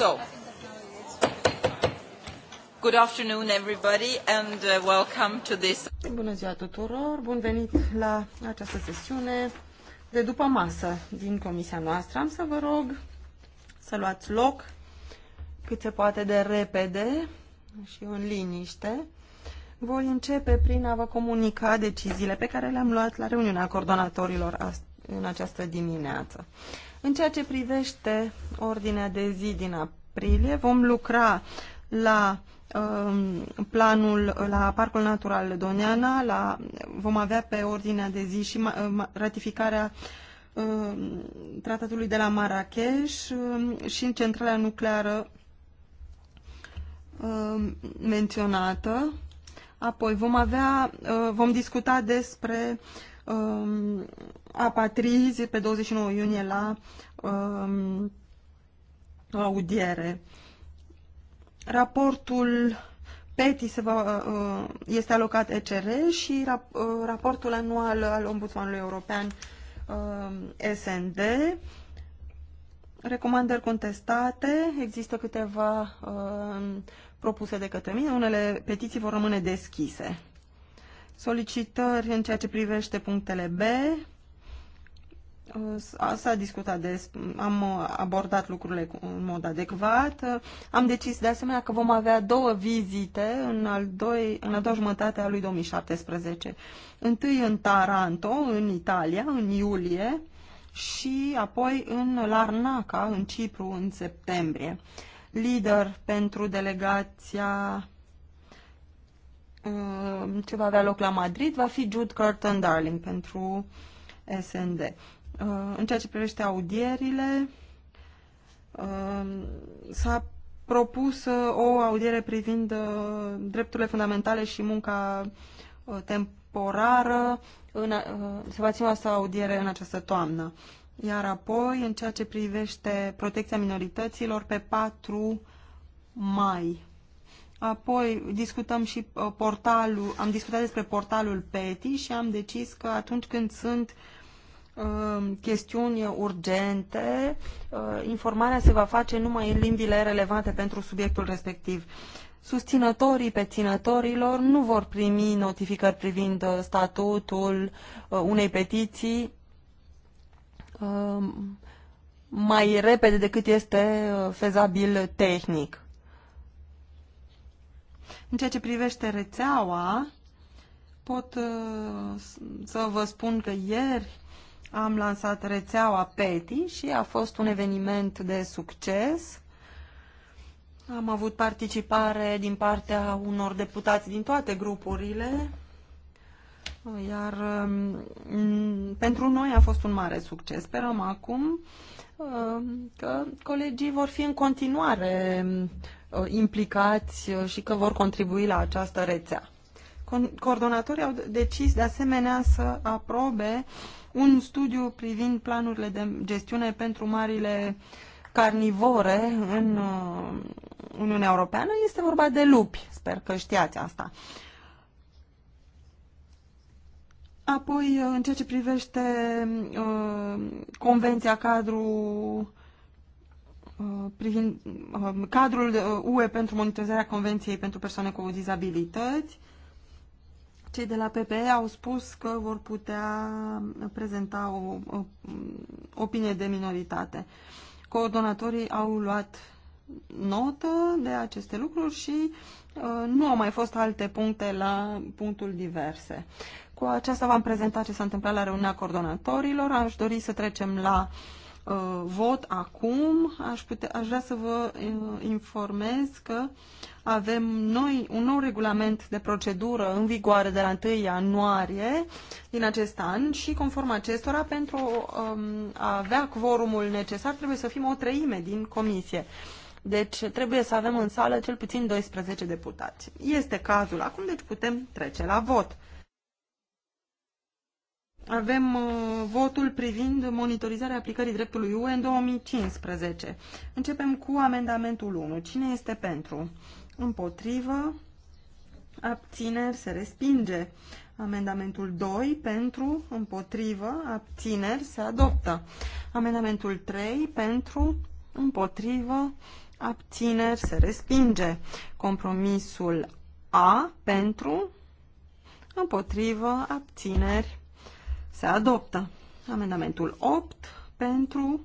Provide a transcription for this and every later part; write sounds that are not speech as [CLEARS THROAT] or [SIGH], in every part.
So, good afternoon everybody and uh, welcome to this. Bună ziua tuturor, bun venit la această sesiune de după masă din comisia noastră. Am să vă rog să luați loc cât se poate de repede și în liniște. Voi începe prin a vă comunica deciziile pe care le-am luat la reuniunea coordonatorilor în această dimineață. În ceea ce privește ordinea de zi din aprilie, vom lucra la um, planul la Parcul Natural Doneana, la, vom avea pe ordinea de zi și ratificarea um, tratatului de la Marrakesh um, și în centrala nucleară menționată. Apoi vom avea, uh, vom discuta despre um, apatrizi pe 29 iunie la um, audiere. Raportul PETI se va, uh, este alocat ECR și rap, uh, raportul anual al Ombudsmanului European uh, um, SND. Recomandări contestate, există câteva uh, propuse de către mine, unele petiții vor rămâne deschise. Solicitări în ceea ce privește punctele B. S-a discutat des, am abordat lucrurile în mod adecvat. Am decis de asemenea că vom avea două vizite în, al doi, în a doua jumătate a lui 2017. Întâi în Taranto, în Italia, în iulie, și apoi în Larnaca, în Cipru, în septembrie. Lider pentru delegația Uh, ce va avea loc la Madrid va fi Jude Curtin Darling pentru SND. Uh, în ceea ce privește audierile, uh, s-a propus o audiere privind drepturile fundamentale și munca temporară. se va ține asta audiere în această toamnă. Iar apoi, în ceea ce privește protecția minorităților, pe 4 mai Apoi discutăm și uh, portalul, am discutat despre portalul PETI și am decis că atunci când sunt uh, chestiuni urgente, uh, informarea se va face numai în limbile relevante pentru subiectul respectiv. Susținătorii peținătorilor nu vor primi notificări privind statutul unei petiții mai repede decât este fezabil tehnic în ceea ce privește rețeaua, pot uh, să vă spun că ieri am lansat rețeaua PETI și a fost un eveniment de succes. Am avut participare din partea unor deputați din toate grupurile, iar um, pentru noi a fost un mare succes. Sperăm acum uh, că colegii vor fi în continuare um, Uh, implicați uh, și că vor contribui la această rețea. Coordonatorii au decis de asemenea să aprobe un studiu privind planurile de gestiune pentru marile carnivore în uh, Uniunea Europeană. Este vorba de lupi, sper că știați asta. Apoi, în ceea ce privește uh, Convenția Cadru Uh, privind uh, cadrul UE uh, pentru monitorizarea Convenției pentru persoane cu dizabilități. Cei de la PPE au spus că vor putea prezenta o, o opinie de minoritate. Coordonatorii au luat notă de aceste lucruri și uh, nu au mai fost alte puncte la punctul diverse. Cu aceasta v-am prezentat ce s-a întâmplat la reuniunea coordonatorilor. Aș dori să trecem la uh, Uh, vot acum, aș, putea, aș vrea să vă uh, informez că avem noi un nou regulament de procedură în vigoare de la 1 ianuarie din acest an și conform acestora, pentru um, a avea quorumul necesar, trebuie să fim o treime din comisie. Deci trebuie să avem în sală cel puțin 12 deputați. Este cazul acum, deci putem trece la vot. Avem uh, votul privind monitorizarea aplicării dreptului UE în 2015. Începem cu amendamentul 1. Cine este pentru? Împotrivă. Abțineri se respinge. Amendamentul 2 pentru, împotrivă, abțineri se adoptă. Amendamentul 3 pentru, împotrivă, abțineri se respinge. Compromisul A pentru, împotrivă, abțineri se adoptă. Amendamentul 8 pentru,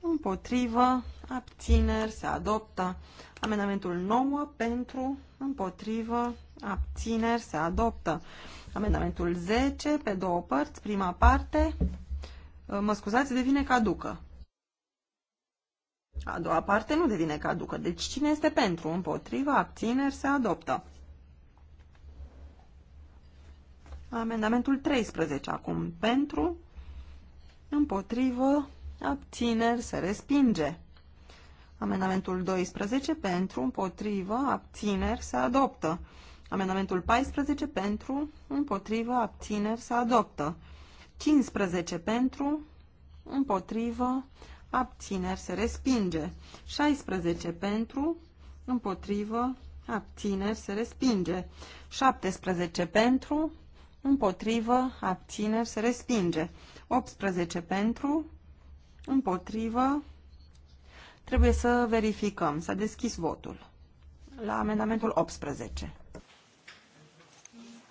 împotrivă, abțineri, se adoptă. Amendamentul 9 pentru, împotrivă, abțineri, se adoptă. Amendamentul 10 pe două părți, prima parte, mă scuzați, devine caducă. A doua parte nu devine caducă, deci cine este pentru, împotriva abțineri, se adoptă. Amendamentul 13 acum pentru, împotrivă, abțineri, se respinge. Amendamentul 12 pentru, împotrivă, abțineri, se adoptă. Amendamentul 14 pentru, împotrivă, abțineri, se adoptă. 15 pentru, împotrivă, abțineri, se respinge. 16 pentru, împotrivă, abțineri, se respinge. 17 pentru, împotrivă, abțineri, se respinge. 18 pentru, împotrivă, trebuie să verificăm. S-a deschis votul la amendamentul 18.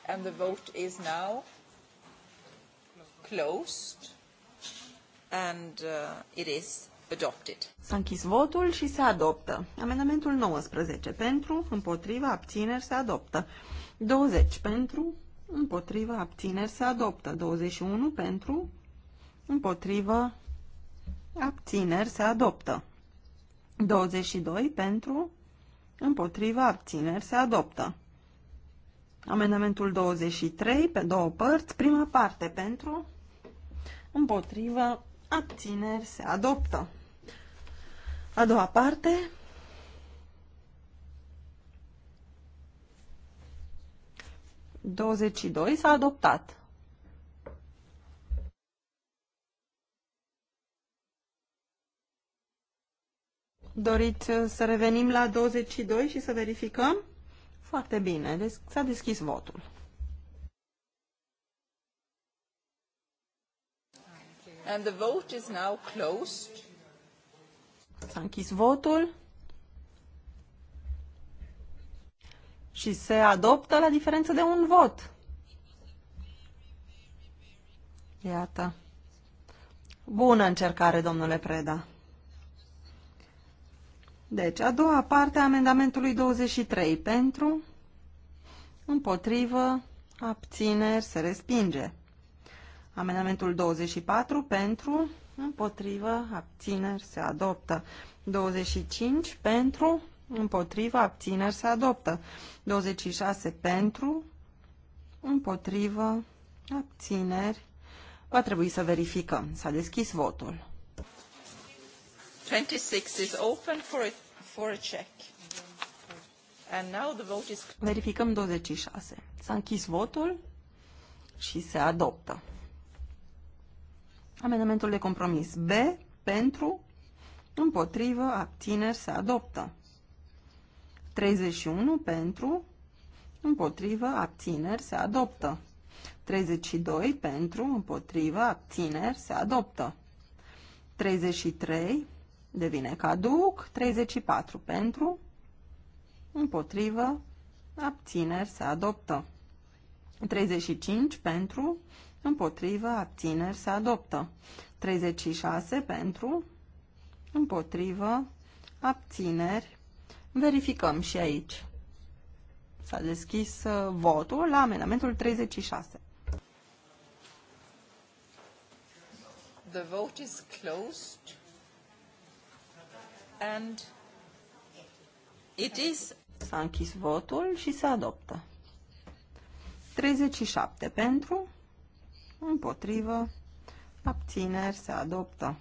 And the vote is now closed and uh, it is adopted. S-a închis votul și se adoptă. Amendamentul 19 pentru, împotriva, abțineri, se adoptă. 20 pentru, Împotrivă, abțineri, se adoptă. 21 pentru, împotrivă, abțineri, se adoptă. 22 pentru, împotrivă, abțineri, se adoptă. Amendamentul 23, pe două părți, prima parte pentru, împotrivă, abțineri, se adoptă. A doua parte, 22 s-a adoptat. Doriți să revenim la 22 și să verificăm? Foarte bine, deci s-a deschis votul. And the vote is now closed. S-a închis votul. și se adoptă la diferență de un vot. Iată. Bună încercare, domnule Preda. Deci, a doua parte a amendamentului 23 pentru, împotrivă, abțineri, se respinge. Amendamentul 24 pentru, împotrivă, abțineri, se adoptă. 25 pentru, împotrivă, abțineri se adoptă. 26 pentru, împotrivă, abțineri. Va trebui să verificăm. S-a deschis votul. 26 is open for a, for a check. And now the vote is... Verificăm 26. S-a închis votul și se adoptă. Amendamentul de compromis B pentru, împotrivă, abțineri se adoptă. 31 pentru, împotrivă, abțineri, se adoptă. 32 pentru, împotrivă, abțineri, se adoptă. 33 devine caduc, 34 pentru, împotrivă, abțineri, se adoptă. 35 pentru, împotrivă, abțineri, se adoptă. 36 pentru, împotrivă, abțineri, Verificăm și aici. S-a deschis uh, votul la amendamentul 36. The vote is closed and it is... S-a închis votul și se adoptă. 37 pentru, împotrivă, abțineri, se adoptă.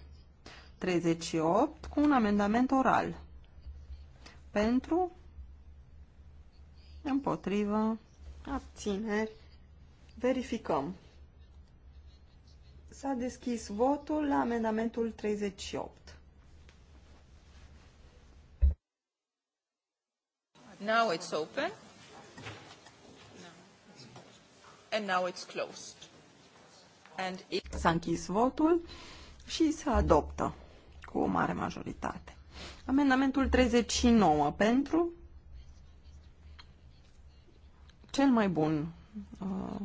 38 cu un amendament oral pentru, împotrivă, abțineri, verificăm. S-a deschis votul la amendamentul 38. Now it's open. And now it's closed. And it... S-a închis votul și se adoptă cu o mare majoritate. Amendamentul 39 pentru cel mai bun uh,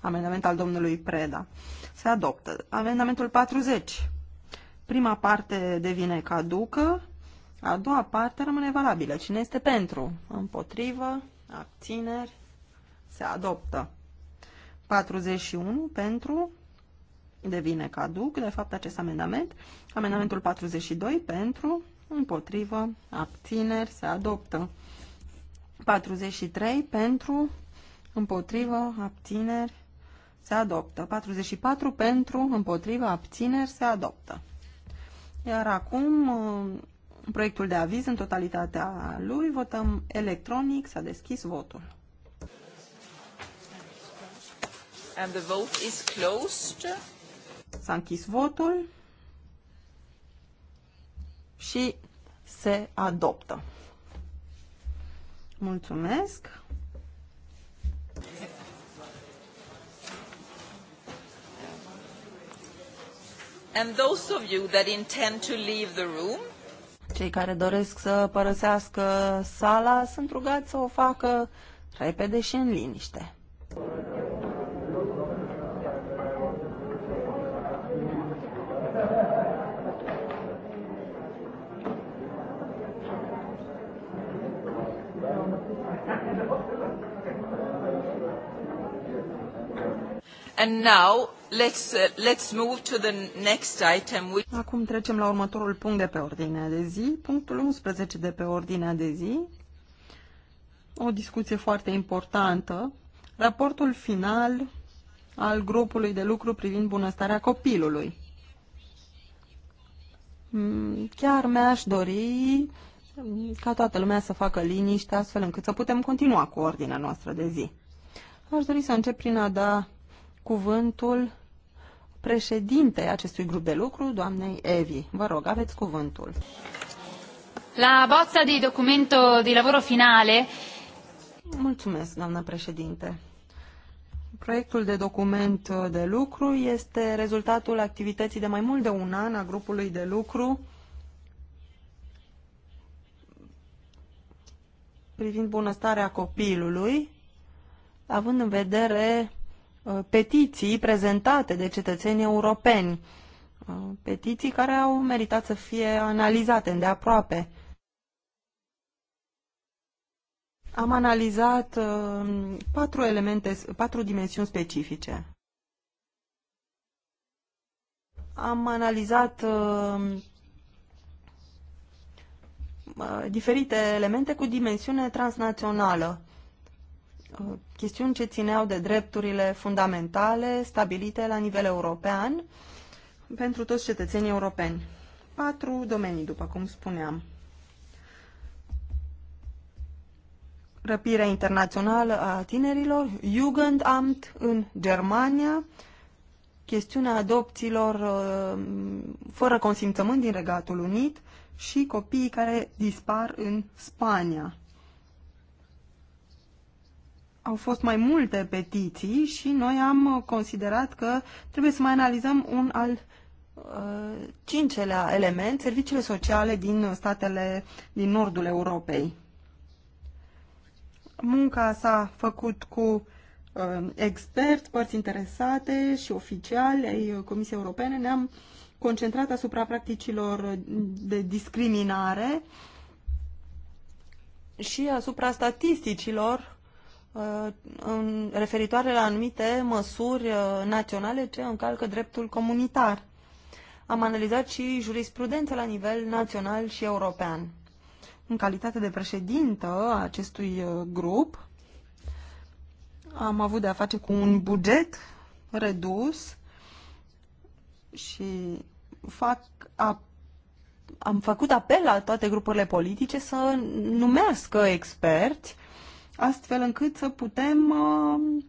amendament al domnului Preda. Se adoptă. Amendamentul 40. Prima parte devine caducă, a doua parte rămâne valabilă. Cine este pentru? Împotrivă, abțineri, se adoptă. 41 pentru devine caduc, de fapt, acest amendament. Amendamentul 42 pentru împotrivă, abțineri, se adoptă. 43 pentru, împotrivă, abțineri, se adoptă. 44 pentru, împotrivă, abțineri, se adoptă. Iar acum, uh, proiectul de aviz în totalitatea lui, votăm electronic, s-a deschis votul. And the vote is closed. S-a închis votul și se adoptă. Mulțumesc! And those of you that intend to leave the room, cei care doresc să părăsească sala sunt rugați să o facă repede și în liniște. Uh, Acum trecem la următorul punct de pe ordinea de zi, punctul 11 de pe ordinea de zi. O discuție foarte importantă. Raportul final al grupului de lucru privind bunăstarea copilului. Mm, chiar mi-aș dori ca toată lumea să facă liniște astfel încât să putem continua cu ordinea noastră de zi. Aș dori să încep prin a da cuvântul președintei acestui grup de lucru, doamnei Evi. Vă rog, aveți cuvântul. La bozza di documento di lavoro finale. Mulțumesc, doamnă președinte. Proiectul de document de lucru este rezultatul activității de mai mult de un an a grupului de lucru privind bunăstarea copilului, având în vedere Uh, petiții prezentate de cetățenii europeni, uh, petiții care au meritat să fie analizate îndeaproape. Am analizat uh, patru elemente, patru dimensiuni specifice. Am analizat diferite elemente cu dimensiune transnațională chestiuni ce țineau de drepturile fundamentale stabilite la nivel european pentru toți cetățenii europeni. Patru domenii, după cum spuneam. Răpirea internațională a tinerilor, Jugendamt în Germania, chestiunea adopțiilor uh, fără consimțământ din Regatul Unit și copiii care dispar în Spania au fost mai multe petiții și noi am considerat că trebuie să mai analizăm un al uh, cincelea element, serviciile sociale din statele din nordul Europei. Munca s-a făcut cu uh, experți, părți interesate și oficiali ai Comisiei Europene. Ne-am concentrat asupra practicilor de discriminare și asupra statisticilor Uh, referitoare la anumite măsuri uh, naționale ce încalcă dreptul comunitar. Am analizat și jurisprudența la nivel național și european. În calitate de președintă a acestui uh, grup, am avut de-a face cu un buget redus și fac a, am făcut apel la toate grupurile politice să numească experți astfel încât să putem uh,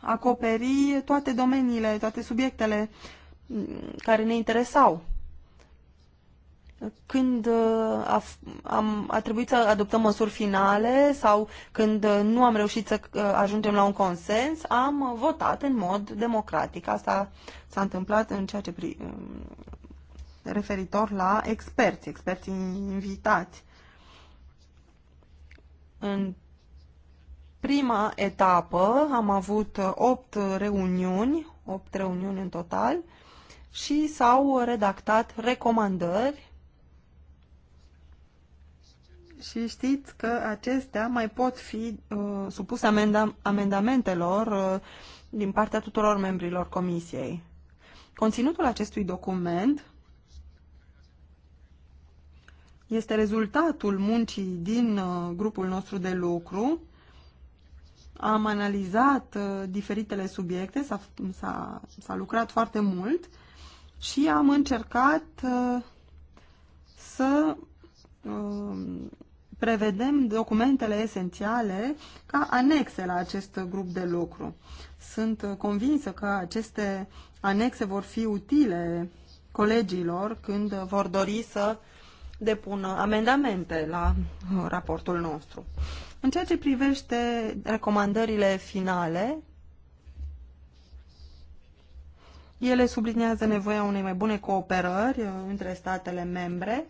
acoperi toate domeniile, toate subiectele mm, care ne interesau. Când uh, a, am, a trebuit să adoptăm măsuri finale sau când uh, nu am reușit să ajungem la un consens, am votat în mod democratic. Asta s-a întâmplat în ceea ce pri, mm, referitor la experți, experții invitați. În prima etapă am avut 8 reuniuni, 8 reuniuni în total, și s-au redactat recomandări și știți că acestea mai pot fi uh, supuse amenda amendamentelor uh, din partea tuturor membrilor comisiei. Conținutul acestui document este rezultatul muncii din uh, grupul nostru de lucru. Am analizat uh, diferitele subiecte, s-a, lucrat foarte mult și am încercat uh, să um, prevedem documentele esențiale ca anexe la acest grup de lucru. Sunt convinsă că aceste anexe vor fi utile colegilor când vor dori să uh, depun amendamente la uh, raportul nostru. În ceea ce privește recomandările finale, ele subliniază nevoia unei mai bune cooperări uh, între statele membre,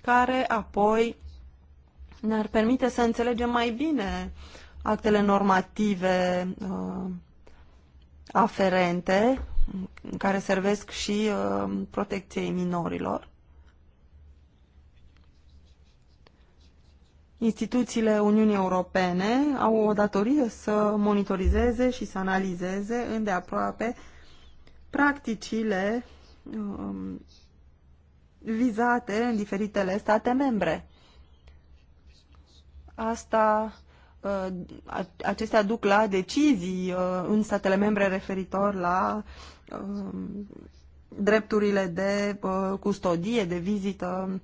care apoi ne-ar permite să înțelegem mai bine actele normative uh, aferente care servesc și uh, protecției minorilor. Instituțiile Uniunii Europene au o datorie să monitorizeze și să analizeze îndeaproape practicile um, vizate în diferitele state membre. Asta, uh, acestea duc la decizii uh, în statele membre referitor la um, drepturile de uh, custodie, de vizită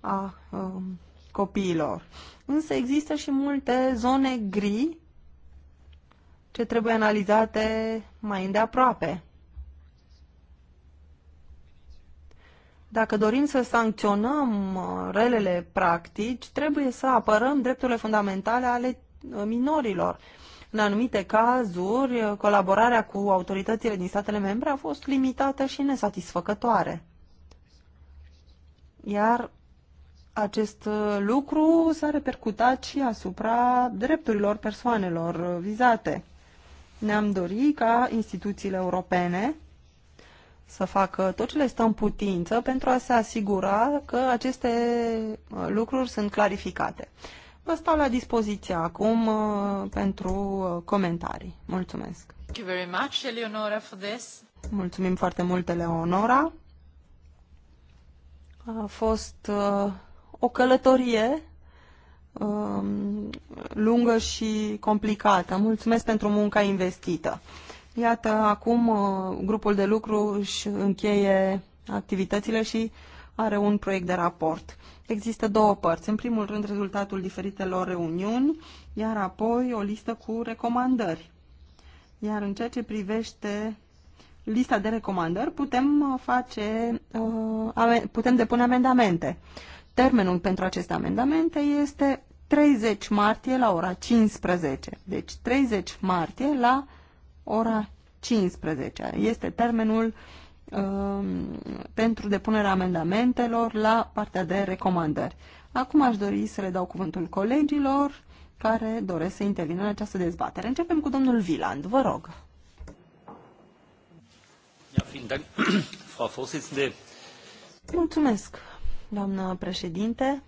a um, copiilor. Însă există și multe zone gri ce trebuie analizate mai îndeaproape. Dacă dorim să sancționăm uh, relele practici, trebuie să apărăm drepturile fundamentale ale uh, minorilor. În anumite cazuri, uh, colaborarea cu autoritățile din statele membre a fost limitată și nesatisfăcătoare. Iar acest uh, lucru s-a repercutat și asupra drepturilor persoanelor uh, vizate. Ne-am dorit ca instituțiile europene să facă tot ce le stă în putință pentru a se asigura că aceste uh, lucruri sunt clarificate. Vă stau la dispoziție acum pentru comentarii. Mulțumesc! Thank you very much, Eleonora, for this. Mulțumim foarte mult, Eleonora. A fost uh, o călătorie um, lungă și complicată. Mulțumesc pentru munca investită. Iată, acum uh, grupul de lucru își încheie activitățile și are un proiect de raport. Există două părți. În primul rând, rezultatul diferitelor reuniuni, iar apoi o listă cu recomandări. Iar în ceea ce privește lista de recomandări, putem face, uh, putem depune amendamente. Termenul pentru aceste amendamente este 30 martie la ora 15. Deci 30 martie la ora 15. Este termenul um, pentru depunerea amendamentelor la partea de recomandări. Acum aș dori să le dau cuvântul colegilor care doresc să intervină în această dezbatere. Începem cu domnul Viland, vă rog. [CLEARS THROAT] Mulțumesc, doamnă președinte.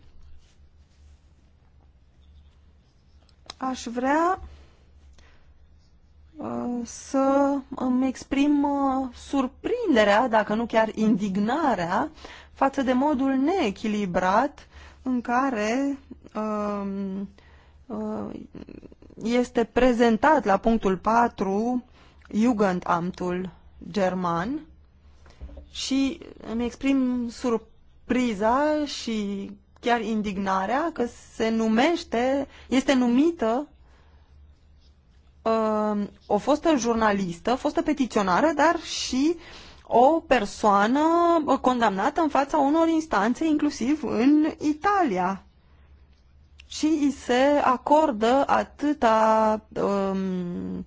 Aș vrea uh, să îmi exprim uh, surprinderea, dacă nu chiar indignarea, față de modul neechilibrat în care um, uh, este prezentat la punctul 4 Jugendamtul german și îmi exprim surprinderea priza și chiar indignarea că se numește, este numită uh, o fostă jurnalistă, fostă petiționară, dar și o persoană condamnată în fața unor instanțe, inclusiv în Italia. Și îi se acordă atâta um,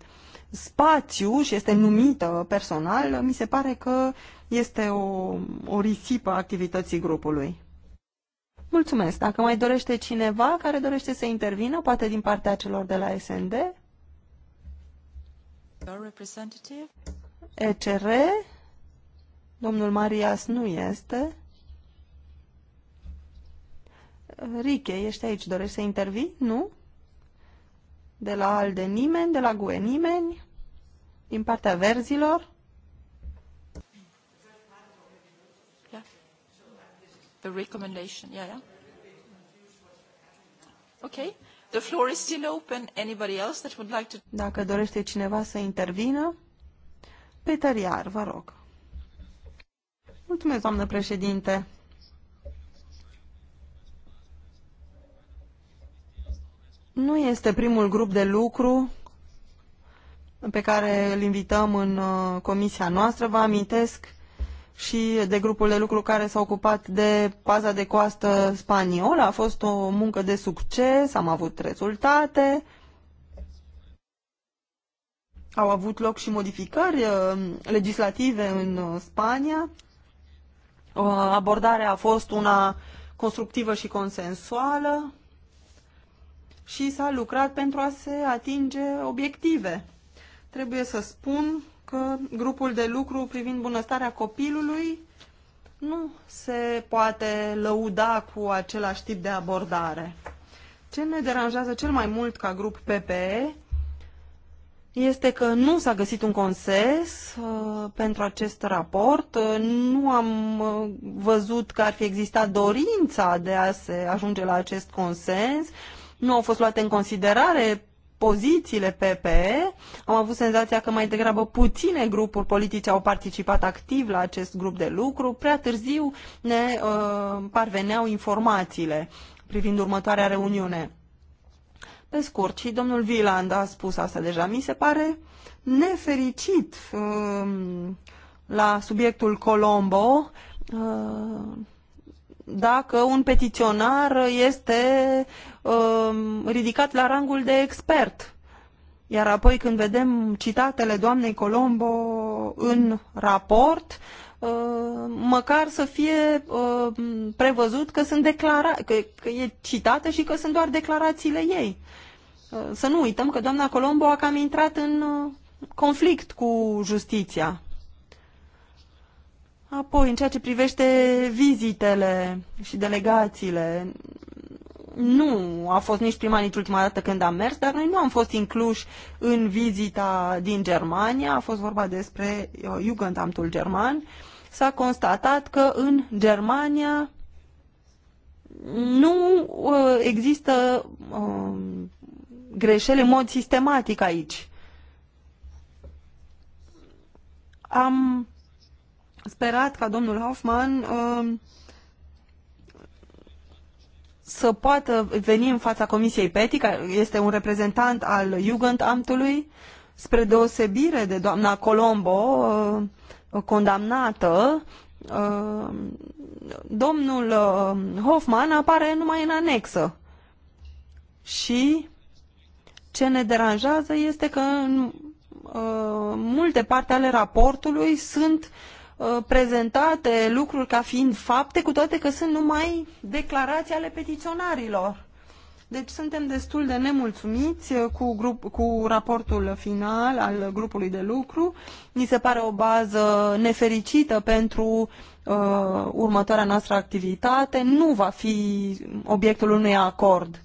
spațiu și este numită personal, mi se pare că este o, o risipă a activității grupului. Mulțumesc. Dacă mai dorește cineva care dorește să intervină, poate din partea celor de la SND, ECR, domnul Marias nu este. Riche, ești aici, dorești să intervii? Nu? De la ALDE nimeni, de la GUE nimeni, din partea verzilor? the recommendation. Yeah, yeah. Okay. The floor is still open. Anybody else that would like to... Dacă dorește cineva să intervină, Peter Iar, vă rog. Mulțumesc, doamnă președinte. Nu este primul grup de lucru pe care îl invităm în uh, comisia noastră. Vă amintesc și de grupul de lucru care s-a ocupat de paza de coastă spaniolă. A fost o muncă de succes, am avut rezultate. Au avut loc și modificări uh, legislative în uh, Spania. Abordarea a fost una constructivă și consensuală și s-a lucrat pentru a se atinge obiective. Trebuie să spun că grupul de lucru privind bunăstarea copilului nu se poate lăuda cu același tip de abordare. Ce ne deranjează cel mai mult ca grup PPE este că nu s-a găsit un consens uh, pentru acest raport, uh, nu am uh, văzut că ar fi existat dorința de a se ajunge la acest consens, nu au fost luate în considerare pozițiile PPE. Am avut senzația că mai degrabă puține grupuri politice au participat activ la acest grup de lucru. Prea târziu ne uh, parveneau informațiile privind următoarea reuniune. Pe scurt, și domnul Viland a spus asta deja, mi se pare nefericit uh, la subiectul Colombo uh, dacă un petiționar este um, ridicat la rangul de expert. Iar apoi când vedem citatele doamnei Colombo în raport, uh, măcar să fie uh, prevăzut că sunt declara- că, că e citată și că sunt doar declarațiile ei. Uh, să nu uităm că doamna Colombo a cam intrat în conflict cu justiția. Apoi, în ceea ce privește vizitele și delegațiile, nu a fost nici prima, nici ultima dată când am mers, dar noi nu am fost incluși în vizita din Germania, a fost vorba despre uh, Jugendamtul german. S-a constatat că în Germania nu uh, există um, greșeli în mod sistematic aici. Am sperat ca domnul Hoffman um, să poată veni în fața Comisiei PETI, care este un reprezentant al Jugendamtului, spre deosebire de doamna Colombo, uh, condamnată, um, domnul uh, Hoffman apare numai în anexă. Și ce ne deranjează este că în uh, multe parte ale raportului sunt uh, Uh, prezentate lucruri ca fiind fapte, cu toate că sunt numai declarații ale petiționarilor. Deci suntem destul de nemulțumiți uh, cu, grup, cu raportul final al grupului de lucru. Ni se pare o bază nefericită pentru uh, următoarea noastră activitate. Nu va fi obiectul unui acord.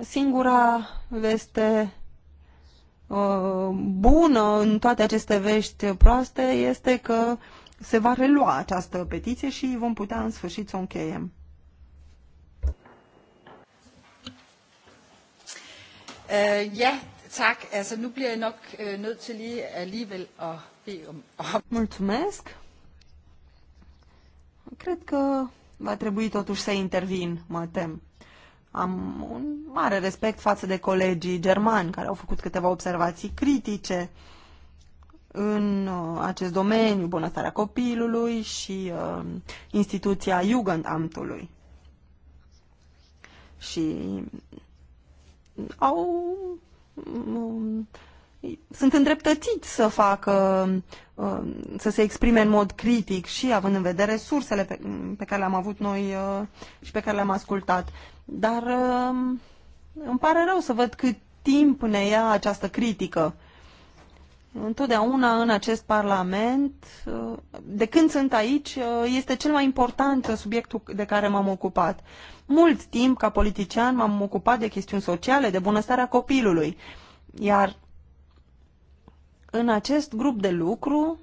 Singura veste uh, bună în toate aceste vești proaste este că uh, se va relua această petiție și vom putea în sfârșit să o încheiem. Uh, tak. Altså, nu bliver jeg nok øh, nødt til lige alligevel at bede om... Mulțumesc. Cred că va trebui totuși să intervin, mă tem. Am un mare respect față de colegii germani care au făcut câteva observații critice uh, în uh, acest domeniu, bunăstarea copilului și uh, instituția Jugendamtului. Și au um, sunt îndreptățiți să facă, uh, să se exprime în mod critic și având în vedere sursele pe, pe care le-am avut noi uh, și pe care le-am ascultat. Dar îmi pare rău să văd cât timp ne ia această critică. Întotdeauna în acest Parlament, de când sunt aici, este cel mai important subiectul de care m-am ocupat. Mult timp, ca politician, m-am ocupat de chestiuni sociale, de bunăstarea copilului. Iar în acest grup de lucru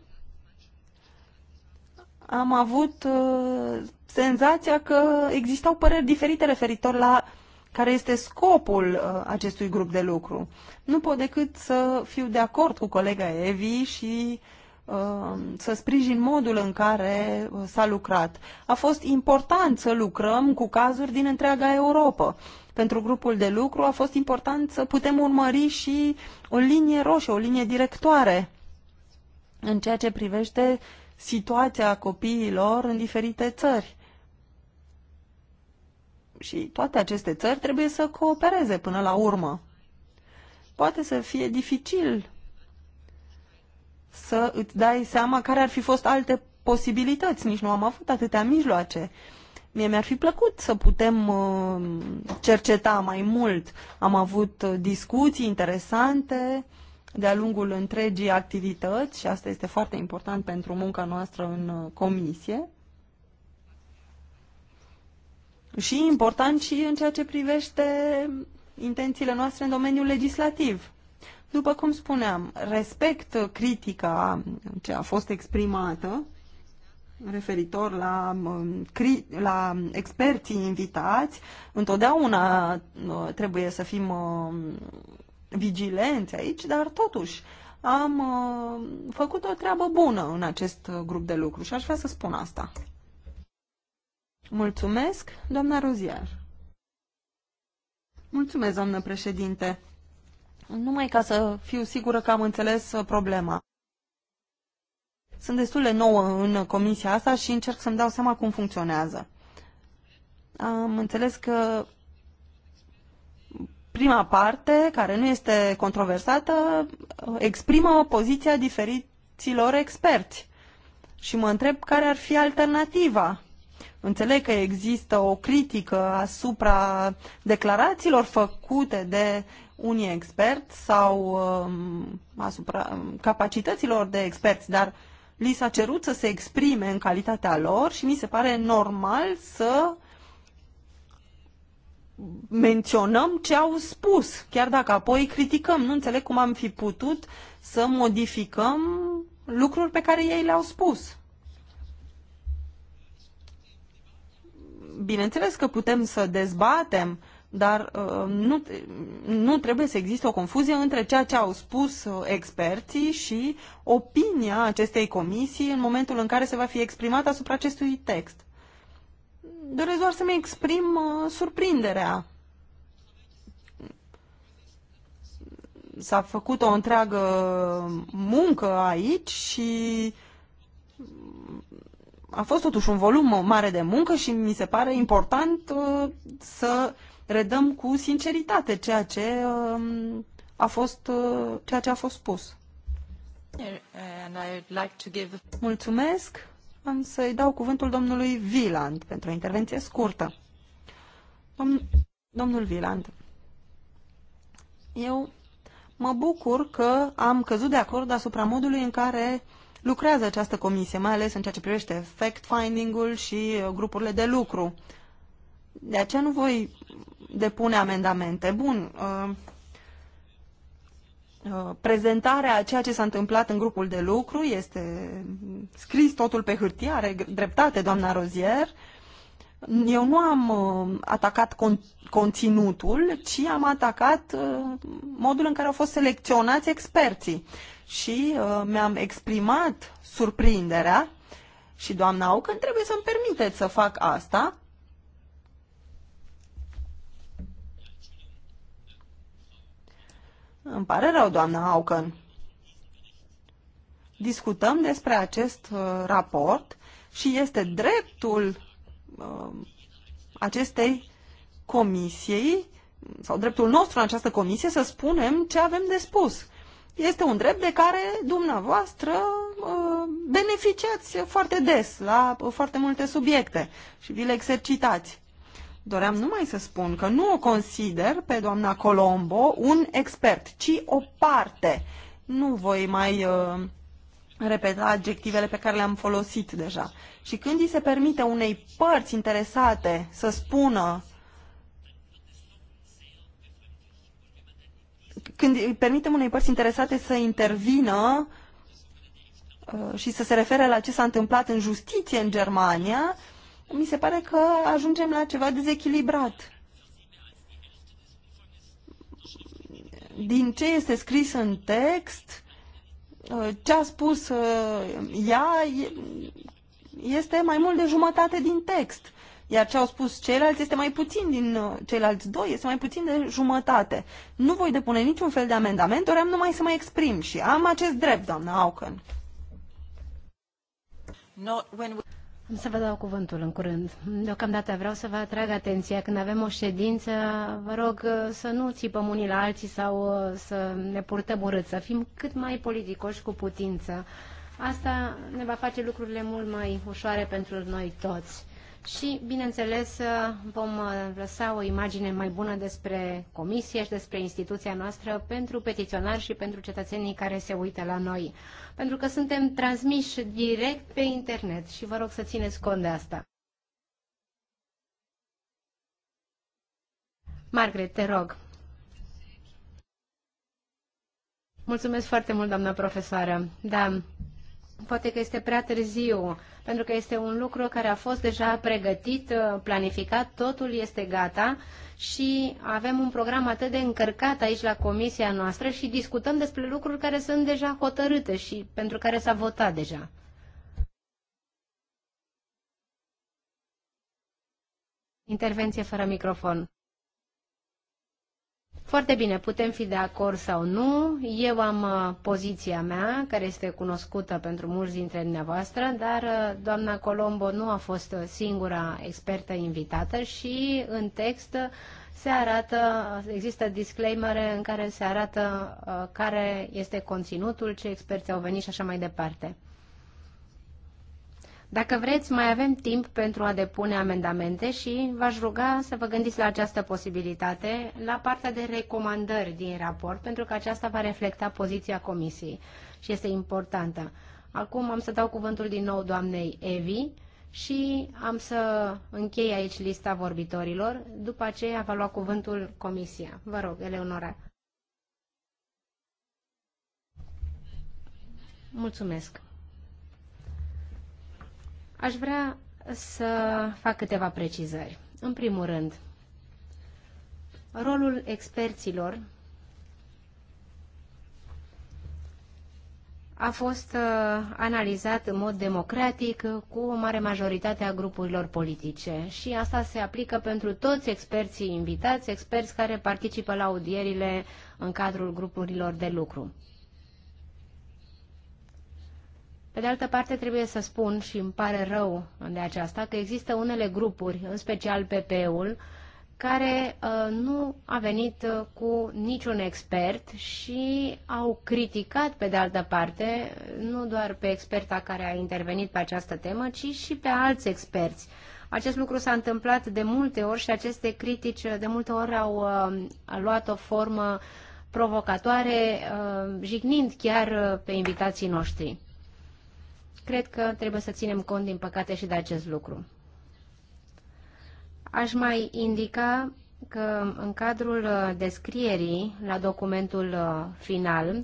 am avut uh, senzația că existau păreri diferite referitor la uh, care este scopul uh, acestui grup de lucru. Nu pot decât să fiu de acord cu colega Evi și uh, să sprijin modul în care uh, s-a lucrat. A fost important să lucrăm cu cazuri din întreaga Europa. Pentru grupul de lucru a fost important să putem urmări și o linie roșie, o linie directoare în ceea ce privește situația copiilor în diferite țări. Și toate aceste țări trebuie să coopereze până la urmă. Poate să fie dificil să îți dai seama care ar fi fost alte posibilități, nici nu am avut atâtea mijloace. Mie mi-ar fi plăcut să putem uh, cerceta mai mult. Am avut uh, discuții interesante de-a lungul întregii activități și asta este foarte important pentru munca noastră în uh, comisie și important și în ceea ce privește intențiile noastre în domeniul legislativ. După cum spuneam, respect critica ce a fost exprimată referitor la, um, la experții invitați. Întotdeauna uh, trebuie să fim um, vigilenți aici, dar totuși am uh, făcut o treabă bună în acest uh, grup de lucru și aș vrea să spun asta. Mulțumesc, doamna Roziar. Mulțumesc, doamnă președinte. Numai ca să fiu sigură că am înțeles uh, problema. Sunt destul de nouă în comisia asta și încerc să-mi dau seama cum funcționează. Am înțeles că prima parte, care nu este controversată, uh, exprimă poziția diferiților experți. Și mă întreb care ar fi alternativa Înțeleg că există o critică asupra declarațiilor făcute de unii experți sau um, asupra um, capacităților de experți, dar li s-a cerut să se exprime în calitatea lor și mi se pare normal să menționăm ce au spus, chiar dacă apoi criticăm. Nu înțeleg cum am fi putut să modificăm lucruri pe care ei le-au spus. bineînțeles că putem să dezbatem, dar uh, nu, nu trebuie să existe o confuzie între ceea ce au spus uh, experții și opinia acestei comisii în momentul în care se va fi exprimat asupra acestui text. Doresc doar să-mi exprim uh, surprinderea s-a făcut o întreagă muncă aici și a fost totuși un volum mare de muncă și mi se pare important uh, să redăm cu sinceritate ceea ce um, a fost uh, ceea ce a fost spus. Like give... Mulțumesc. Am să-i dau cuvântul domnului Viland pentru o intervenție scurtă. Domnul Viland, eu mă bucur că am căzut de acord asupra modului în care lucrează această comisie, mai ales în ceea ce privește fact-finding-ul și uh, grupurile de lucru. De aceea nu voi depune amendamente. Bun, uh, uh, prezentarea a ceea ce s-a întâmplat în grupul de lucru este scris totul pe hârtie, are dreptate doamna Rozier. Eu nu am atacat con conținutul, ci am atacat modul în care au fost selecționați experții și uh, mi-am exprimat surprinderea și doamna când trebuie să-mi permiteți să fac asta. Îmi pare rău, doamna Aucăn. Discutăm despre acest uh, raport și este dreptul uh, acestei comisiei sau dreptul nostru în această comisie să spunem ce avem de spus este un drept de care dumneavoastră uh, beneficiați foarte des la uh, foarte multe subiecte și vi le exercitați. Doream numai să spun că nu o consider pe doamna Colombo un expert, ci o parte. Nu voi mai uh, repeta adjectivele pe care le-am folosit deja. Și când îi se permite unei părți interesate să spună când permitem unei părți interesate să intervină uh, și să se refere la ce s-a întâmplat în justiție în Germania, mi se pare că ajungem la ceva dezechilibrat. Din ce este scris în text, uh, ce a spus uh, ea este mai mult de jumătate din text. Iar ce au spus ceilalți este mai puțin din uh, ceilalți doi, este mai puțin de jumătate. Nu voi depune niciun fel de amendament, doream numai să mă exprim și am acest drept, doamna Auken. Am să vă dau cuvântul în curând. Deocamdată vreau să vă atrag atenția. Când avem o ședință, vă rog uh, să nu țipăm unii la alții sau uh, să ne purtăm urât, să fim cât mai politicoși cu putință. Asta ne va face lucrurile mult mai ușoare pentru noi toți și, bineînțeles, vom uh, lăsa o imagine mai bună despre comisie și despre instituția noastră pentru petiționari și pentru cetățenii care se uită la noi. Pentru că suntem transmiși direct pe internet și vă rog să țineți cont de asta. Margaret, te rog. Mulțumesc foarte mult, doamna profesoară. Da, Poate că este prea târziu, pentru că este un lucru care a fost deja pregătit, uh, planificat, totul este gata și avem un program atât de încărcat aici la comisia noastră și discutăm despre lucruri care sunt deja hotărâte și pentru care s-a votat deja. Intervenție fără microfon. Foarte bine, putem fi de acord sau nu. Eu am uh, poziția mea, care este cunoscută pentru mulți dintre dumneavoastră, dar uh, doamna Colombo nu a fost uh, singura expertă invitată și în text se arată, există disclaimere în care se arată care este conținutul, ce experți au venit și așa mai departe. Dacă vreți, mai avem timp pentru a depune amendamente și v-aș ruga să vă gândiți la această posibilitate, la partea de recomandări din raport, pentru că aceasta va reflecta poziția Comisiei și este importantă. Acum am să dau cuvântul din nou doamnei Evi și am să închei aici lista vorbitorilor. După aceea va lua cuvântul Comisia. Vă rog, Eleonora. Mulțumesc. Aș vrea să fac câteva precizări. În primul rând, rolul experților a fost uh, analizat în mod democratic cu o mare majoritate a grupurilor politice și asta se aplică pentru toți experții invitați, experți care participă la audierile în cadrul grupurilor de lucru. Pe de altă parte, trebuie să spun și îmi pare rău de aceasta că există unele grupuri, în special PP-ul, care uh, nu a venit uh, cu niciun expert și au criticat, pe de altă parte, nu doar pe experta care a intervenit pe această temă, ci și pe alți experți. Acest lucru s-a întâmplat de multe ori și aceste critici uh, de multe ori au uh, luat o formă provocatoare, uh, jignind chiar uh, pe invitații noștri cred că trebuie să ținem cont, din păcate, și de acest lucru. Aș mai indica că în cadrul uh, descrierii la documentul uh, final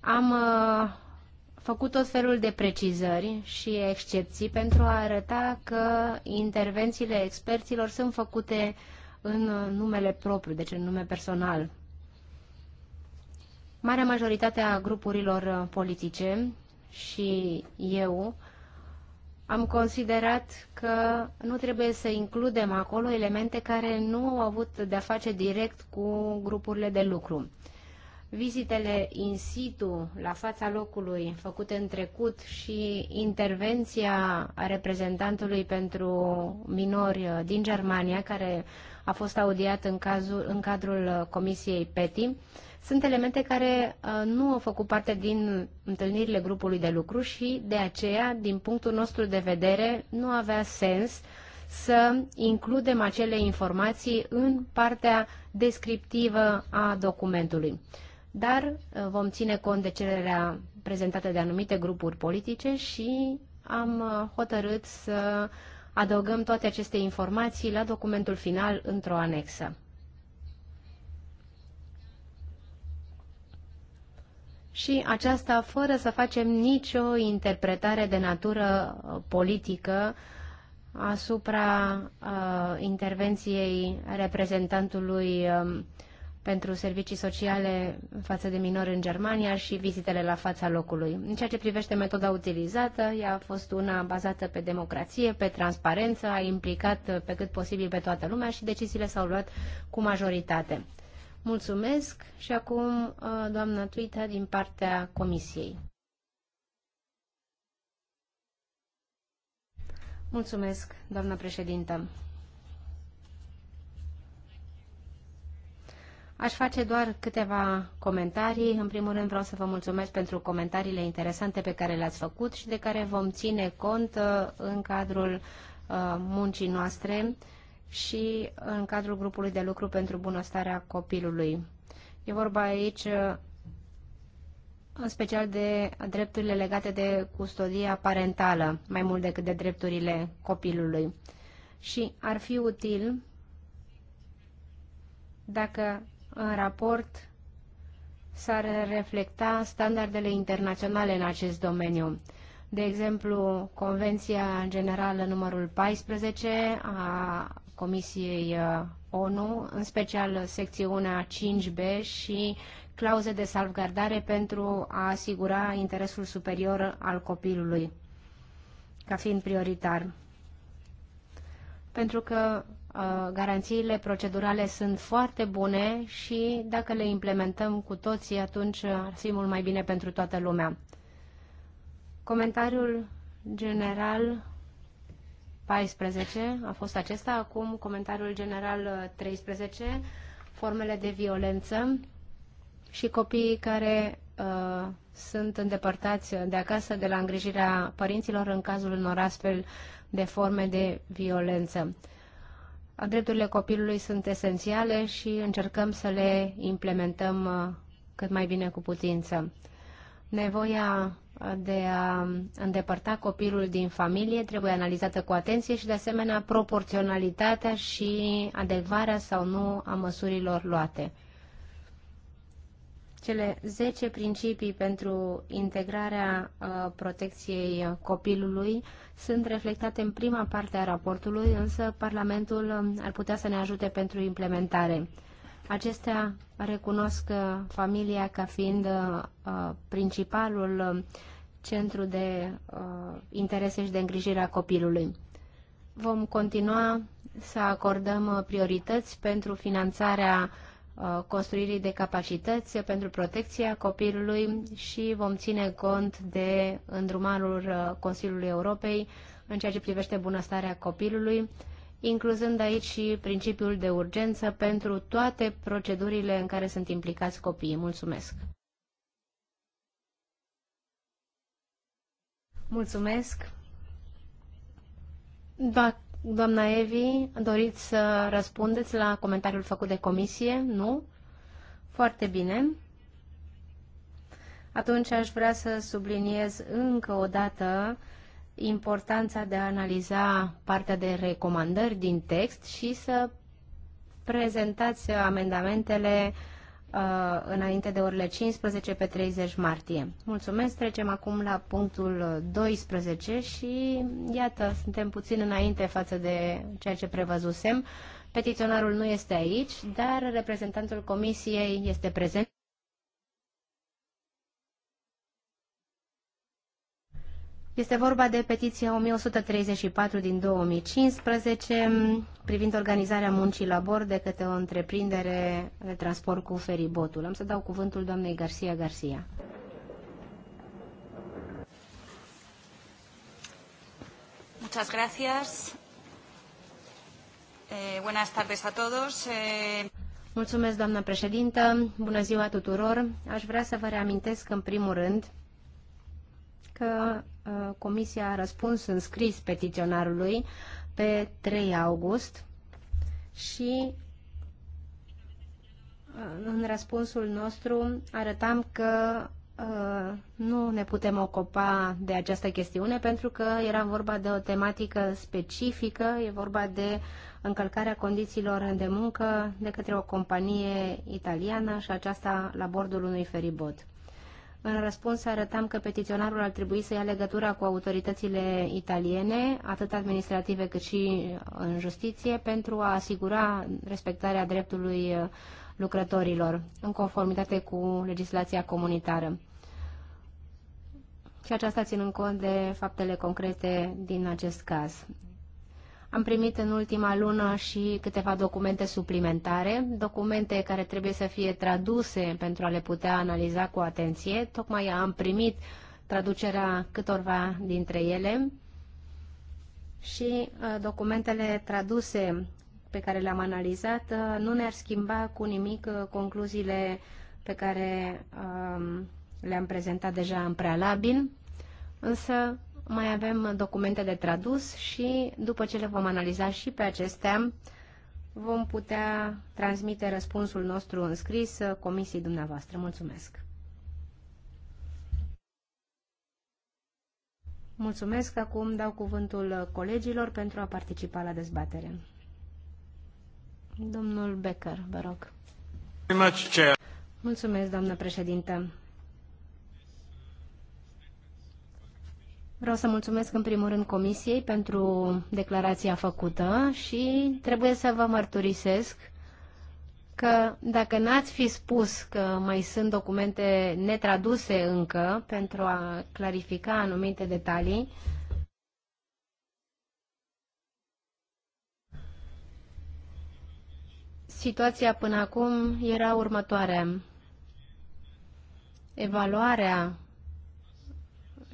am uh, făcut tot felul de precizări și excepții pentru a arăta că intervențiile experților sunt făcute în numele propriu, deci în nume personal. Marea majoritate a grupurilor politice și eu am considerat că nu trebuie să includem acolo elemente care nu au avut de-a face direct cu grupurile de lucru. Vizitele in situ, la fața locului, făcute în trecut și intervenția a reprezentantului pentru minori din Germania, care a fost audiat în, cazul, în cadrul Comisiei PETI, sunt elemente care uh, nu au făcut parte din întâlnirile grupului de lucru și de aceea, din punctul nostru de vedere, nu avea sens să includem acele informații în partea descriptivă a documentului. Dar uh, vom ține cont de cererea prezentată de anumite grupuri politice și am uh, hotărât să adăugăm toate aceste informații la documentul final într-o anexă. și aceasta fără să facem nicio interpretare de natură uh, politică asupra uh, intervenției reprezentantului uh, pentru servicii sociale față de minori în Germania și vizitele la fața locului. În ceea ce privește metoda utilizată, ea a fost una bazată pe democrație, pe transparență, a implicat uh, pe cât posibil pe toată lumea și deciziile s-au luat cu majoritate. Mulțumesc și acum uh, doamna Tuita din partea Comisiei. Mulțumesc, doamna președintă. Aș face doar câteva comentarii. În primul rând vreau să vă mulțumesc pentru comentariile interesante pe care le-ați făcut și de care vom ține cont uh, în cadrul uh, muncii noastre și în cadrul grupului de lucru pentru bunăstarea copilului. E vorba aici în special de drepturile legate de custodia parentală, mai mult decât de drepturile copilului. Și ar fi util dacă în raport s-ar reflecta standardele internaționale în acest domeniu. De exemplu, Convenția Generală numărul 14 a Comisiei uh, ONU, în special secțiunea 5B și clauze de salvgardare pentru a asigura interesul superior al copilului ca fiind prioritar. Pentru că uh, garanțiile procedurale sunt foarte bune și dacă le implementăm cu toții, atunci ar fi mult mai bine pentru toată lumea. Comentariul general 14 a fost acesta, acum comentariul general 13, uh, formele de violență și copiii care uh, sunt îndepărtați de acasă de la îngrijirea părinților în cazul unor astfel de forme de violență. Drepturile copilului sunt esențiale și încercăm să le implementăm uh, cât mai bine cu putință. Nevoia de a îndepărta copilul din familie trebuie analizată cu atenție și, de asemenea, proporționalitatea și adecvarea sau nu a măsurilor luate. Cele 10 principii pentru integrarea uh, protecției copilului sunt reflectate în prima parte a raportului, însă Parlamentul um, ar putea să ne ajute pentru implementare. Acestea recunosc uh, familia ca fiind uh, principalul uh, centru de uh, interese și de îngrijire a copilului. Vom continua să acordăm uh, priorități pentru finanțarea uh, construirii de capacități pentru protecția copilului și vom ține cont de îndrumarul Consiliului Europei în ceea ce privește bunăstarea copilului, incluzând aici și principiul de urgență pentru toate procedurile în care sunt implicați copiii. Mulțumesc! Mulțumesc! Do doamna Evi, doriți să răspundeți la comentariul făcut de comisie? Nu? Foarte bine! Atunci aș vrea să subliniez încă o dată importanța de a analiza partea de recomandări din text și să prezentați amendamentele uh, înainte de orele 15 pe 30 martie. Mulțumesc, trecem acum la punctul 12 și iată, suntem puțin înainte față de ceea ce prevăzusem. Petiționarul nu este aici, dar reprezentantul comisiei este prezent. Este vorba de petiția 1134 din 2015 privind organizarea muncii la bord de către o întreprindere de transport cu feribotul. Am să dau cuvântul doamnei Garcia Garcia. Muchas gracias. Eh, buenas tardes a todos. Eh... Mulțumesc, doamnă președintă. Bună ziua tuturor. Aș vrea să vă reamintesc în primul rând că Uh, comisia a răspuns în scris petiționarului pe 3 august și uh, în răspunsul nostru arătam că uh, nu ne putem ocupa de această chestiune pentru că era vorba de o tematică specifică, e vorba de încălcarea condițiilor de muncă de către o companie italiană și aceasta la bordul unui feribot. În răspuns arătam că petiționarul ar trebui să ia legătura cu autoritățile italiene, atât administrative cât și uh, în justiție, pentru a asigura respectarea dreptului uh, lucrătorilor, în conformitate cu legislația comunitară. Și aceasta ținând cont de faptele concrete din acest caz. Am primit în ultima lună și câteva documente suplimentare, documente care trebuie să fie traduse pentru a le putea analiza cu atenție. Tocmai am primit traducerea câtorva dintre ele și uh, documentele traduse pe care le-am analizat uh, nu ne-ar schimba cu nimic uh, concluziile pe care um, le-am prezentat deja în prealabil, însă mai avem documente de tradus și după ce le vom analiza și pe acestea, vom putea transmite răspunsul nostru în scris comisiei dumneavoastră. Mulțumesc! Mulțumesc. Acum dau cuvântul colegilor pentru a participa la dezbatere. Domnul Becker, vă rog. Mulțumesc, doamnă președintă. Vreau să mulțumesc în primul rând Comisiei pentru declarația făcută și trebuie să vă mărturisesc că dacă n-ați fi spus că mai sunt documente netraduse încă pentru a clarifica anumite detalii, situația până acum era următoarea. Evaluarea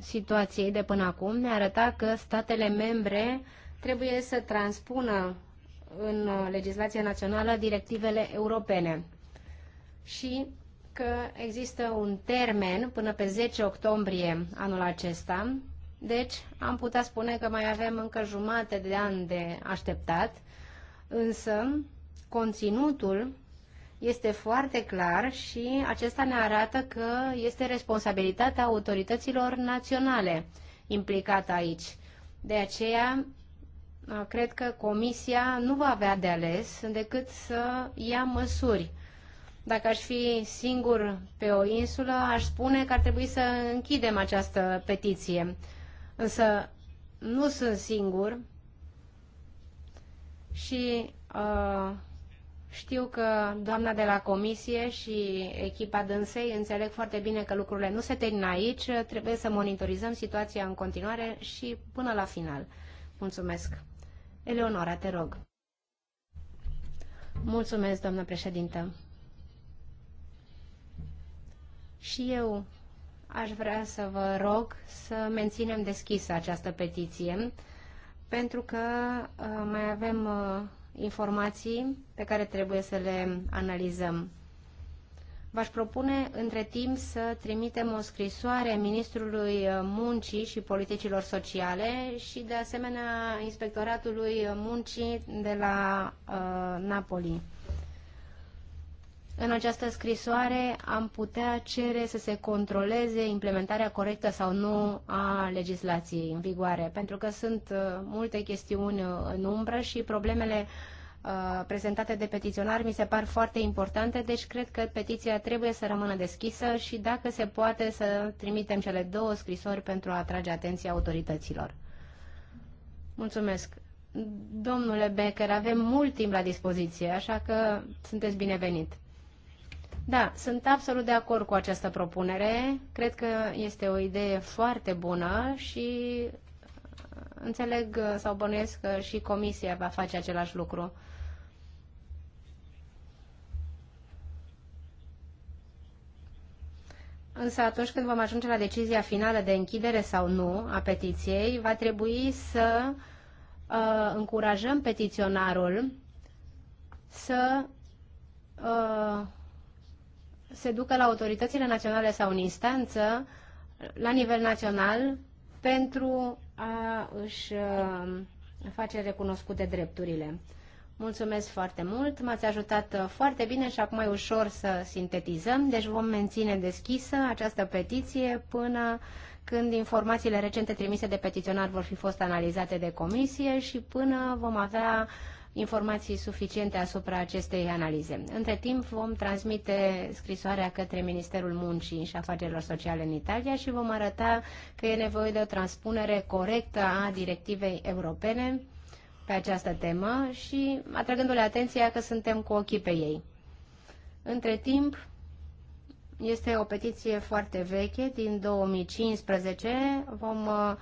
situației de până acum ne arăta că statele membre trebuie să transpună în legislația națională directivele europene și că există un termen până pe 10 octombrie anul acesta, deci am putea spune că mai avem încă jumate de an de așteptat, însă conținutul este foarte clar și acesta ne arată că este responsabilitatea autorităților naționale implicată aici. De aceea, cred că Comisia nu va avea de ales decât să ia măsuri. Dacă aș fi singur pe o insulă, aș spune că ar trebui să închidem această petiție. Însă nu sunt singur și uh, știu că doamna de la comisie și echipa dânsei înțeleg foarte bine că lucrurile nu se termină aici, trebuie să monitorizăm situația în continuare și până la final. Mulțumesc. Eleonora, te rog. Mulțumesc, doamnă președintă. Și eu aș vrea să vă rog să menținem deschisă această petiție, pentru că uh, mai avem uh, informații pe care trebuie să le analizăm. V-aș propune între timp să trimitem o scrisoare Ministrului Muncii și Politicilor Sociale și de asemenea Inspectoratului Muncii de la uh, Napoli. În această scrisoare am putea cere să se controleze implementarea corectă sau nu a legislației în vigoare, pentru că sunt uh, multe chestiuni uh, în umbră și problemele uh, prezentate de petiționar mi se par foarte importante, deci cred că petiția trebuie să rămână deschisă și dacă se poate să trimitem cele două scrisori pentru a atrage atenția autorităților. Mulțumesc. Domnule Becker, avem mult timp la dispoziție, așa că sunteți binevenit. Da, sunt absolut de acord cu această propunere. Cred că este o idee foarte bună și uh, înțeleg uh, sau bănuiesc că și Comisia va face același lucru. Însă atunci când vom ajunge la decizia finală de închidere sau nu a petiției, va trebui să uh, încurajăm petiționarul să uh, se ducă la autoritățile naționale sau în instanță, la nivel național, pentru a își uh, face recunoscute drepturile. Mulțumesc foarte mult, m-ați ajutat uh, foarte bine și acum e ușor să sintetizăm, deci vom menține deschisă această petiție până când informațiile recente trimise de petiționar vor fi fost analizate de comisie și până vom avea informații suficiente asupra acestei analize. Între timp vom transmite scrisoarea către Ministerul Muncii și Afacerilor Sociale în Italia și vom arăta că e nevoie de o transpunere corectă a directivei europene pe această temă și atrăgându-le atenția că suntem cu ochii pe ei. Între timp, este o petiție foarte veche din 2015. Vom uh,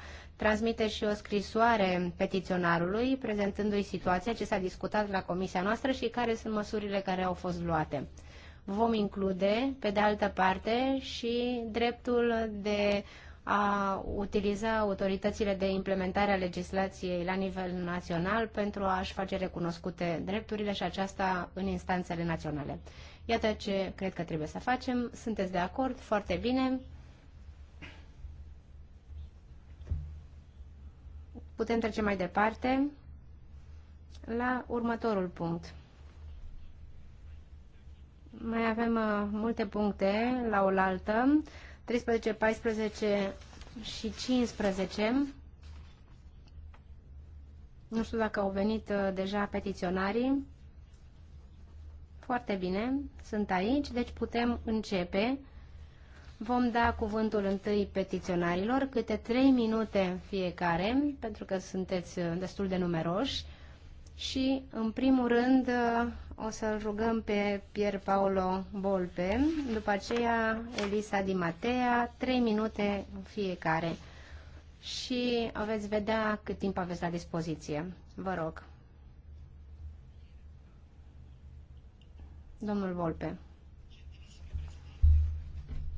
transmite și o scrisoare petiționarului prezentându-i situația ce s-a discutat la comisia noastră și care sunt măsurile care au fost luate. Vom include, pe de altă parte, și dreptul de a utiliza autoritățile de implementare a legislației la nivel național pentru a-și face recunoscute drepturile și aceasta în instanțele naționale. Iată ce cred că trebuie să facem. Sunteți de acord? Foarte bine. putem trece mai departe la următorul punct. Mai avem uh, multe puncte la oaltă, 13, 14 și 15. Nu știu dacă au venit uh, deja petiționarii. Foarte bine, sunt aici, deci putem începe. Vom da cuvântul întâi petiționarilor, câte trei minute fiecare, pentru că sunteți uh, destul de numeroși. Și, în primul rând, uh, o să-l rugăm pe Pier Paolo Bolpe, după aceea Elisa Di Matea, trei minute fiecare. Și veți vedea cât timp aveți la dispoziție. Vă rog. Domnul Volpe.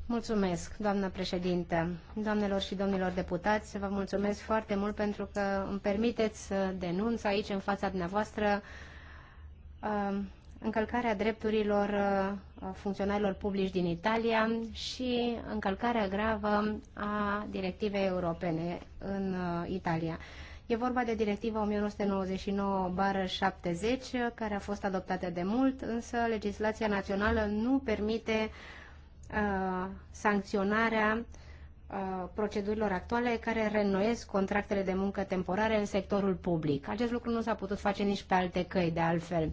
Mulțumesc, doamnă președintă, doamnelor și domnilor deputați, vă mulțumesc foarte mult pentru că îmi permiteți să denunț aici, în fața dumneavoastră, uh, încălcarea drepturilor uh, funcționarilor publici din Italia și încălcarea gravă a directivei europene în uh, Italia. E vorba de directiva 1999-70, care a fost adoptată de mult, însă legislația națională nu permite uh, uh, sancționarea uh, procedurilor actuale care reînnoiesc contractele de muncă temporare în sectorul public. Acest lucru nu s-a putut face nici pe alte căi, de altfel.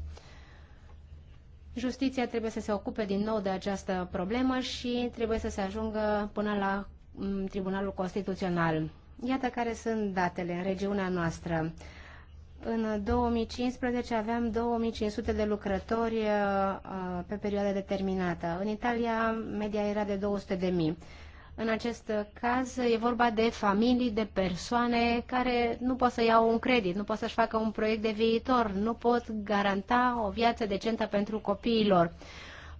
Justiția trebuie să se ocupe din nou de această problemă și trebuie să se ajungă până la mm, Tribunalul Constituțional. Iată care sunt datele în regiunea noastră. În 2015 aveam 2500 de lucrători uh, uh, pe perioadă determinată. În Italia media era de 200 de mii. În acest caz e vorba de familii, de persoane care nu pot să iau un credit, nu pot să-și facă un proiect de viitor, nu pot garanta o viață decentă pentru copiilor.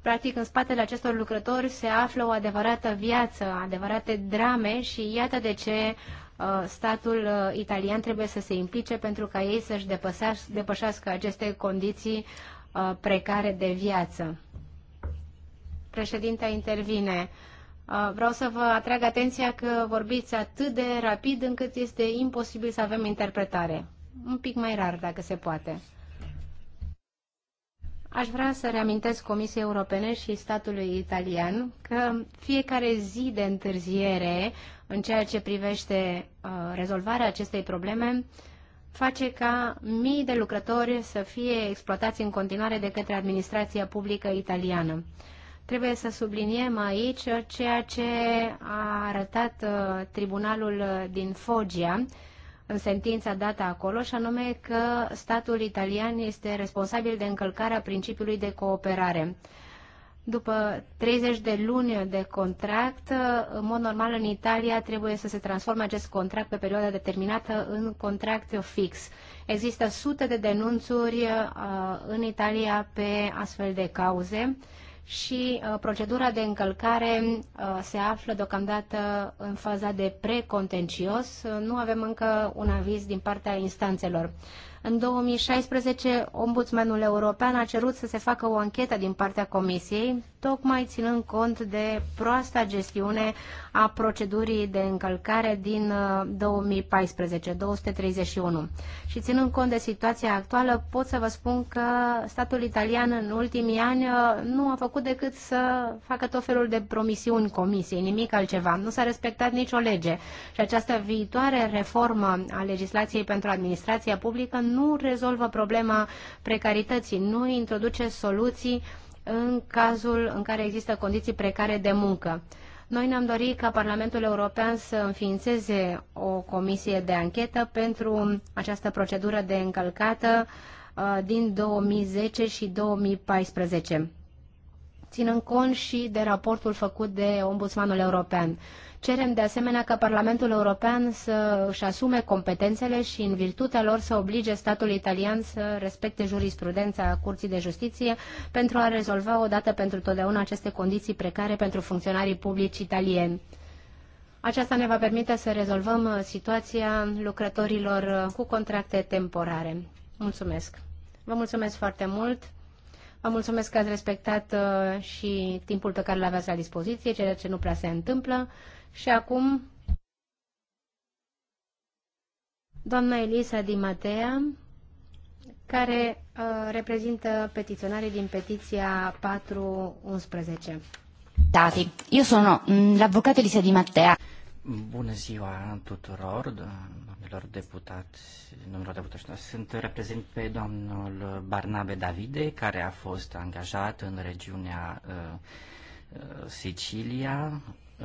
Practic, în spatele acestor lucrători se află o adevărată viață, adevărate drame și iată de ce Uh, statul uh, italian trebuie să se implice pentru ca ei să-și depășească aceste condiții uh, precare de viață. Președinta intervine. Vreau să vă atrag atenția că vorbiți atât de rapid încât este imposibil să avem interpretare. Un pic mai rar, dacă se poate. Aș vrea să reamintesc Comisiei Europene și statului italian că fiecare zi de întârziere în ceea ce privește uh, rezolvarea acestei probleme face ca mii de lucrători să fie exploatați în continuare de către administrația publică italiană. Trebuie să subliniem aici ceea ce a arătat uh, tribunalul din Foggia, în sentința dată acolo, și anume că statul italian este responsabil de încălcarea principiului de cooperare. După 30 de luni de contract, în mod normal în Italia trebuie să se transforme acest contract pe perioada determinată în contract fix. Există sute de denunțuri uh, în Italia pe astfel de cauze și uh, procedura de încălcare uh, se află deocamdată în faza de precontencios. Nu avem încă un aviz din partea instanțelor. În 2016, Ombudsmanul European a cerut să se facă o anchetă din partea Comisiei, tocmai ținând cont de proasta gestiune a procedurii de încălcare din 2014, uh, 231. Și ținând cont de situația actuală, pot să vă spun că statul italian în ultimii ani uh, nu a făcut decât să facă tot felul de promisiuni Comisiei, nimic altceva. Nu s-a respectat nicio lege. Și această viitoare reformă a legislației pentru administrația publică nu rezolvă problema precarității, nu introduce soluții în cazul în care există condiții precare de muncă. Noi ne-am dorit ca Parlamentul European să înființeze o comisie de anchetă pentru această procedură de încălcată uh, din 2010 și 2014 ținând cont și de raportul făcut de Ombudsmanul European. Cerem de asemenea ca Parlamentul European să își asume competențele și în virtutea lor să oblige statul italian să respecte jurisprudența Curții de Justiție pentru a rezolva odată pentru totdeauna aceste condiții precare pentru funcționarii publici italieni. Aceasta ne va permite să rezolvăm uh, situația lucrătorilor uh, cu contracte temporare. Mulțumesc! Vă mulțumesc foarte mult! Vă mulțumesc că ați respectat uh, și timpul pe care l-aveați la dispoziție, ceea ce nu prea se întâmplă. Și acum, doamna Elisa Di Matea, care uh, reprezintă petiționarii din petiția 411. Tati, da, eu sunt uh, l'avvocato Elisa Di Matea. Bună ziua tuturor, domnilor deputați, domnilor deputați. Sunt reprezent pe domnul Barnabe Davide, care a fost angajat în regiunea uh, uh Sicilia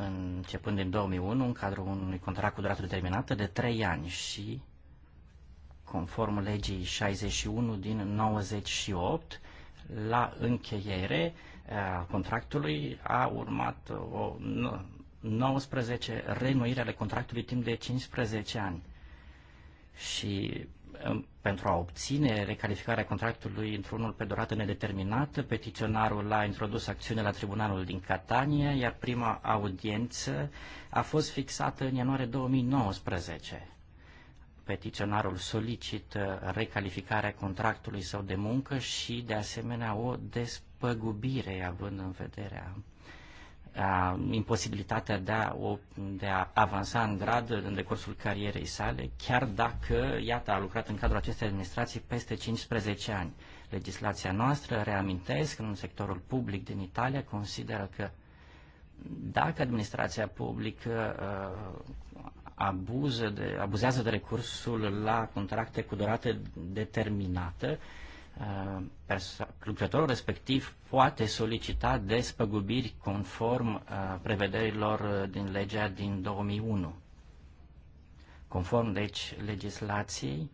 începând din 2001, în cadrul unui contract cu durată determinată de 3 ani și conform legii 61 din 98, la încheiere a contractului a urmat o 19 renuire ale contractului timp de 15 ani. Și pentru a obține recalificarea contractului într-unul pe durată nedeterminată, petiționarul a introdus acțiune la tribunalul din Catania, iar prima audiență a fost fixată în ianuarie 2019. Petiționarul solicită recalificarea contractului său de muncă și, de asemenea, o despăgubire, având în vederea a, imposibilitatea de a, o, de a avansa în grad în decursul carierei sale, chiar dacă, iată, a lucrat în cadrul acestei administrații peste 15 ani. Legislația noastră, reamintesc, în sectorul public din Italia, consideră că dacă administrația publică abuză de, abuzează de recursul la contracte cu durată determinată, Uh, lucrătorul respectiv poate solicita despăgubiri conform uh, prevederilor uh, din legea din 2001. Conform, deci, legislației,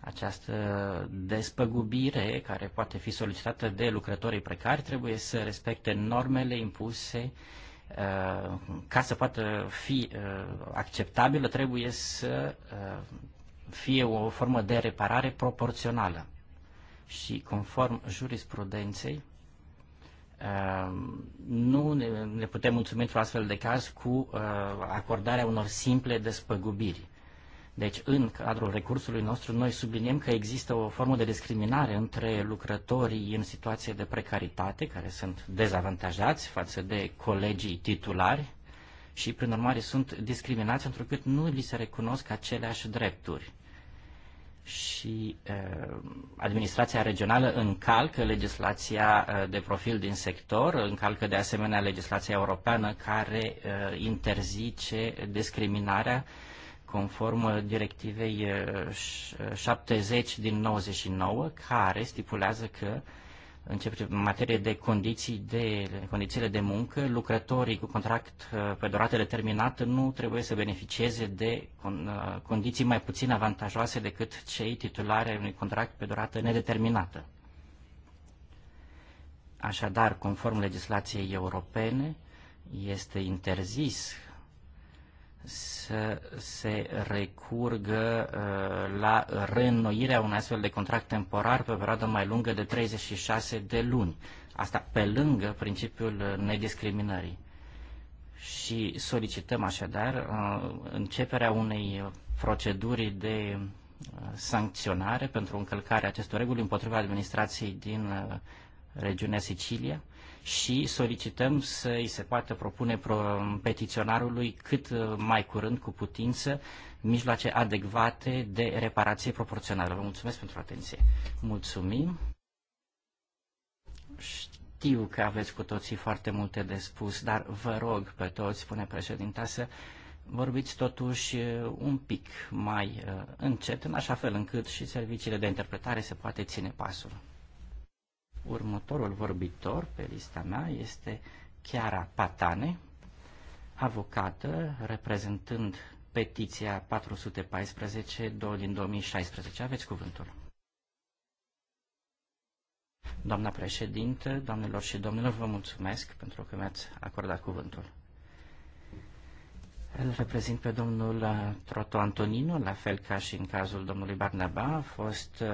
această despăgubire care poate fi solicitată de lucrătorii precari trebuie să respecte normele impuse ca să poată fi acceptabilă, trebuie să fie o formă de reparare proporțională și conform jurisprudenței, ehm, nu ne putem mulțumi într o astfel de caz cu ehm, acordarea unor simple despăgubiri. Deci, în cadrul recursului nostru, noi subliniem că există o formă de discriminare între lucrătorii în situație de precaritate, care sunt dezavantajați față de colegii titulari și, prin urmare, sunt discriminați pentru că nu li se recunosc aceleași drepturi și uh, administrația regională încalcă legislația uh, de profil din sector, încalcă de asemenea legislația europeană care uh, interzice discriminarea conform directivei uh, 70 din 99 care stipulează că uh, în materie de condiții de, condițiile de muncă, lucrătorii cu contract uh, pe durată determinată nu trebuie să beneficieze de uh, condiții mai puțin avantajoase decât cei titulari ai unui contract pe durată nedeterminată. Așadar, conform legislației europene, este interzis să se recurgă uh, la reînnoirea unui astfel de contract temporar pe o perioadă mai lungă de 36 de luni. Asta pe lângă principiul nediscriminării. Și solicităm așadar uh, începerea unei proceduri de uh, sancționare pentru încălcarea acestor reguli împotriva administrației din regiunea Sicilia și solicităm să îi se poată propune petiționarului cât uh, mai curând cu putință mijloace adecvate de reparație proporțională. Vă mulțumesc pentru atenție. Mulțumim. Știu că aveți cu toții foarte multe de spus, dar vă rog pe toți, spune președinta, să vorbiți totuși uh, un pic mai uh, încet, în așa fel încât și serviciile de interpretare se poate ține pasul. Următorul vorbitor pe lista mea este Chiara Patane, avocată reprezentând petiția 414 2 din 2016. Aveți cuvântul. Doamna președintă, doamnelor și domnilor, vă mulțumesc pentru că mi-ați acordat cuvântul. Îl reprezint pe domnul uh, Troto Antonino, la fel ca și în cazul domnului Barnaba, a fost uh,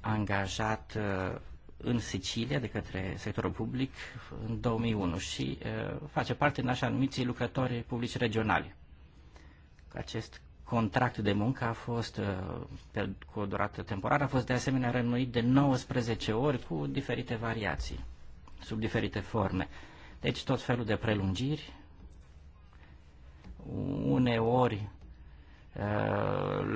angajat uh, în Sicilia de către sectorul public în 2001 și uh, face parte în așa numiții lucrători publici regionali. Acest contract de muncă a fost uh, pe, cu o durată temporară, a fost de asemenea rănuit de 19 ori cu diferite variații, sub diferite forme. Deci tot felul de prelungiri, uneori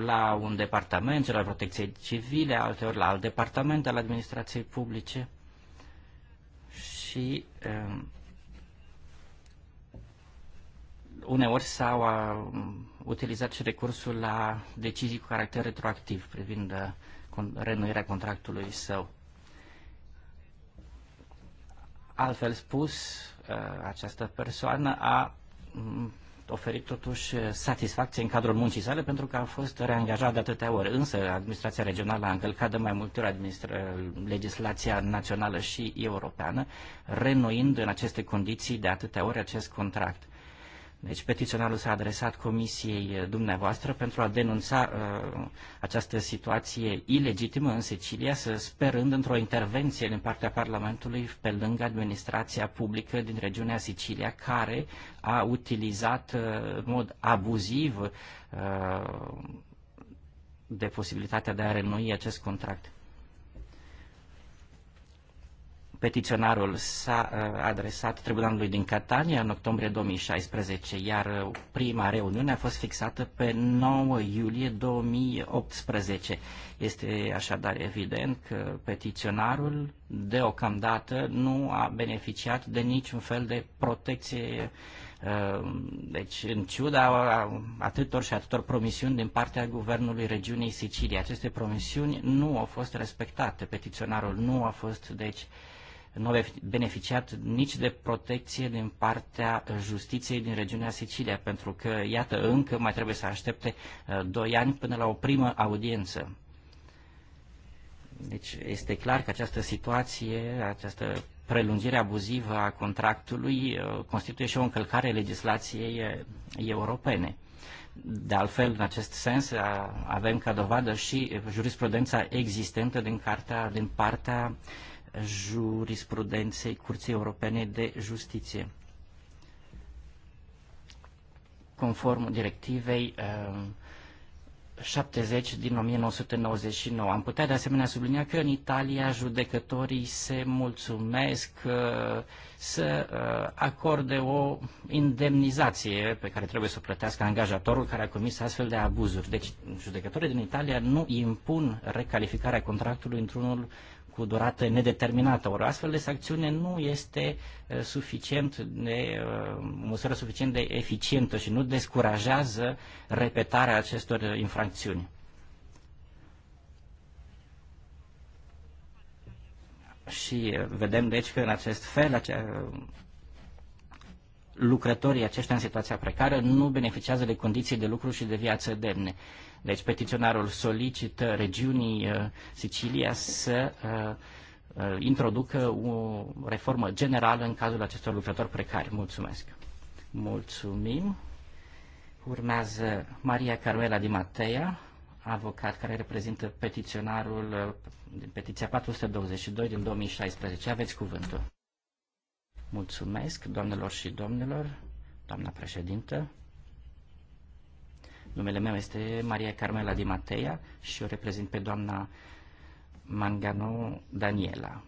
la un departament, la protecție civile, alteori la alt departament al administrației publice și um, uneori s-au um, utilizat și recursul la decizii cu caracter retroactiv privind uh, renuirea contractului său. Altfel spus, uh, această persoană a oferit totuși eh, satisfacție în cadrul muncii sale pentru că a fost reangajat de atâtea ori. Însă administrația regională a încălcat de mai multe ori legislația națională și europeană, renoind în aceste condiții de atâtea ori acest contract. Deci petiționarul s-a adresat comisiei eh, dumneavoastră pentru a denunța uh, această situație ilegitimă în Sicilia, să sperând într-o intervenție din partea Parlamentului pe lângă administrația publică din regiunea Sicilia, care a utilizat uh, în mod abuziv uh, de posibilitatea de a renui acest contract. Petiționarul s-a uh, adresat tribunalului din Catania în octombrie 2016, iar uh, prima reuniune a fost fixată pe 9 iulie 2018. Este așadar evident că petiționarul deocamdată nu a beneficiat de niciun fel de protecție uh, deci, în ciuda atâtor și atâtor promisiuni din partea Guvernului Regiunii Sicilia, aceste promisiuni nu au fost respectate. Petiționarul nu a fost, deci, nu au beneficiat nici de protecție din partea justiției din regiunea Sicilia, pentru că, iată, încă mai trebuie să aștepte 2 uh, ani până la o primă audiență. Deci este clar că această situație, această prelungire abuzivă a contractului uh, constituie și o încălcare a legislației uh, europene. De altfel, în acest sens, avem ca dovadă și jurisprudența existentă din, cartea, din partea jurisprudenței Curții Europene de Justiție. Conform directivei 70 uh, din 1999. Am putea de asemenea sublinia că în Italia judecătorii se mulțumesc uh, să uh, acorde o indemnizație pe care trebuie să o plătească angajatorul care a comis astfel de abuzuri. Deci judecătorii din Italia nu impun recalificarea contractului într-unul cu durată nedeterminată. Ori astfel de sancțiune nu este uh, suficient de, uh, măsură suficient de eficientă și nu descurajează repetarea acestor infracțiuni. Și uh, vedem deci că în acest fel acea, lucrătorii aceștia în situația precară nu beneficiază de condiții de lucru și de viață demne. Deci petiționarul solicită regiunii uh, Sicilia să uh, uh, introducă o reformă generală în cazul acestor lucrători precari. Mulțumesc! Mulțumim! Urmează Maria Carmela Di Matea, avocat care reprezintă petiționarul, petiția 422 din 2016. Aveți cuvântul. Mulțumesc, doamnelor și domnilor, doamna președintă. Numele meu este Maria Carmela Di Mateia și o reprezint pe doamna Mangano Daniela.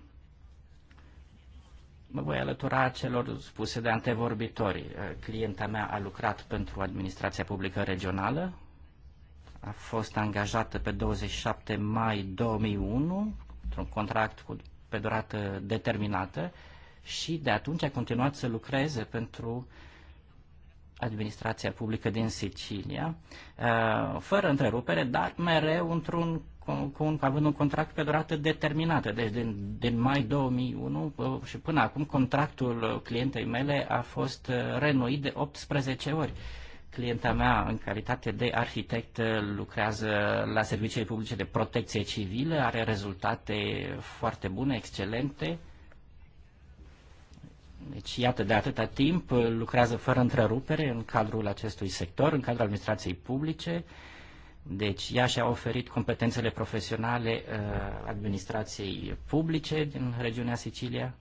Mă voi alătura celor spuse de antevorbitori. Clienta mea a lucrat pentru Administrația Publică Regională, a fost angajată pe 27 mai 2001 într-un contract cu, pe durată determinată și de atunci a continuat să lucreze pentru uh, administrația publică din Sicilia, uh, fără întrerupere, dar mereu într-un cu un, având un contract pe durată determinată. Deci din, din mai 2001 uh, și până acum contractul clientei mele a fost uh, renuit de 18 ori. Clienta mea, în calitate de arhitect, lucrează la serviciile publice de protecție civilă, are rezultate foarte bune, excelente, deci, iată, de atâta timp uh, lucrează fără întrerupere în cadrul acestui sector, în cadrul administrației publice. Deci, ea și-a oferit competențele profesionale uh, administrației publice din regiunea Sicilia.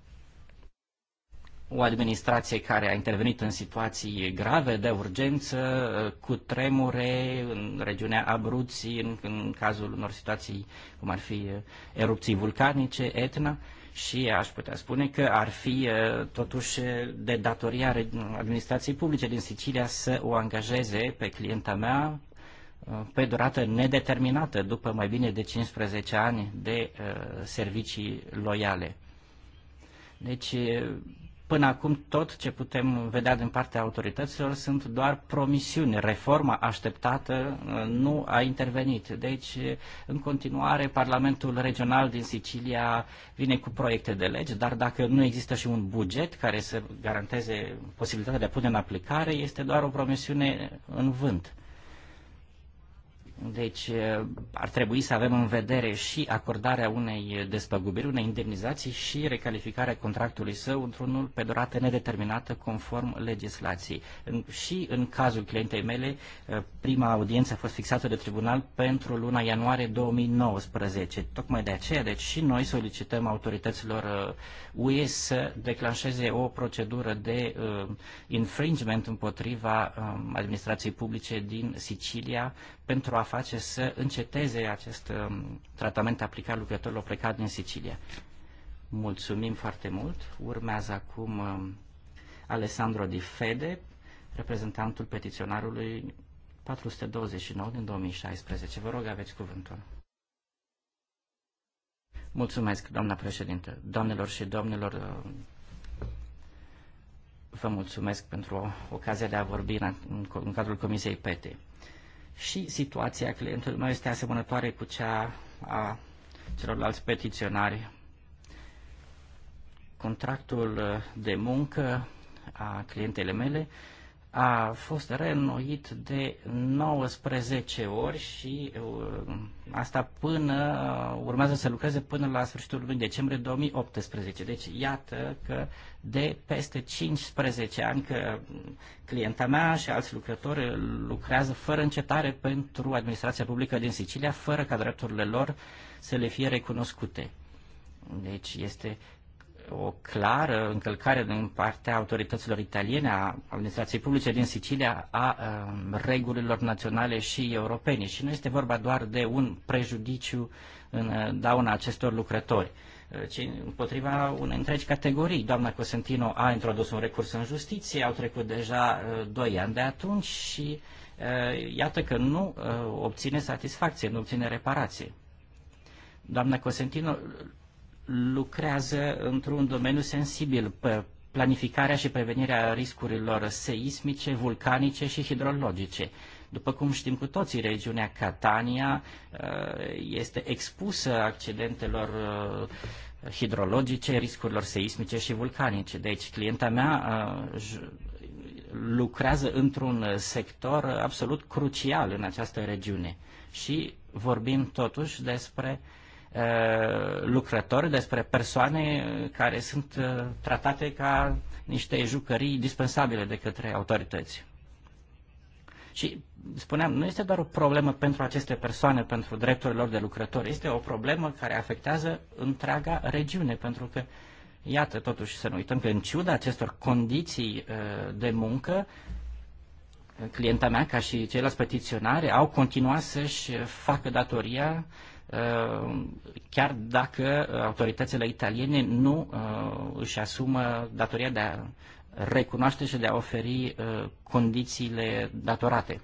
O administrație care a intervenit în situații grave de urgență, uh, cu tremure în regiunea Abruzii, în, în cazul unor situații cum ar fi uh, erupții vulcanice, Etna. Uh, și aș putea spune că ar fi totuși de datoria administrației publice din Sicilia să o angajeze pe clienta mea pe durată nedeterminată, după mai bine de 15 ani de servicii loiale. Deci Până acum tot ce putem vedea din partea autorităților sunt doar promisiuni. Reforma așteptată uh, nu a intervenit. Deci, în continuare, Parlamentul Regional din Sicilia vine cu proiecte de legi, dar dacă nu există și un buget care să garanteze posibilitatea de a pune în aplicare, este doar o promisiune în vânt. Deci ar trebui să avem în vedere și acordarea unei despăgubiri, unei indemnizații și recalificarea contractului său într-unul pe durată nedeterminată conform legislației. Și în cazul clientei mele, prima audiență a fost fixată de tribunal pentru luna ianuarie 2019. Tocmai de aceea, deci și noi solicităm autorităților UE să declanșeze o procedură de infringement împotriva administrației publice din Sicilia pentru a face să înceteze acest um, tratament aplicat lucrătorilor plecat din Sicilia. Mulțumim foarte mult. Urmează acum um, Alessandro Di Fede, reprezentantul petiționarului 429 din 2016. Vă rog, aveți cuvântul. Mulțumesc, doamna președintă. Doamnelor și domnilor, uh, vă mulțumesc pentru ocazia de a vorbi în, în cadrul Comisiei PETE și situația clientului meu este asemănătoare cu cea a celorlalți petiționari. Contractul de muncă a clientele mele a fost reînnoit de 19 ori și uh, asta până uh, urmează să lucreze până la sfârșitul lunii decembrie 2018. Deci iată că de peste 15 ani că clienta mea și alți lucrători lucrează fără încetare pentru administrația publică din Sicilia, fără ca drepturile lor să le fie recunoscute. Deci este o clară încălcare din partea autorităților italiene, a administrației publice din Sicilia, a, a um, regulilor naționale și europene. Și nu este vorba doar de un prejudiciu în uh, dauna acestor lucrători uh, ci împotriva unei întregi categorii. Doamna Cosentino a introdus un recurs în justiție, au trecut deja uh, doi ani de atunci și iată că nu obține satisfacție, nu obține reparație. Doamna Cosentino lucrează într-un domeniu sensibil, pe planificarea și prevenirea riscurilor seismice, vulcanice și hidrologice. După cum știm cu toții, regiunea Catania uh, este expusă accidentelor uh, hidrologice, riscurilor seismice și vulcanice. Deci clienta mea uh, lucrează într-un sector absolut crucial în această regiune. Și vorbim totuși despre uh, Uh, lucrători, despre persoane care sunt uh, tratate ca niște jucării dispensabile de către autorități. Și spuneam, nu este doar o problemă pentru aceste persoane, pentru drepturile lor de lucrători, este o problemă care afectează întreaga regiune, pentru că, iată, totuși să nu uităm că în ciuda acestor condiții uh, de muncă, clienta mea, ca și ceilalți petiționare, au continuat să-și facă datoria uh, Uh, chiar dacă autoritățile italiene nu uh, își asumă datoria de a recunoaște și de a oferi uh, condițiile datorate.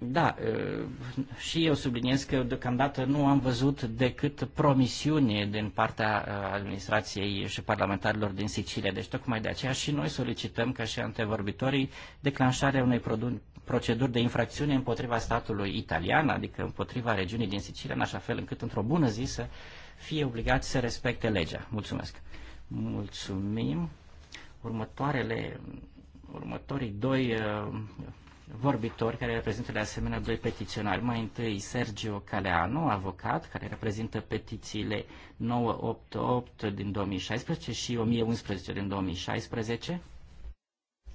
Da, și eu subliniez că deocamdată nu am văzut decât promisiuni din partea administrației și parlamentarilor din Sicilia. Deci tocmai de aceea și noi solicităm ca și antevorbitorii declanșarea unei proceduri de infracțiune împotriva statului italian, adică împotriva regiunii din Sicilia, în așa fel încât într-o bună zi să fie obligați să respecte legea. Mulțumesc! Mulțumim! Următoarele, următorii doi uh, vorbitori care reprezintă de asemenea doi petiționari. Mai întâi Sergio Caleanu, avocat, care reprezintă petițiile 988 din 2016 și 1011 din 2016.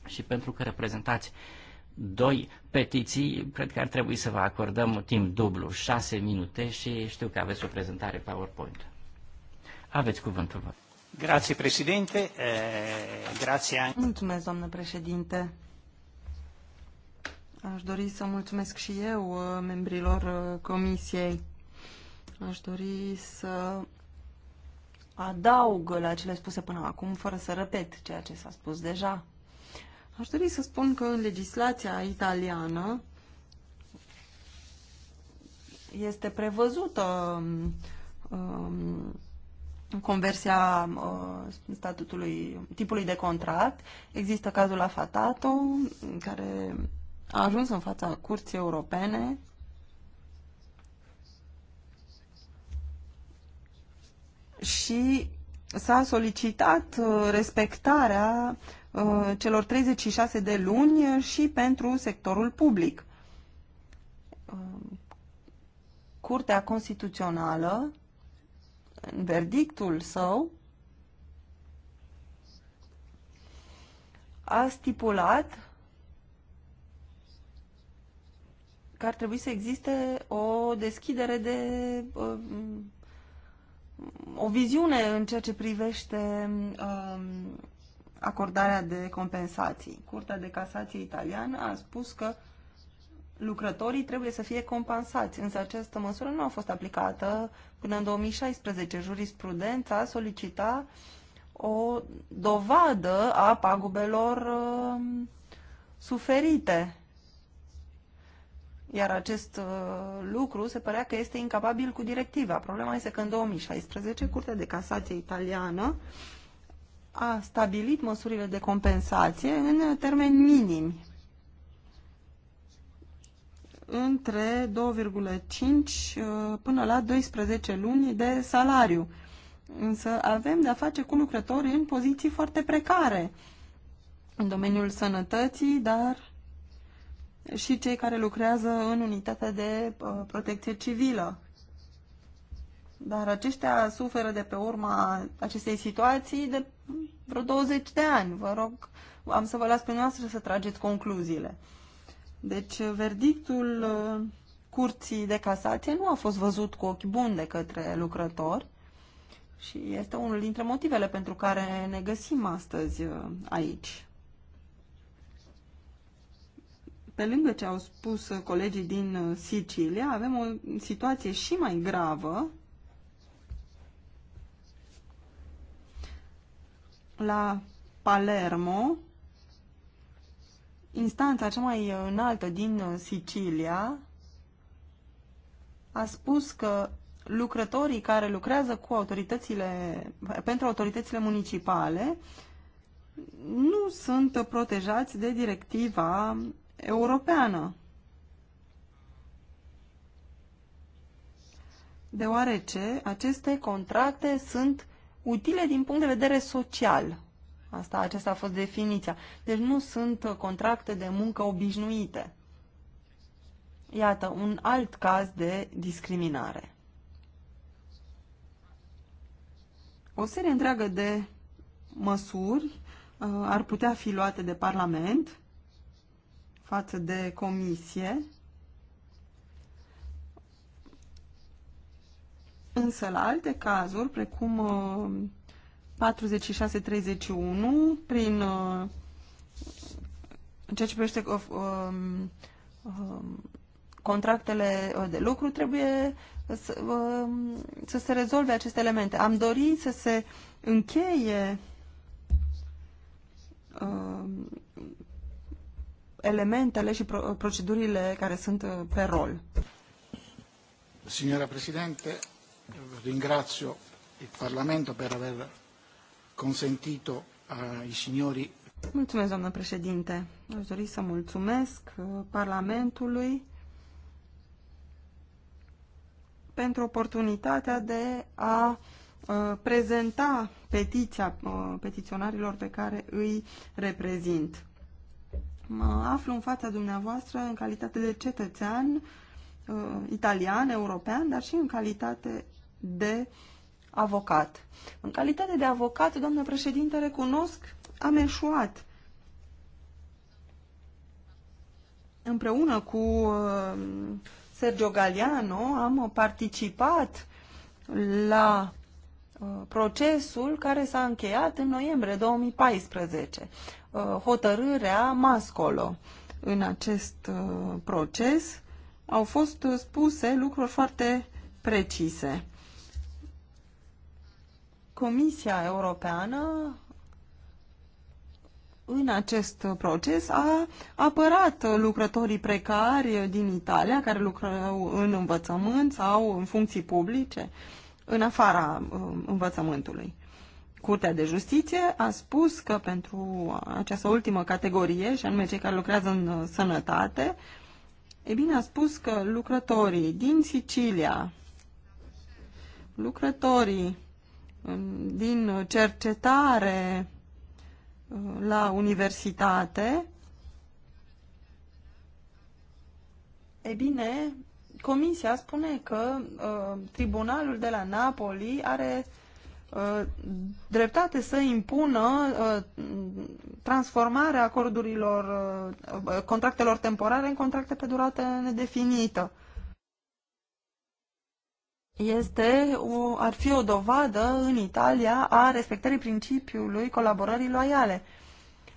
Și pentru că reprezentați uh, Doi, petiții, cred că ar trebui să vă acordăm timp dublu, șase minute și știu că aveți o prezentare PowerPoint. Aveți cuvântul vă. Grazie, președinte. E, eh, grazie. Mulțumesc, doamnă președinte. Aș dori să mulțumesc și eu eh, membrilor eh, comisiei. Aș dori să adaug la cele spuse până acum, fără să repet ceea ce s-a spus deja. Aș dori să spun că în legislația italiană este prevăzută um, um, conversia uh, statutului, tipului de contract. Există cazul la Fatato, care a ajuns în fața Curții Europene și s-a solicitat uh, respectarea uh, Uh, celor 36 de luni și pentru sectorul public. Uh, Curtea Constituțională, în verdictul său, a stipulat că ar trebui să existe o deschidere de uh, o viziune în ceea ce privește um, acordarea de compensații. Curtea de casație italiană a spus că lucrătorii trebuie să fie compensați, însă această măsură nu a fost aplicată până în 2016. Jurisprudența solicita o dovadă a pagubelor uh, suferite. Iar acest uh, lucru se părea că este incapabil cu directiva. Problema este că în 2016 Curtea de Casație Italiană uh, a stabilit măsurile de compensație în termeni minimi între 2,5 uh, până la 12 luni de salariu. Însă avem de-a face cu lucrători în poziții foarte precare în domeniul sănătății, dar și cei care lucrează în unitatea de uh, protecție civilă. Dar aceștia suferă de pe urma acestei situații de vreo 20 de ani. Vă rog, am să vă las pe noastră să trageți concluziile. Deci, verdictul uh, curții de casație nu a fost văzut cu ochi buni de către lucrători și este unul dintre motivele pentru care ne găsim astăzi uh, aici. Pe lângă ce au spus colegii din uh, Sicilia, avem o situație și mai gravă la Palermo, instanța cea mai înaltă din Sicilia a spus că lucrătorii care lucrează cu autoritățile, pentru autoritățile municipale nu sunt protejați de directiva europeană. Deoarece aceste contracte sunt utile din punct de vedere social. Asta, aceasta a fost definiția. Deci nu sunt contracte de muncă obișnuite. Iată, un alt caz de discriminare. O serie întreagă de măsuri uh, ar putea fi luate de Parlament față de Comisie Însă la alte cazuri, precum 4631, uh, 46-31, prin uh, în ceea ce privește uh, um, um, contractele de lucru, trebuie să, um, să se rezolve aceste elemente. Am dorit să se încheie elementele și procedurile care sunt pe rol. Signora Presidente, ringrazio il Parlamento per aver consentito ai signori. Mulțumesc, doamnă președinte. Aș dori să mulțumesc uh, Parlamentului pentru oportunitatea de a uh, prezenta petiția uh, petiționarilor pe care îi reprezint. Mă aflu în fața dumneavoastră în calitate de cetățean italian, european, dar și în calitate de avocat. În calitate de avocat, doamnă președinte, recunosc, am eșuat. Împreună cu uh, Sergio Galiano am participat la uh, procesul care s-a încheiat în noiembrie 2014, uh, hotărârea Mascolo. În acest proces au fost spuse lucruri foarte precise. Comisia Europeană în acest proces a apărat lucrătorii precari din Italia care lucrau în învățământ sau în funcții publice în afara um, învățământului. Curtea de Justiție a spus că pentru această ultimă categorie, și anume cei care lucrează în uh, sănătate, e bine, a spus că lucrătorii din Sicilia, lucrătorii din cercetare uh, la universitate, e bine, Comisia spune că uh, tribunalul de la Napoli are uh, dreptate să impună transformarea acordurilor, contractelor temporare în contracte pe durată nedefinită este o, ar fi o dovadă în Italia a respectării principiului colaborării loiale.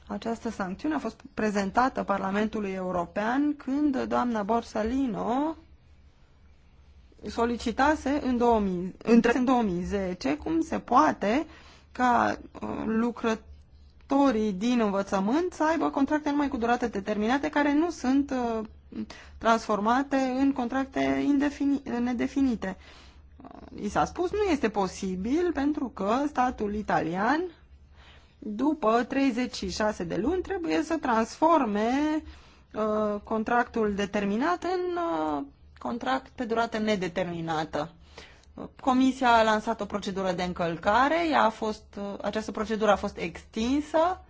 Această sancțiune a fost prezentată Parlamentului European când doamna Borsalino solicitase în, 2000, între, în 2010 cum se poate ca uh, lucrătorii din învățământ să aibă contracte numai cu durate determinate care nu sunt uh, transformate în contracte nedefini, nedefinite i s-a spus, nu este posibil pentru că statul italian, după 36 de luni, trebuie să transforme uh, contractul determinat în uh, contract pe durată nedeterminată. Comisia a lansat o procedură de încălcare, ea a fost, uh, această procedură a fost extinsă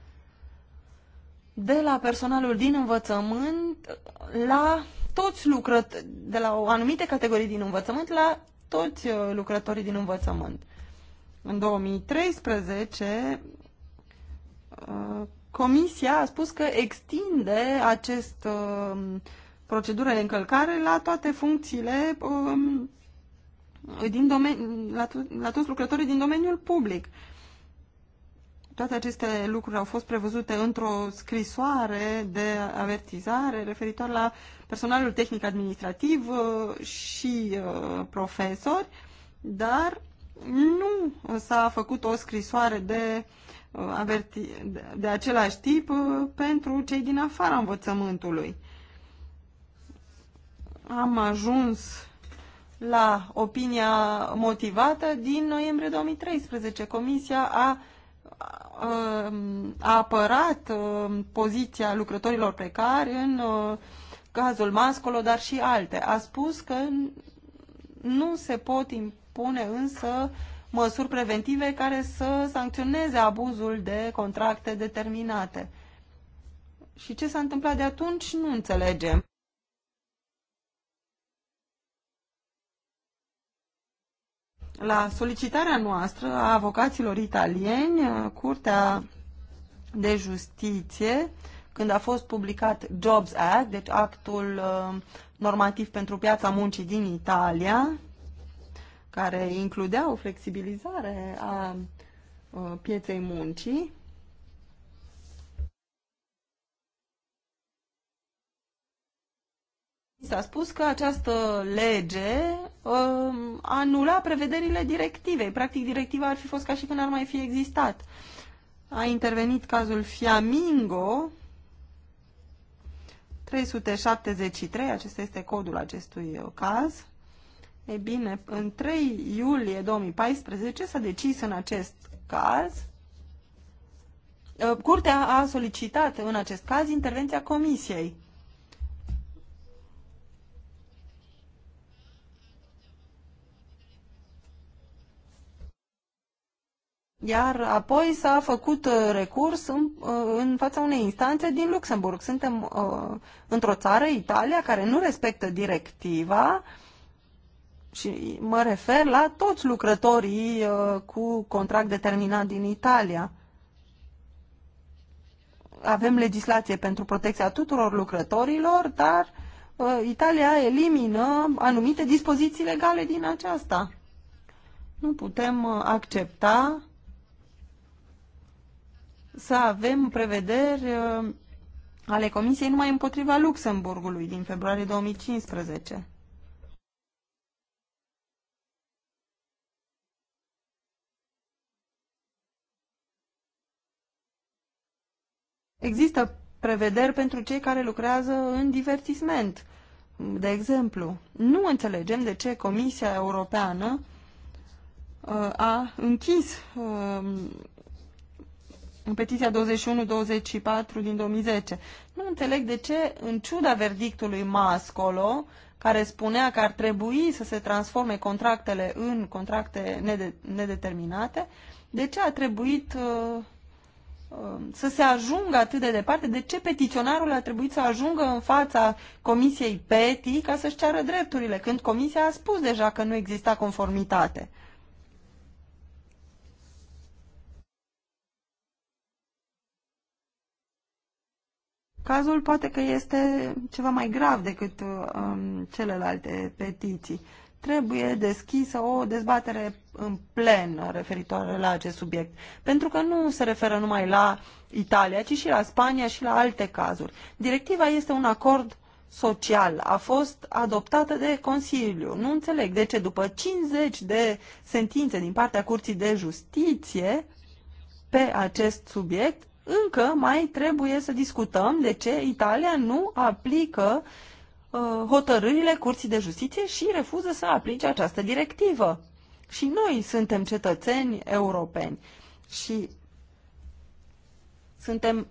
de la personalul din învățământ la toți lucrători, de la o anumite categorii din învățământ la toți uh, lucrătorii din învățământ. În 2013, uh, Comisia a spus că extinde acest uh, procedură de încălcare la toate funcțiile um, din domeni, la, to la toți lucrătorii din domeniul public. Toate aceste lucruri au fost prevăzute într-o scrisoare de avertizare referitor la personalul tehnic administrativ uh, și uh, profesori, dar nu s-a făcut o scrisoare de, uh, averti... de același tip pentru cei din afara învățământului. Am ajuns la opinia motivată din noiembrie 2013. Comisia a a apărat uh, poziția lucrătorilor precari în uh, cazul Mascolo, dar și alte. A spus că nu se pot impune însă măsuri preventive care să sancționeze abuzul de contracte determinate. Și ce s-a întâmplat de atunci nu înțelegem. La solicitarea noastră a avocaților italieni, uh, Curtea de Justiție, când a fost publicat Jobs Act, deci actul uh, normativ pentru piața muncii din Italia, care includea o flexibilizare a uh, pieței muncii, S-a spus că această lege uh, anula prevederile directivei. Practic, directiva ar fi fost ca și când ar mai fi existat. A intervenit cazul Fiamingo 373, acesta este codul acestui caz. E bine, în 3 iulie 2014 s-a decis în acest caz uh, Curtea a solicitat în acest caz intervenția Comisiei iar apoi s-a făcut uh, recurs în, uh, în fața unei instanțe din Luxemburg. Suntem uh, într-o țară, Italia, care nu respectă directiva și mă refer la toți lucrătorii uh, cu contract determinat din Italia. Avem legislație pentru protecția tuturor lucrătorilor, dar uh, Italia elimină anumite dispoziții legale din aceasta. Nu putem uh, accepta să avem prevederi uh, ale Comisiei numai împotriva Luxemburgului din februarie 2015. Există prevederi pentru cei care lucrează în divertisment. De exemplu, nu înțelegem de ce Comisia Europeană uh, a închis uh, în petiția 21-24 din 2010. Nu înțeleg de ce, în ciuda verdictului Mascolo, care spunea că ar trebui să se transforme contractele în contracte nedeterminate, de ce a trebuit uh, uh, să se ajungă atât de departe, de ce petiționarul a trebuit să ajungă în fața Comisiei PETI ca să-și ceară drepturile, când Comisia a spus deja că nu exista conformitate. Cazul poate că este ceva mai grav decât um, celelalte petiții. Trebuie deschisă o dezbatere în plen referitoare la acest subiect, pentru că nu se referă numai la Italia, ci și la Spania și la alte cazuri. Directiva este un acord social, a fost adoptată de Consiliu. Nu înțeleg de ce după 50 de sentințe din partea Curții de Justiție pe acest subiect, încă mai trebuie să discutăm de ce Italia nu aplică uh, hotărârile Curții de Justiție și refuză să aplice această directivă. Și noi suntem cetățeni europeni și suntem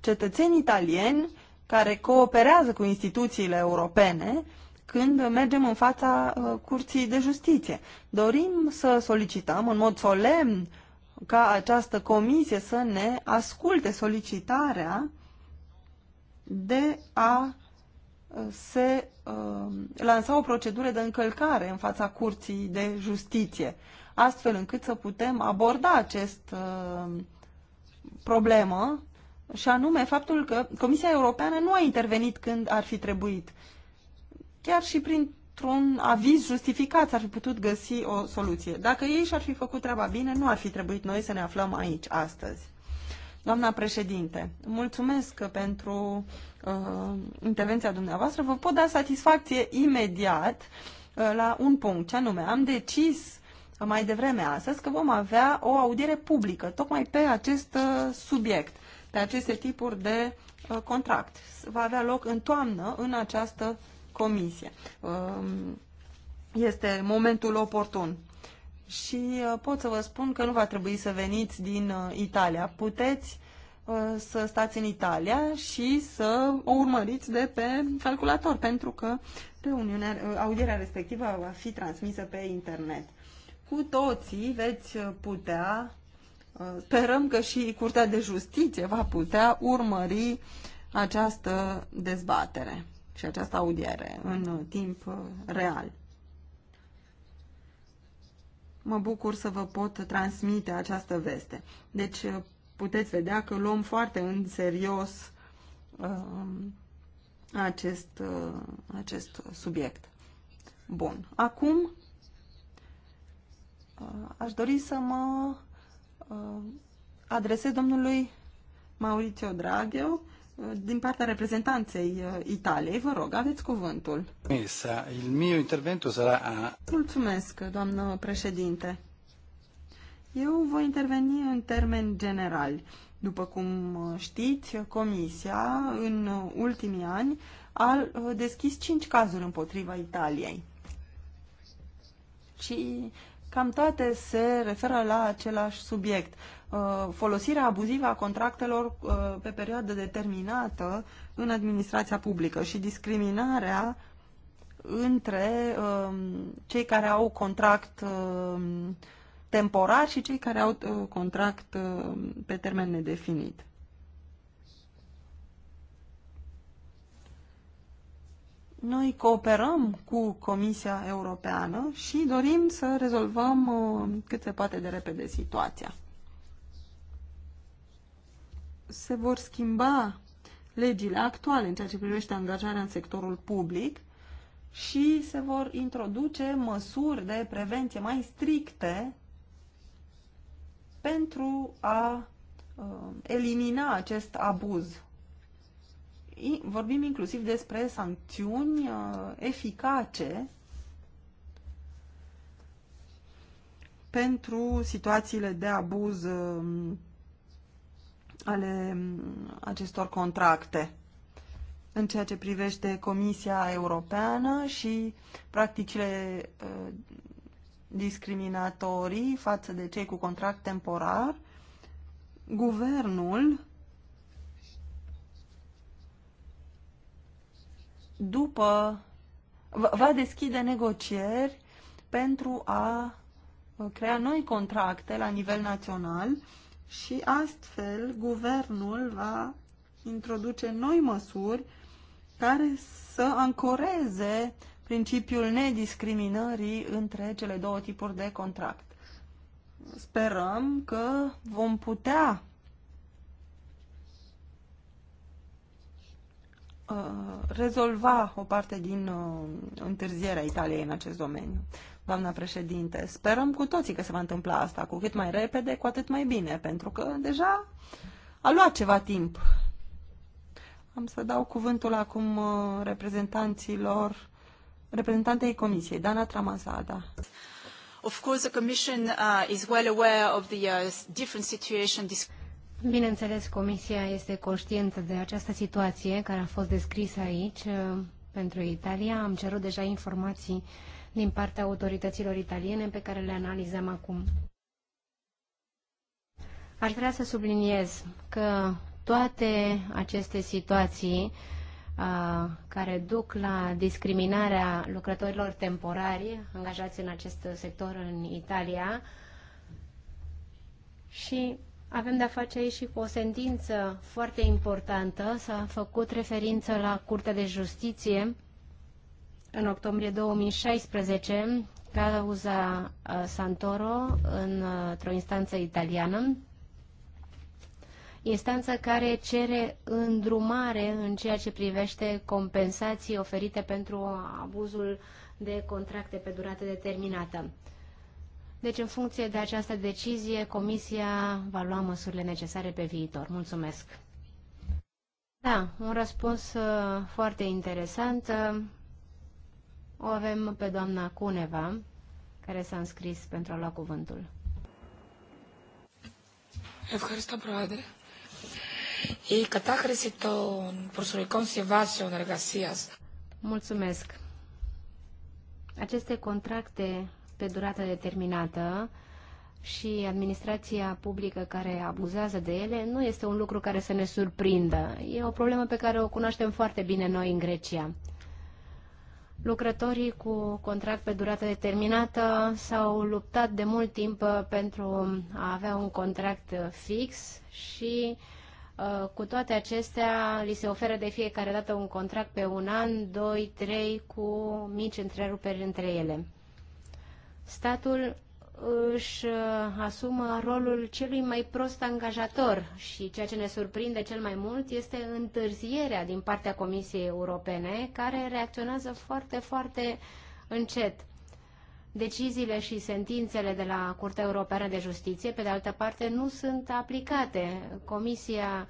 cetățeni italieni care cooperează cu instituțiile europene când mergem în fața uh, Curții de Justiție. Dorim să solicităm în mod solemn ca această comisie să ne asculte solicitarea de a uh, se uh, lansa o procedură de încălcare în fața Curții de Justiție, astfel încât să putem aborda acest uh, problemă și anume faptul că Comisia Europeană nu a intervenit când ar fi trebuit. Chiar și prin într-un aviz justificat s-ar fi putut găsi o soluție. Dacă ei și-ar fi făcut treaba bine, nu ar fi trebuit noi să ne aflăm aici astăzi. Doamna președinte, mulțumesc pentru uh, intervenția dumneavoastră. Vă pot da satisfacție imediat uh, la un punct, ce anume am decis uh, mai devreme astăzi că vom avea o audiere publică tocmai pe acest uh, subiect, pe aceste tipuri de uh, contract. Va avea loc în toamnă în această comisie. Um, este momentul oportun. Și uh, pot să vă spun că nu va trebui să veniți din uh, Italia. Puteți uh, să stați în Italia și să o urmăriți de pe calculator, pentru că reuniunea, audierea respectivă va fi transmisă pe internet. Cu toții veți putea, sperăm că și Curtea de Justiție va putea urmări această dezbatere și această audiere în uh, timp uh, real. Mă bucur să vă pot transmite această veste. Deci uh, puteți vedea că luăm foarte în serios acest, acest subiect. Bun. Acum aș dori să mă adresez domnului Mauricio Dragheu, din partea reprezentanței uh, Italiei. Vă rog, aveți cuvântul. Il mio intervento sarà a... Mulțumesc, doamnă președinte. Eu voi interveni în termeni generali. După cum uh, știți, Comisia în uh, ultimii ani a deschis cinci cazuri împotriva Italiei. Și cam toate se referă la același subiect. Uh, folosirea abuzivă a contractelor uh, pe perioadă determinată în administrația publică și discriminarea între um, cei care au contract um, temporar și cei care au uh, contract um, pe termen nedefinit. Noi cooperăm cu Comisia Europeană și dorim să rezolvăm cât se poate de repede situația se vor schimba legile actuale în ceea ce privește angajarea în sectorul public și se vor introduce măsuri de prevenție mai stricte pentru a uh, elimina acest abuz. I vorbim inclusiv despre sancțiuni uh, eficace pentru situațiile de abuz uh, ale acestor contracte în ceea ce privește Comisia Europeană și practicile ă, discriminatorii față de cei cu contract temporar, guvernul după va deschide negocieri pentru a crea noi contracte la nivel național și astfel guvernul va introduce noi măsuri care să ancoreze principiul nediscriminării între cele două tipuri de contract. Sperăm că vom putea uh, rezolva o parte din uh, întârzierea Italiei în acest domeniu doamna președinte. Sperăm cu toții că se va întâmpla asta. Cu cât mai repede, cu atât mai bine, pentru că deja a luat ceva timp. Am să dau cuvântul acum uh, reprezentanților, reprezentantei Comisiei, Dana Tramasada. Of course, the Commission uh, is well aware of the uh, different situation. Bineînțeles, Comisia este conștientă de această situație care a fost descrisă aici uh, pentru Italia. Am cerut deja informații uh, din partea autorităților italiene pe care le analizăm acum. Aș vrea să subliniez că toate aceste situații care duc la discriminarea lucrătorilor temporari angajați în acest sector în Italia și avem de-a face aici și cu o sentință foarte importantă. S-a făcut referință la Curtea de Justiție în octombrie 2016 cauza uh, Santoro uh, într-o instanță italiană, instanță care cere îndrumare în ceea ce privește compensații oferite pentru abuzul de contracte pe durată determinată. Deci, în funcție de această decizie, Comisia va lua măsurile necesare pe viitor. Mulțumesc! Da, un răspuns uh, foarte interesant. O avem pe doamna Cuneva, care s-a înscris pentru a lua cuvântul. Ευχαριστώ, Πρόεδρε. Η κατάχρηση των προσωρικών συμβάσεων εργασίας. Mulțumesc. Aceste contracte pe durată determinată și administrația publică care abuzează de ele nu este un lucru care să ne surprindă. E o problemă pe care o cunoaștem foarte bine noi în Grecia. Lucrătorii cu contract pe durată determinată s-au luptat de mult timp uh, pentru a avea un contract uh, fix și uh, cu toate acestea li se oferă de fiecare dată un contract pe un an, doi, trei, cu mici întreruperi între ele. Statul își uh, asumă rolul celui mai prost angajator și ceea ce ne surprinde cel mai mult este întârzierea din partea Comisiei Europene, care reacționează foarte, foarte încet. Deciziile și sentințele de la Curtea Europeană de Justiție, pe de altă parte, nu sunt aplicate. Comisia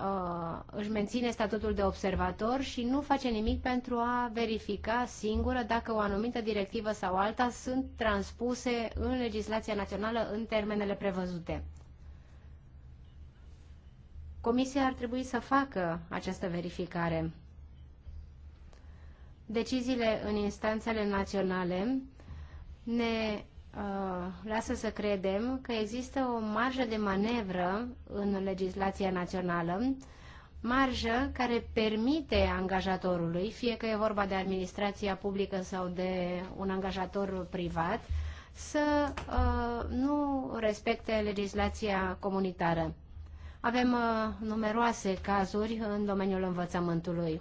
Uh, își menține statutul de observator și nu face nimic pentru a verifica singură dacă o anumită directivă sau alta sunt transpuse în legislația națională în termenele prevăzute. Comisia ar trebui să facă această verificare. Deciziile în instanțele naționale ne Uh, lasă să credem că există o marjă de manevră în legislația națională, marjă care permite angajatorului, fie că e vorba de administrația publică sau de un angajator privat, să uh, nu respecte legislația comunitară. Avem uh, numeroase cazuri în domeniul învățământului.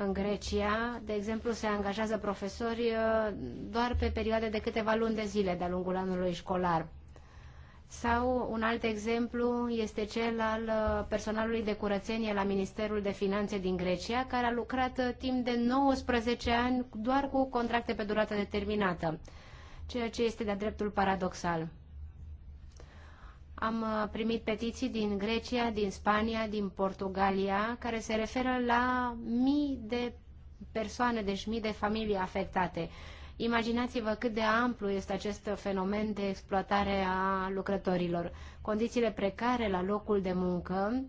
În Grecia, de exemplu, se angajează profesori uh, doar pe perioade de câteva luni de zile de-a lungul anului școlar. Sau un alt exemplu este cel al uh, personalului de curățenie la Ministerul de Finanțe din Grecia, care a lucrat uh, timp de 19 ani doar cu contracte pe durată determinată, ceea ce este de-a dreptul paradoxal. Am uh, primit petiții din Grecia, din Spania, din Portugalia, care se referă la mii de persoane, deci mii de familii afectate. Imaginați-vă cât de amplu este acest fenomen de exploatare a lucrătorilor. Condițiile precare la locul de muncă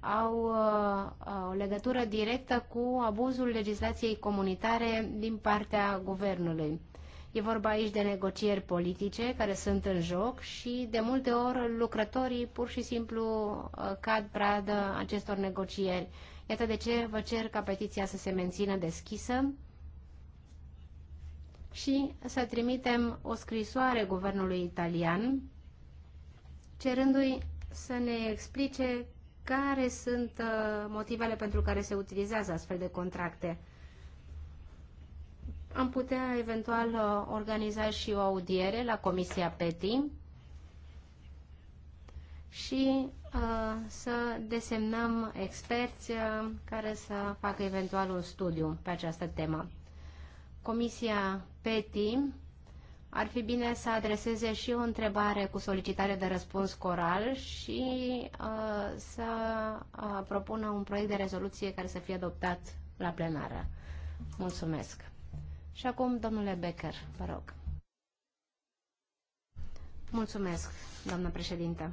au uh, o legătură directă cu abuzul legislației comunitare din partea guvernului. E vorba aici de negocieri politice care sunt în joc și de multe ori lucrătorii pur și simplu uh, cad pradă acestor negocieri. Iată de ce vă cer ca petiția să se mențină deschisă și să trimitem o scrisoare guvernului italian cerându-i să ne explice care sunt uh, motivele pentru care se utilizează astfel de contracte. Am putea eventual uh, organiza și o audiere la Comisia PETI și uh, să desemnăm experți uh, care să facă eventual un studiu pe această temă. Comisia PETI ar fi bine să adreseze și o întrebare cu solicitare de răspuns coral și să propună un proiect de rezoluție care să fie adoptat la plenară. Mulțumesc! Și acum, domnule Becker, vă rog. Mulțumesc, doamnă președinte.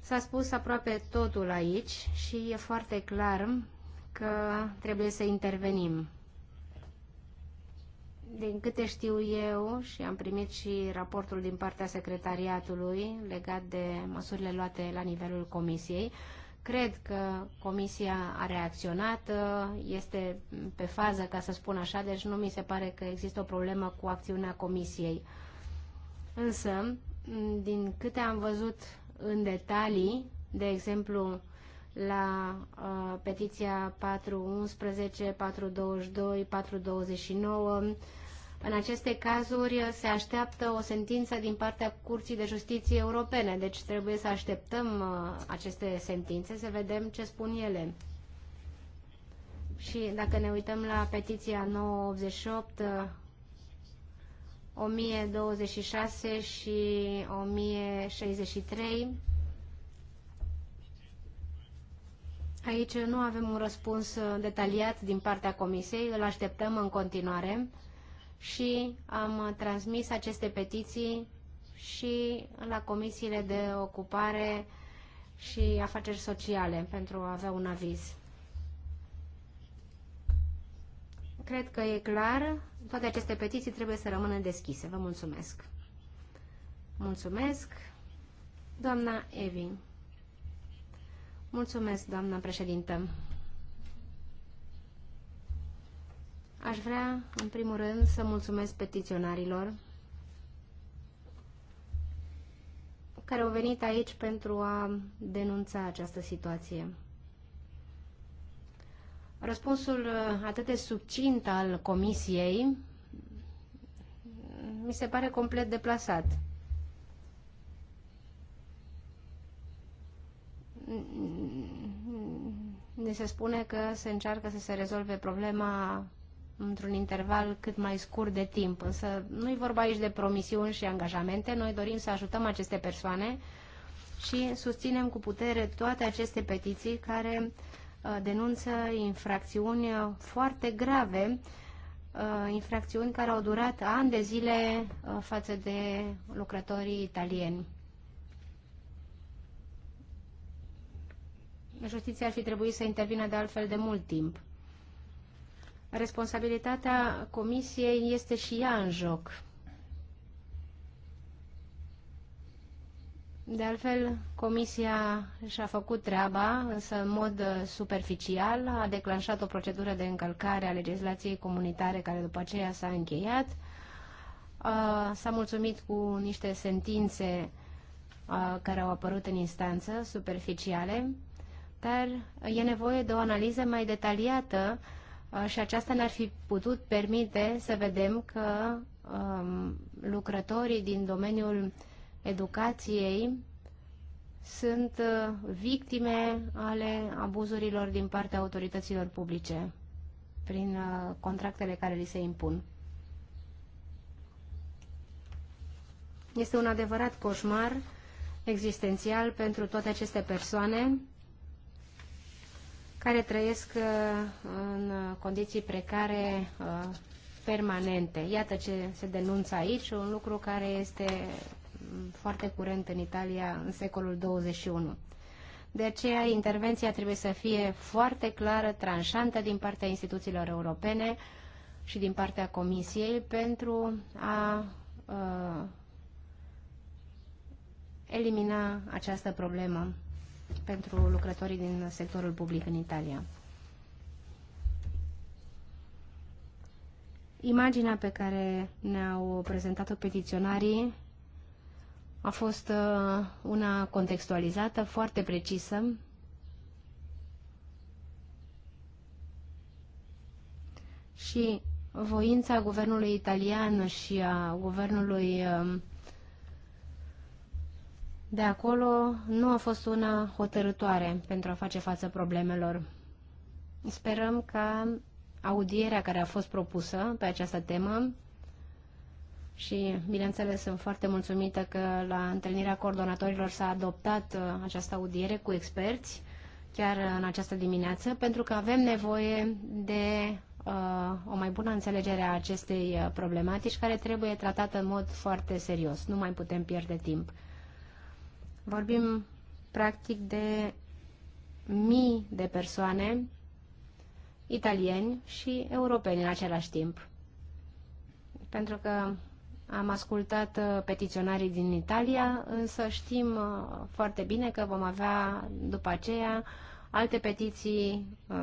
S-a spus aproape totul aici și e foarte clar că trebuie să intervenim. Din câte știu eu și am primit și raportul din partea secretariatului legat de măsurile luate la nivelul comisiei, Cred că Comisia a reacționat, este pe fază, ca să spun așa, deci nu mi se pare că există o problemă cu acțiunea Comisiei. Însă, din câte am văzut în detalii, de exemplu, la uh, petiția 411, 422, 429, în aceste cazuri se așteaptă o sentință din partea Curții de Justiție Europene, deci trebuie să așteptăm uh, aceste sentințe, să vedem ce spun ele. Și dacă ne uităm la petiția 988, 1026 și 1063, uh, aici nu avem un răspuns uh, detaliat din partea Comisiei, îl așteptăm în continuare și am transmis aceste petiții și la comisiile de ocupare și afaceri sociale pentru a avea un aviz. Cred că e clar, toate aceste petiții trebuie să rămână deschise. Vă mulțumesc. Mulțumesc, doamna Evin. Mulțumesc, doamna președintă. Aș vrea, în primul rând, să mulțumesc petiționarilor care au venit aici pentru a denunța această situație. Răspunsul uh, atât de subțint al comisiei mi se pare complet deplasat. Ne se spune că se încearcă să se rezolve problema într-un interval cât mai scurt de timp. Însă nu e vorba aici de promisiuni și angajamente. Noi dorim să ajutăm aceste persoane și susținem cu putere toate aceste petiții care uh, denunță infracțiuni uh, foarte grave, uh, infracțiuni care au durat ani de zile față de lucrătorii italieni. Justiția ar fi trebuit să intervină de altfel de mult timp. Responsabilitatea comisiei este și ea în joc. De altfel, comisia și-a făcut treaba, însă în mod uh, superficial, a declanșat o procedură de încălcare a legislației comunitare care după aceea s-a încheiat, uh, s-a mulțumit cu niște sentințe uh, care au apărut în instanță, superficiale, dar e nevoie de o analiză mai detaliată Uh, și aceasta ne-ar fi putut permite să vedem că um, lucrătorii din domeniul educației sunt uh, victime ale abuzurilor din partea autorităților publice prin uh, contractele care li se impun. Este un adevărat coșmar existențial pentru toate aceste persoane care trăiesc uh, în condiții precare uh, permanente. Iată ce se denunță aici, un lucru care este mm, foarte curent în Italia în secolul 21. De aceea, intervenția trebuie să fie foarte clară, tranșantă din partea instituțiilor europene și din partea Comisiei pentru a uh, elimina această problemă pentru lucrătorii din sectorul public în Italia. Imaginea pe care ne-au prezentat-o petiționarii a fost uh, una contextualizată, foarte precisă. Și voința guvernului italian și a guvernului uh, de acolo nu a fost una hotărătoare pentru a face față problemelor. Sperăm ca audierea care a fost propusă pe această temă și, bineînțeles, sunt foarte mulțumită că la întâlnirea coordonatorilor s-a adoptat uh, această audiere cu experți chiar în această dimineață, pentru că avem nevoie de uh, o mai bună înțelegere a acestei uh, problematici care trebuie tratată în mod foarte serios. Nu mai putem pierde timp. Vorbim practic de mii de persoane, italieni și europeni în același timp. Pentru că am ascultat uh, petiționarii din Italia, însă știm uh, foarte bine că vom avea după aceea alte petiții uh,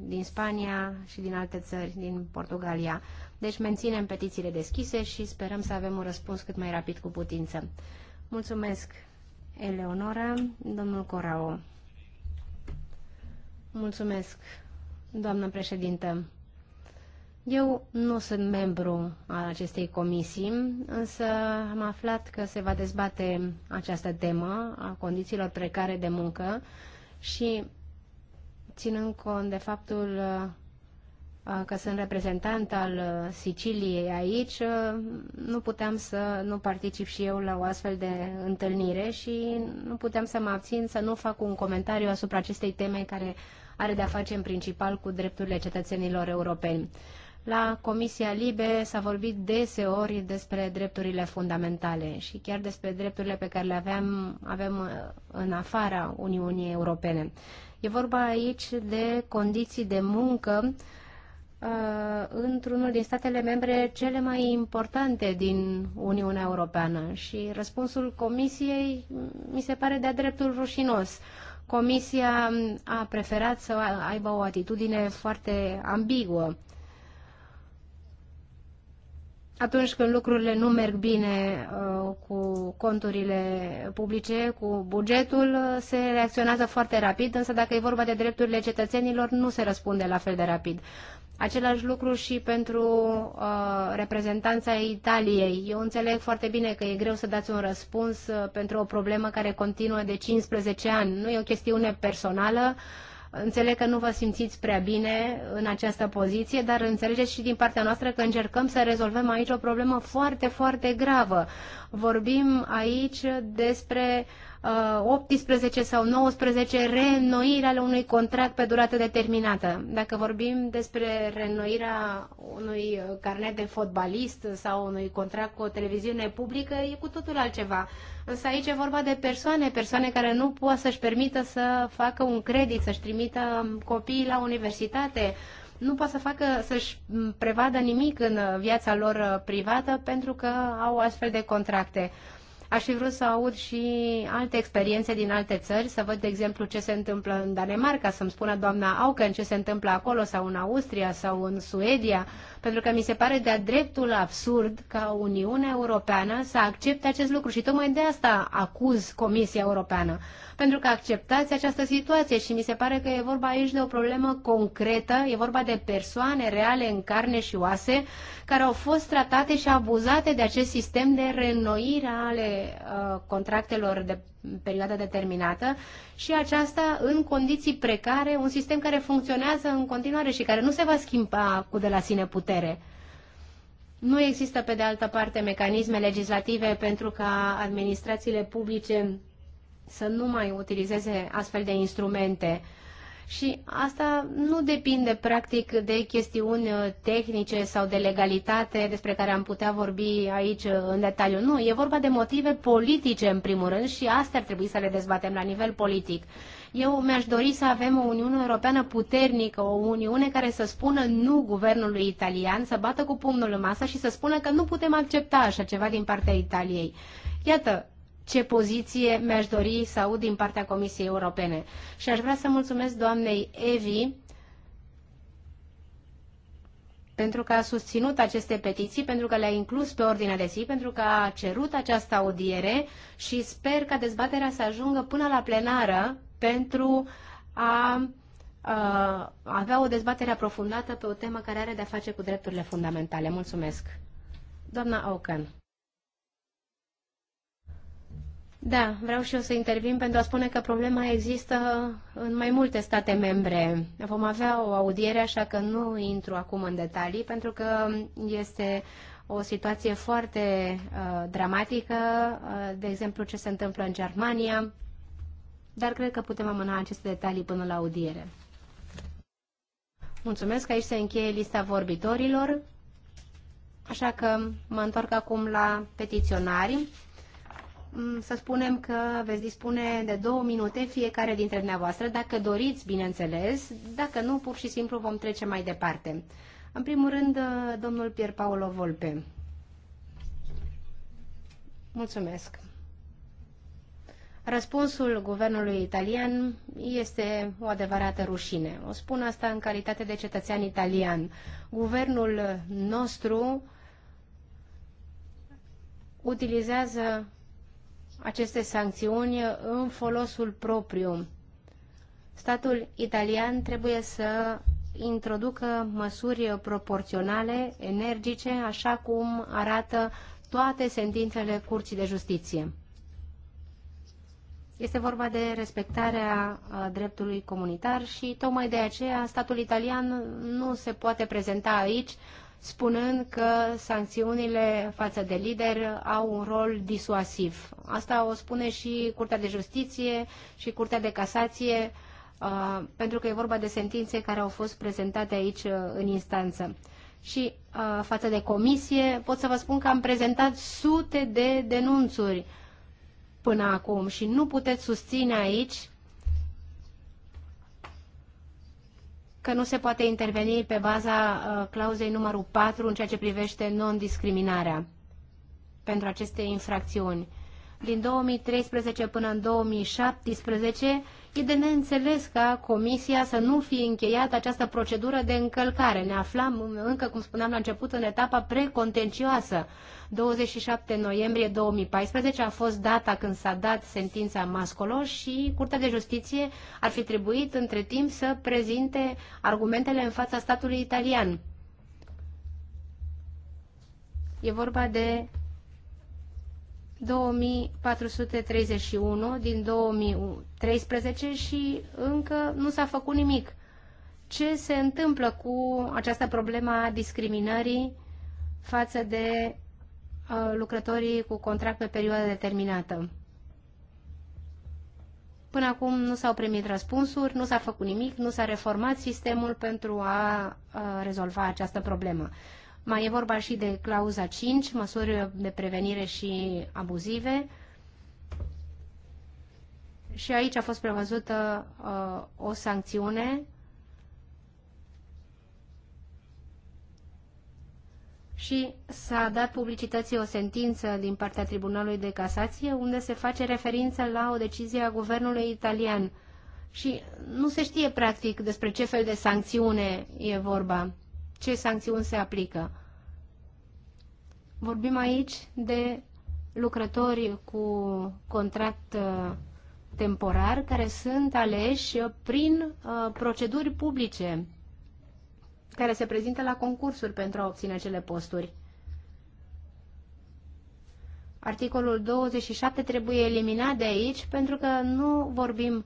din Spania și din alte țări, din Portugalia. Deci menținem petițiile deschise și sperăm să avem un răspuns cât mai rapid cu putință. Mulțumesc, Eleonora, domnul Corao. Mulțumesc, doamnă președintă. Eu nu sunt membru al acestei comisii, însă am aflat că se va dezbate această temă a condițiilor precare de muncă și ținând cont de faptul că sunt reprezentant al uh, Siciliei aici, uh, nu puteam să nu particip și eu la o astfel de întâlnire și nu puteam să mă abțin să nu fac un comentariu asupra acestei teme care are de-a face în principal cu drepturile cetățenilor europeni. La Comisia Libe s-a vorbit deseori despre drepturile fundamentale și chiar despre drepturile pe care le aveam, avem uh, în afara Uniunii Europene. E vorba aici de condiții de muncă uh, Uh, într-unul din statele membre cele mai importante din Uniunea Europeană și răspunsul Comisiei mi se pare de-a dreptul rușinos. Comisia a preferat să aibă o atitudine foarte ambiguă. Atunci când lucrurile nu merg bine uh, cu conturile publice, cu bugetul, uh, se reacționează foarte rapid, însă dacă e vorba de drepturile cetățenilor, nu se răspunde la fel de rapid. Același lucru și pentru uh, reprezentanța Italiei. Eu înțeleg foarte bine că e greu să dați un răspuns uh, pentru o problemă care continuă de 15 ani. Nu e o chestiune personală. Înțeleg că nu vă simțiți prea bine în această poziție, dar înțelegeți și din partea noastră că încercăm să rezolvăm aici o problemă foarte, foarte gravă. Vorbim aici despre uh, 18 uh, sau 19 reînnoiri ale unui contract pe durată determinată. Dacă vorbim despre reînnoirea unui carnet de fotbalist sau unui contract cu o televiziune publică, e cu totul altceva. Însă aici e vorba de persoane, persoane care nu pot să-și permită să facă un credit, să-și trimită copiii la universitate, nu pot să facă, să-și prevadă nimic în viața lor privată pentru că au astfel de contracte. Aș fi vrut să aud și alte experiențe din alte țări, să văd, de exemplu, ce se întâmplă în Danemarca, să-mi spună doamna Auken ce se întâmplă acolo sau în Austria sau în Suedia, pentru că mi se pare de-a dreptul absurd ca Uniunea Europeană să accepte acest lucru și tocmai de asta acuz Comisia Europeană. Pentru că acceptați această situație și mi se pare că e vorba aici de o problemă concretă, e vorba de persoane reale în carne și oase care au fost tratate și abuzate de acest sistem de reînnoire ale uh, contractelor de perioadă determinată și aceasta în condiții precare, un sistem care funcționează în continuare și care nu se va schimba cu de la sine putere. Nu există, pe de altă parte, mecanisme legislative pentru ca administrațiile publice să nu mai utilizeze astfel de instrumente și asta nu depinde practic de chestiuni uh, tehnice sau de legalitate despre care am putea vorbi aici uh, în detaliu. Nu, e vorba de motive politice în primul rând și astea ar trebui să le dezbatem la nivel politic. Eu mi-aș dori să avem o Uniune Europeană puternică, o Uniune care să spună nu guvernului italian, să bată cu pumnul în masă și să spună că nu putem accepta așa ceva din partea Italiei. Iată, ce poziție mi-aș dori să aud din partea Comisiei Europene. Și aș vrea să mulțumesc doamnei Evi pentru că a susținut aceste petiții, pentru că le-a inclus pe ordinea de zi, pentru că a cerut această audiere și sper ca dezbaterea să ajungă până la plenară pentru a, a avea o dezbatere aprofundată pe o temă care are de-a face cu drepturile fundamentale. Mulțumesc! Doamna Aucan. Da, vreau și eu să intervin pentru a spune că problema există în mai multe state membre. Vom avea o audiere, așa că nu intru acum în detalii, pentru că este o situație foarte uh, dramatică, uh, de exemplu ce se întâmplă în Germania, dar cred că putem amâna aceste detalii până la audiere. Mulțumesc, aici se încheie lista vorbitorilor, așa că mă întorc acum la petiționari. Mm, să spunem că veți dispune de două minute fiecare dintre dumneavoastră, dacă doriți, bineînțeles, dacă nu, pur și simplu vom trece mai departe. În primul rând, uh, domnul Pier Paolo Volpe. Mulțumesc. Răspunsul guvernului italian este o adevărată rușine. O spun asta în calitate de cetățean italian. Guvernul nostru utilizează aceste sancțiuni în folosul propriu. Statul italian trebuie să introducă măsuri proporționale, energice, așa cum arată toate sentințele Curții de Justiție. Este vorba de respectarea dreptului comunitar și tocmai de aceea statul italian nu se poate prezenta aici spunând că sancțiunile față de lider au un rol disuasiv. Asta o spune și Curtea de Justiție și Curtea de Casație, uh, pentru că e vorba de sentințe care au fost prezentate aici uh, în instanță. Și uh, față de comisie, pot să vă spun că am prezentat sute de denunțuri până acum și nu puteți susține aici că nu se poate interveni pe baza uh, clauzei numărul 4 în ceea ce privește non-discriminarea pentru aceste infracțiuni. Din 2013 până în 2017 E de neînțeles ca Comisia să nu fie încheiată această procedură de încălcare. Ne aflam încă, cum spuneam la început, în etapa precontencioasă. 27 noiembrie 2014 a fost data când s-a dat sentința Mascolo și Curtea de Justiție ar fi trebuit între timp să prezinte argumentele în fața statului italian. E vorba de 2431 din 2013 și încă nu s-a făcut nimic. Ce se întâmplă cu această problemă a discriminării față de uh, lucrătorii cu contract pe perioadă determinată? Până acum nu s-au primit răspunsuri, nu s-a făcut nimic, nu s-a reformat sistemul pentru a, a uh, rezolva această problemă. Mai e vorba și de clauza 5, măsuri de prevenire și abuzive. Și aici a fost prevăzută uh, o sancțiune și s-a dat publicității o sentință din partea Tribunalului de Casație unde se face referință la o decizie a guvernului italian. Și nu se știe practic despre ce fel de sancțiune e vorba ce sancțiuni se aplică. Vorbim aici de lucrători cu contract uh, temporar care sunt aleși prin uh, proceduri publice care se prezintă la concursuri pentru a obține acele posturi. Articolul 27 trebuie eliminat de aici pentru că nu vorbim uh,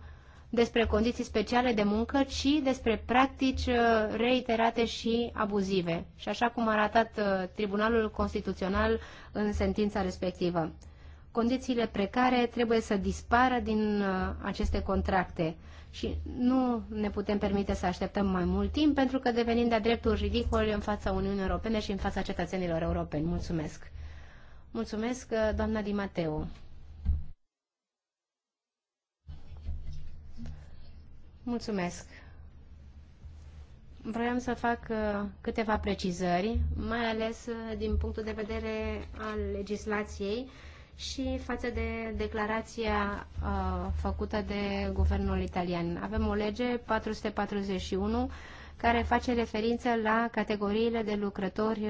despre condiții speciale de muncă, ci despre practici uh, reiterate și abuzive. Și așa cum a ratat uh, Tribunalul Constituțional în sentința respectivă. Condițiile precare trebuie să dispară din uh, aceste contracte și nu ne putem permite să așteptăm mai mult timp pentru că devenim de-a dreptul ridicol în fața Uniunii Europene și în fața cetățenilor europeni. Mulțumesc! Mulțumesc, doamna Di Mateu. Mulțumesc. Vreau să fac uh, câteva precizări, mai ales uh, din punctul de vedere al legislației și față de declarația uh, făcută de guvernul italian. Avem o lege 441 care face referință la categoriile de lucrători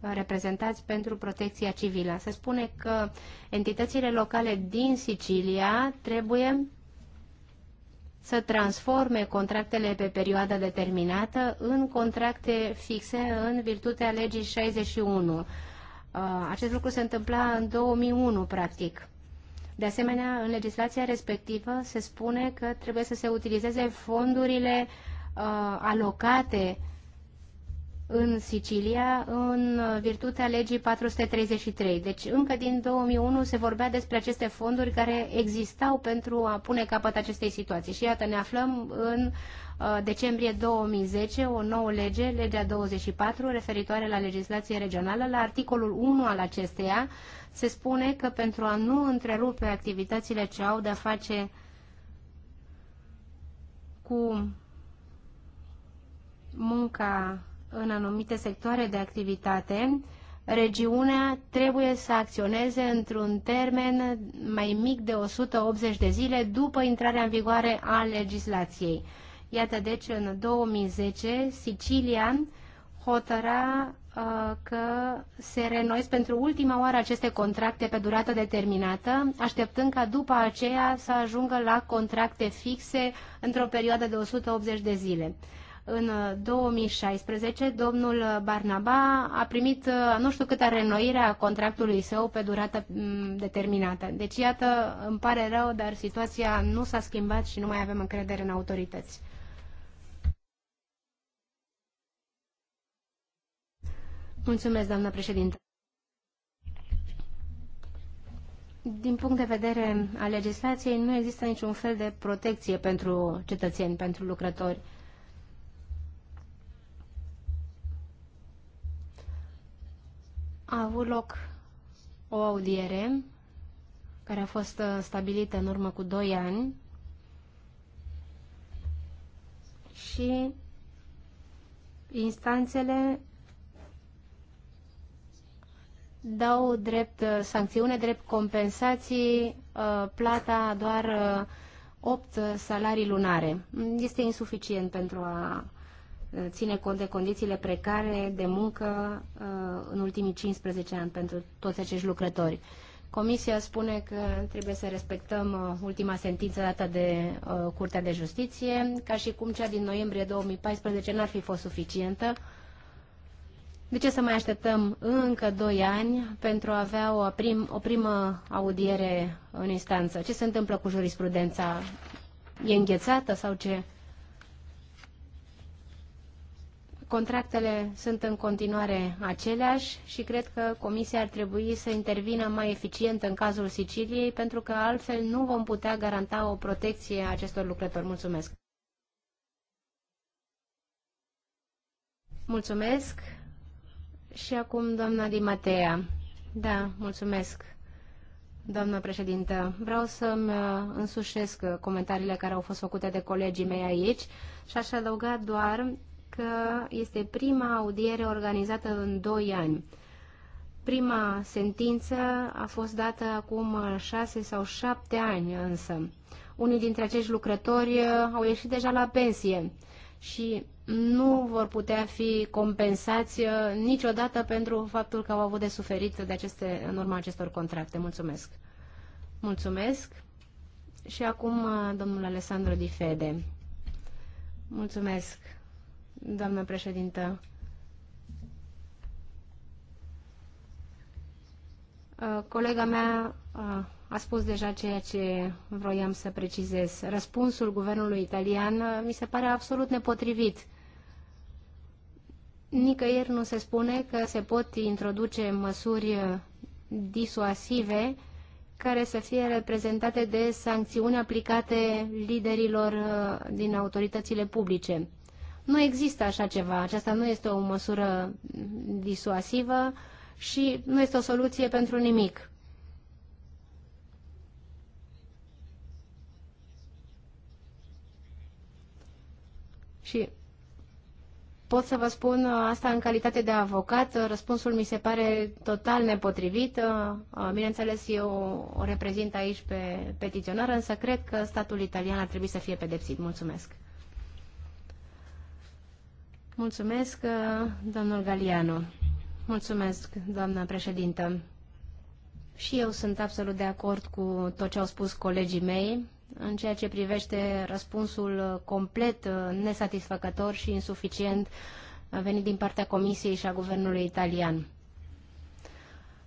reprezentați pentru protecția civilă. Se spune că entitățile locale din Sicilia trebuie să transforme contractele pe perioadă determinată în contracte fixe în virtutea legii 61. Uh, acest lucru se întâmpla în 2001, practic. De asemenea, în legislația respectivă se spune că trebuie să se utilizeze fondurile uh, alocate în Sicilia în virtutea legii 433. Deci încă din 2001 se vorbea despre aceste fonduri care existau pentru a pune capăt acestei situații. Și iată, ne aflăm în uh, decembrie 2010 o nouă lege, legea 24, referitoare la legislație regională. La articolul 1 al acesteia se spune că pentru a nu întrerupe activitățile ce au de-a face cu munca în anumite sectoare de activitate, regiunea trebuie să acționeze într-un termen mai mic de 180 de zile după intrarea în vigoare a legislației. Iată, deci, în 2010, Sicilia hotăra uh, că se renoiesc pentru ultima oară aceste contracte pe durată determinată, așteptând ca după aceea să ajungă la contracte fixe într-o perioadă de 180 de zile în 2016, uh, domnul uh, Barnaba a primit uh, nu știu câtă renoire a contractului său pe durată mm, determinată. Deci, iată, îmi pare rău, dar situația nu s-a schimbat și nu mai avem încredere în autorități. Mulțumesc, doamnă președinte. Din punct de vedere al legislației, nu există niciun fel de protecție pentru cetățeni, pentru lucrători. a avut loc o audiere care a fost uh, stabilită în urmă cu 2 ani și instanțele dau drept uh, sancțiune, drept compensații, uh, plata doar 8 salarii lunare. Este insuficient pentru a ține cont de condițiile precare de muncă uh, în ultimii 15 ani pentru toți acești lucrători. Comisia spune că trebuie să respectăm uh, ultima sentință dată de uh, Curtea de Justiție, ca și cum cea din noiembrie 2014 n-ar fi fost suficientă. De ce să mai așteptăm încă 2 ani pentru a avea o, prim, o primă audiere în instanță? Ce se întâmplă cu jurisprudența? E înghețată sau ce? Contractele sunt în continuare aceleași și cred că Comisia ar trebui să intervină mai eficient în cazul Siciliei, pentru că altfel nu vom putea garanta o protecție a acestor lucrători. Mulțumesc! Mulțumesc! Și acum doamna Di Matea. Da, mulțumesc, doamnă președintă. Vreau să-mi uh, însușesc uh, comentariile care au fost făcute de colegii mei aici și aș adăuga doar că este prima audiere organizată în 2 ani. Prima sentință a fost dată acum 6 sau 7 ani însă. Unii dintre acești lucrători au ieșit deja la pensie și nu vor putea fi compensați niciodată pentru faptul că au avut de suferit de aceste, în urma acestor contracte. Mulțumesc! Mulțumesc! Și acum domnul Alessandro Di Fede. Mulțumesc! doamnă președintă. Uh, colega mea uh, a spus deja ceea ce vroiam să precizez. Răspunsul guvernului italian uh, mi se pare absolut nepotrivit. Nicăieri nu se spune că se pot introduce măsuri disuasive care să fie reprezentate de sancțiuni aplicate liderilor din autoritățile publice. Nu există așa ceva. Aceasta nu este o măsură disuasivă și nu este o soluție pentru nimic. Și pot să vă spun asta în calitate de avocat. Răspunsul mi se pare total nepotrivit. Bineînțeles, eu o reprezint aici pe petiționar, însă cred că statul italian ar trebui să fie pedepsit. Mulțumesc. Mulțumesc, uh, domnul Galiano. Mulțumesc, doamna președintă. Și eu sunt absolut de acord cu tot ce au spus colegii mei în ceea ce privește răspunsul complet uh, nesatisfăcător și insuficient venit din partea Comisiei și a Guvernului italian.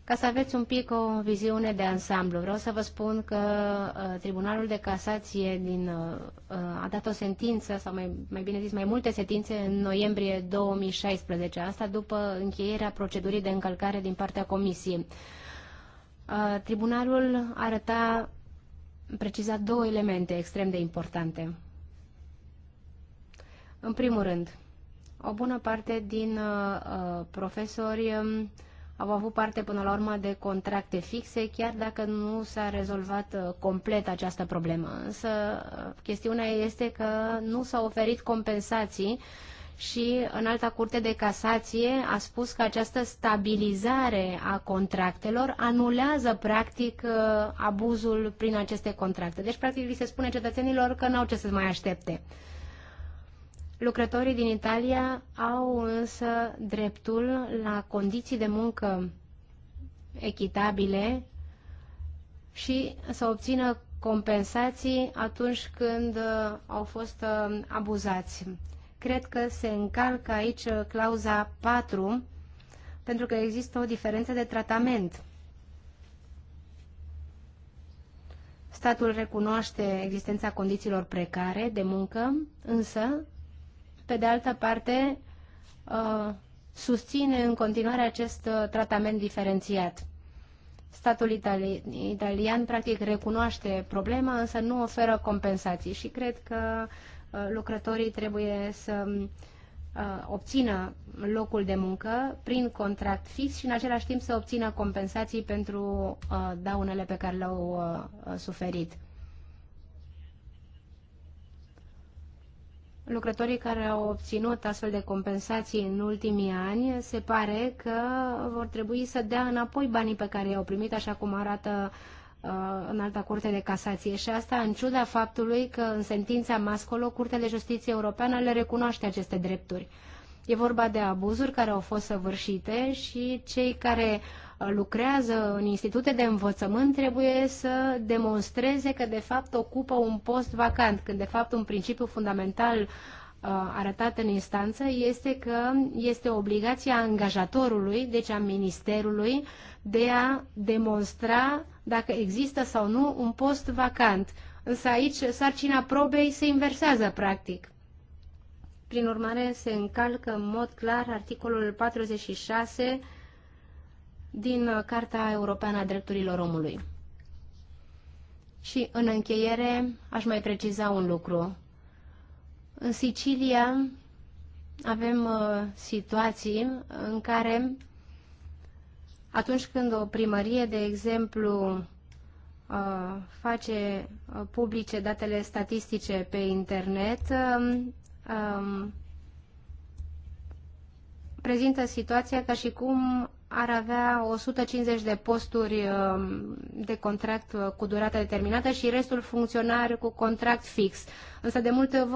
Ca să aveți un pic o viziune de ansamblu, vreau să vă spun că uh, Tribunalul de Casație din, uh, uh a dat o sentință, sau mai, mai bine zis, mai multe sentințe în noiembrie 2016, asta după încheierea procedurii de încălcare din partea Comisiei. Uh, tribunalul arăta, preciza două elemente extrem de importante. În primul rând, o bună parte din uh, uh profesori uh, au avut parte până la urmă de contracte fixe, chiar dacă nu s-a rezolvat uh, complet această problemă. Însă uh, chestiunea este că nu s-au oferit compensații și în alta curte de casație a spus că această stabilizare a contractelor anulează practic uh, abuzul prin aceste contracte. Deci practic li se spune cetățenilor că n-au ce să mai aștepte. Lucrătorii din Italia au însă dreptul la condiții de muncă echitabile și să obțină compensații atunci când uh, au fost uh, abuzați. Cred că se încalcă aici uh, clauza 4 pentru că există o diferență de tratament. Statul recunoaște existența condițiilor precare de muncă, însă pe de altă parte, uh, susține în continuare acest uh, tratament diferențiat. Statul itali italian, practic, recunoaște problema, însă nu oferă compensații și cred că uh, lucrătorii trebuie să obțină locul de muncă prin contract fix și în același timp să obțină compensații pentru daunele pe care le-au suferit. lucrătorii care au obținut astfel de compensații în ultimii ani, se pare că vor trebui să dea înapoi banii pe care i-au primit, așa cum arată uh, în alta curte de casație și asta în ciuda faptului că în sentința Mascolo, Curtea de Justiție Europeană le recunoaște aceste drepturi. E vorba de abuzuri care au fost săvârșite și cei care lucrează în institute de învățământ trebuie să demonstreze că de fapt ocupă un post vacant, când de fapt un principiu fundamental uh, arătat în instanță este că este obligația angajatorului, deci a ministerului, de a demonstra dacă există sau nu un post vacant. Însă aici sarcina probei se inversează practic. Prin urmare, se încalcă în mod clar articolul 46 din uh, Carta Europeană a Drepturilor Omului. Și în încheiere aș mai preciza un lucru. În Sicilia avem uh, situații în care atunci când o primărie, de exemplu, uh, face uh, publice datele statistice pe internet, uh, uh, prezintă situația ca și cum ar avea 150 de posturi um, de contract uh, cu durată determinată și restul funcționari cu contract fix. Însă de multe,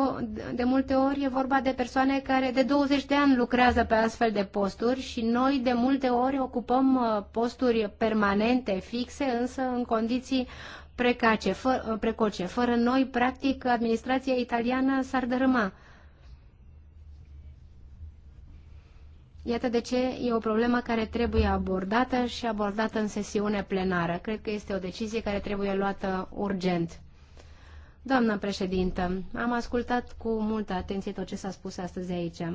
de multe ori e vorba de persoane care de 20 de ani lucrează pe astfel de posturi și noi de multe ori ocupăm uh, posturi permanente, fixe, însă în condiții precace, fă, uh, precoce. Fără noi, practic, administrația italiană s-ar dărâma. Iată de ce e o problemă care trebuie abordată și abordată în sesiune plenară. Cred că este o decizie care trebuie luată urgent. Doamnă președintă, am ascultat cu multă atenție tot ce s-a spus astăzi aici.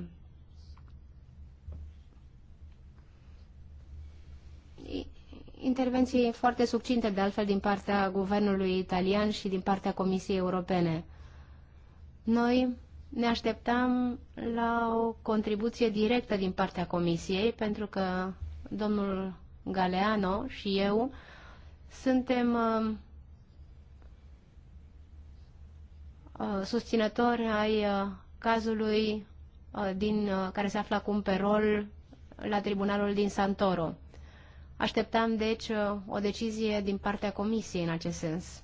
Intervenții foarte succinte, de altfel, din partea guvernului italian și din partea Comisiei Europene. Noi ne așteptam la o contribuție directă din partea Comisiei, pentru că domnul Galeano și eu suntem um, uh, susținători ai uh, cazului uh, din, care se află acum pe rol la tribunalul din Santoro. Așteptam, deci, o decizie din partea Comisiei în acest sens.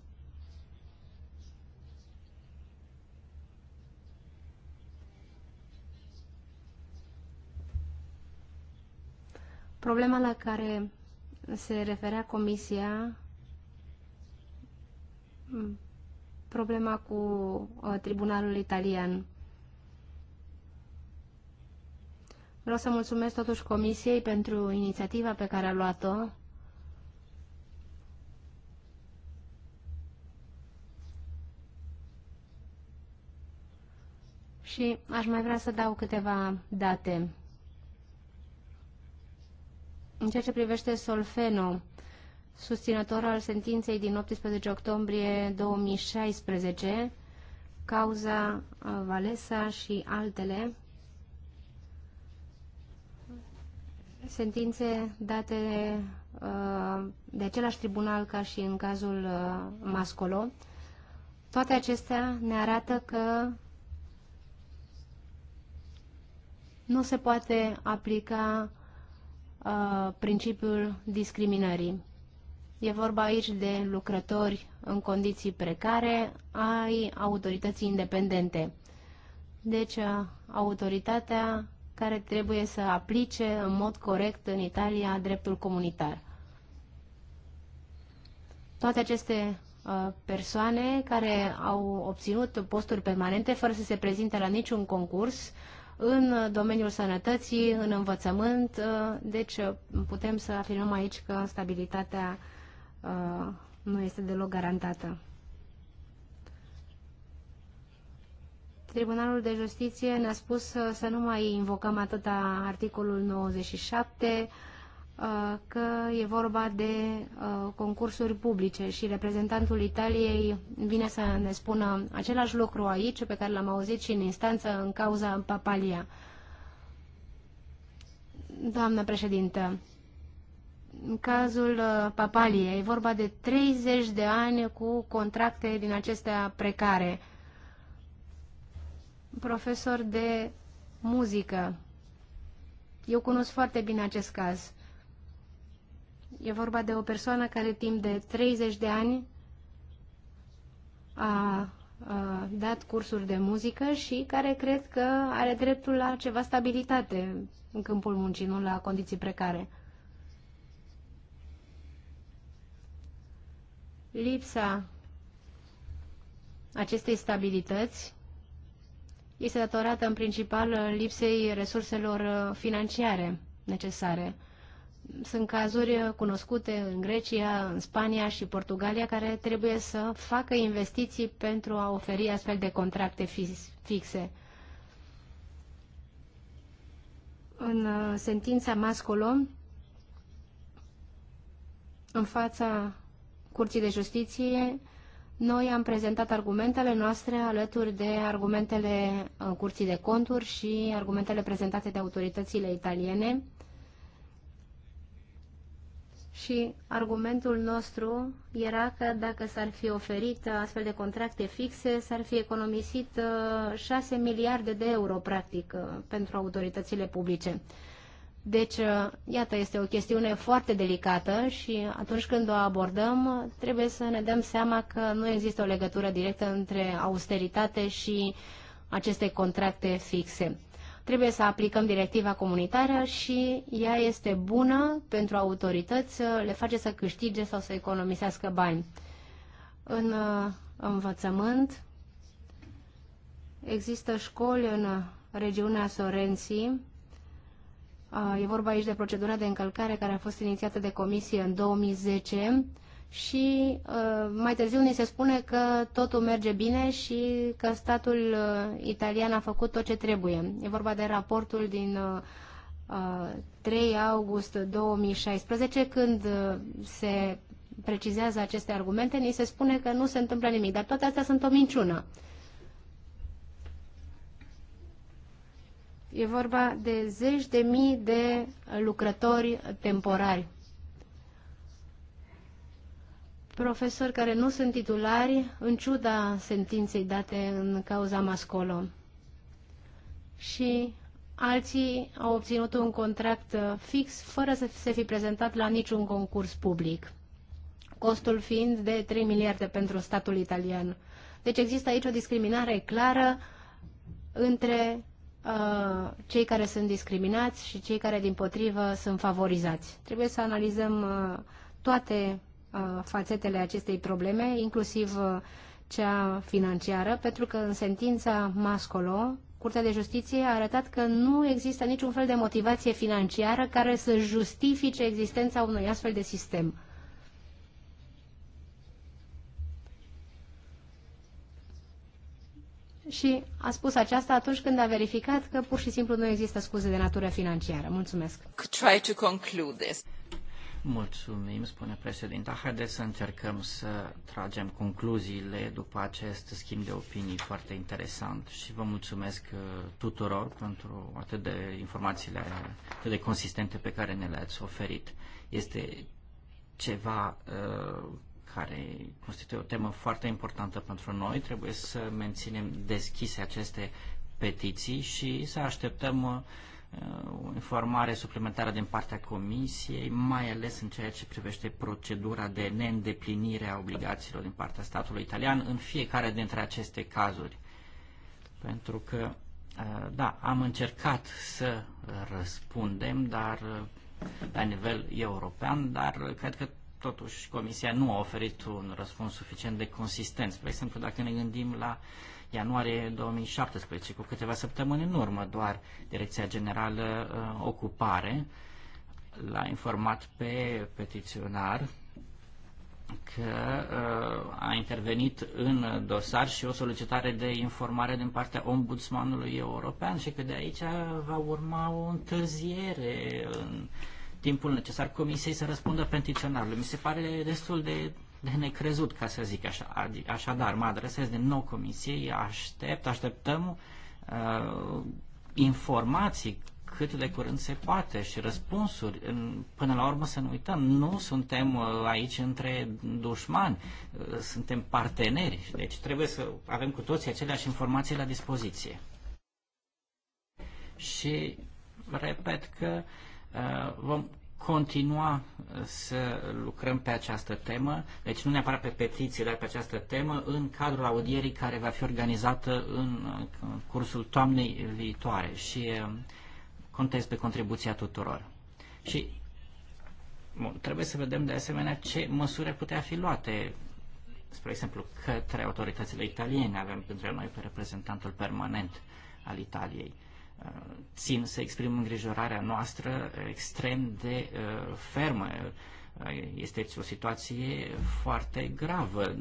Problema la care se referea Comisia, problema cu uh, Tribunalul Italian. Vreau să mulțumesc totuși Comisiei pentru inițiativa pe care a luat-o. Și aș mai vrea să dau câteva date. În ceea ce privește Solfeno, susținător al sentinței din 18 octombrie 2016, cauza uh, Valesa și altele, sentințe date uh, de același tribunal ca și în cazul uh, Mascolo. Toate acestea ne arată că nu se poate aplica Uh, principiul discriminării. E vorba aici de lucrători în condiții precare ai autorității independente. Deci, uh, autoritatea care trebuie să aplice în mod corect în Italia dreptul comunitar. Toate aceste uh, persoane care au obținut posturi permanente fără să se prezinte la niciun concurs în domeniul sănătății, în învățământ. Uh, deci uh, putem să afirmăm aici că stabilitatea uh, nu este deloc garantată. Tribunalul de Justiție ne-a spus să nu mai invocăm atâta articolul 97, Uh, că e vorba de uh, concursuri publice și reprezentantul Italiei vine să ne spună același lucru aici pe care l-am auzit și în instanță în cauza Papalia. Doamna președintă, în cazul uh, Papalia e vorba de 30 de ani cu contracte din acestea precare. Profesor de muzică. Eu cunosc foarte bine acest caz. E vorba de o persoană care timp de 30 de ani a, a dat cursuri de muzică și care cred că are dreptul la ceva stabilitate în câmpul muncii, nu la condiții precare. Lipsa acestei stabilități este datorată în principal lipsei resurselor financiare necesare sunt cazuri cunoscute în Grecia, în Spania și Portugalia care trebuie să facă investiții pentru a oferi astfel de contracte fixe. În uh, sentința Mascolo în fața Curții de Justiție, noi am prezentat argumentele noastre alături de argumentele uh, Curții de Conturi și argumentele prezentate de autoritățile italiene și argumentul nostru era că dacă s-ar fi oferit astfel de contracte fixe, s-ar fi economisit 6 uh, miliarde de euro, practic, uh, pentru autoritățile publice. Deci, uh, iată, este o chestiune foarte delicată și atunci când o abordăm, trebuie să ne dăm seama că nu există o legătură directă între austeritate și aceste contracte fixe. Trebuie să aplicăm directiva comunitară și ea este bună pentru autorități, le face să câștige sau să economisească bani. În uh, învățământ există școli în regiunea Sorenții. Uh, e vorba aici de procedura de încălcare care a fost inițiată de comisie în 2010 și uh, mai târziu ni se spune că totul merge bine și că statul uh, italian a făcut tot ce trebuie. E vorba de raportul din 3 uh, august 2016, când se precizează aceste argumente, ni se spune că nu se întâmplă nimic, dar toate astea sunt o minciună. E vorba de zeci de mii de lucrători temporari profesori care nu sunt titulari, în ciuda sentinței date în cauza Mascolo. Și alții au obținut un contract uh, fix fără să se fi prezentat la niciun concurs public, costul fiind de 3 miliarde pentru statul italian. Deci există aici o discriminare clară între uh, cei care sunt discriminați și cei care, din potrivă, sunt favorizați. Trebuie să analizăm uh, toate Uh, fațetele acestei probleme, inclusiv uh, cea financiară, pentru că în sentința Mascolo, Curtea de Justiție a arătat că nu există niciun fel de motivație financiară care să justifice existența unui astfel de sistem. Și a spus aceasta atunci când a verificat că pur și simplu nu există scuze de natură financiară. Mulțumesc. Mulțumim, spune președinta. Haideți să încercăm să tragem concluziile după acest schimb de opinii foarte interesant și vă mulțumesc uh, tuturor pentru atât de informațiile atât de consistente pe care ne le-ați oferit. Este ceva uh, care constituie o temă foarte importantă pentru noi. Trebuie să menținem deschise aceste petiții și să așteptăm uh, Uh, o informare suplimentară din partea Comisiei, mai ales în ceea ce privește procedura de neîndeplinire a obligațiilor din partea statului italian în fiecare dintre aceste cazuri. Pentru că, uh, da, am încercat să răspundem, dar uh, la nivel european, dar cred că totuși Comisia nu a oferit un răspuns suficient de consistent. Spre exemplu, dacă ne gândim la uh, ianuarie 2017, cu câteva săptămâni în urmă doar Direcția Generală uh, Ocupare l-a informat pe petiționar că uh, a intervenit în dosar și o solicitare de informare din partea Ombudsmanului European și că de aici va urma o întârziere în timpul necesar Comisiei să răspundă petiționarului. Mi se pare destul de de necrezut, ca să zic așa. Așadar, mă adresez din nou comisiei, aștept, așteptăm uh, informații cât de curând se poate și răspunsuri. În Până la urmă să nu uităm, nu suntem uh, aici între dușmani, uh, suntem parteneri, deci trebuie să avem cu toții aceleași informații la dispoziție. Și repet că uh, vom continua uh, să lucrăm pe această temă, deci nu neapărat pe petiții, dar pe această temă, în cadrul audierii care va fi organizată în uh, cursul toamnei viitoare și uh, contez pe contribuția tuturor. Și bun, trebuie să vedem de asemenea ce măsuri putea fi luate, spre exemplu, către autoritățile italiene. Avem între noi pe reprezentantul permanent al Italiei țin să exprim îngrijorarea noastră extrem de uh, fermă. Este o situație foarte gravă.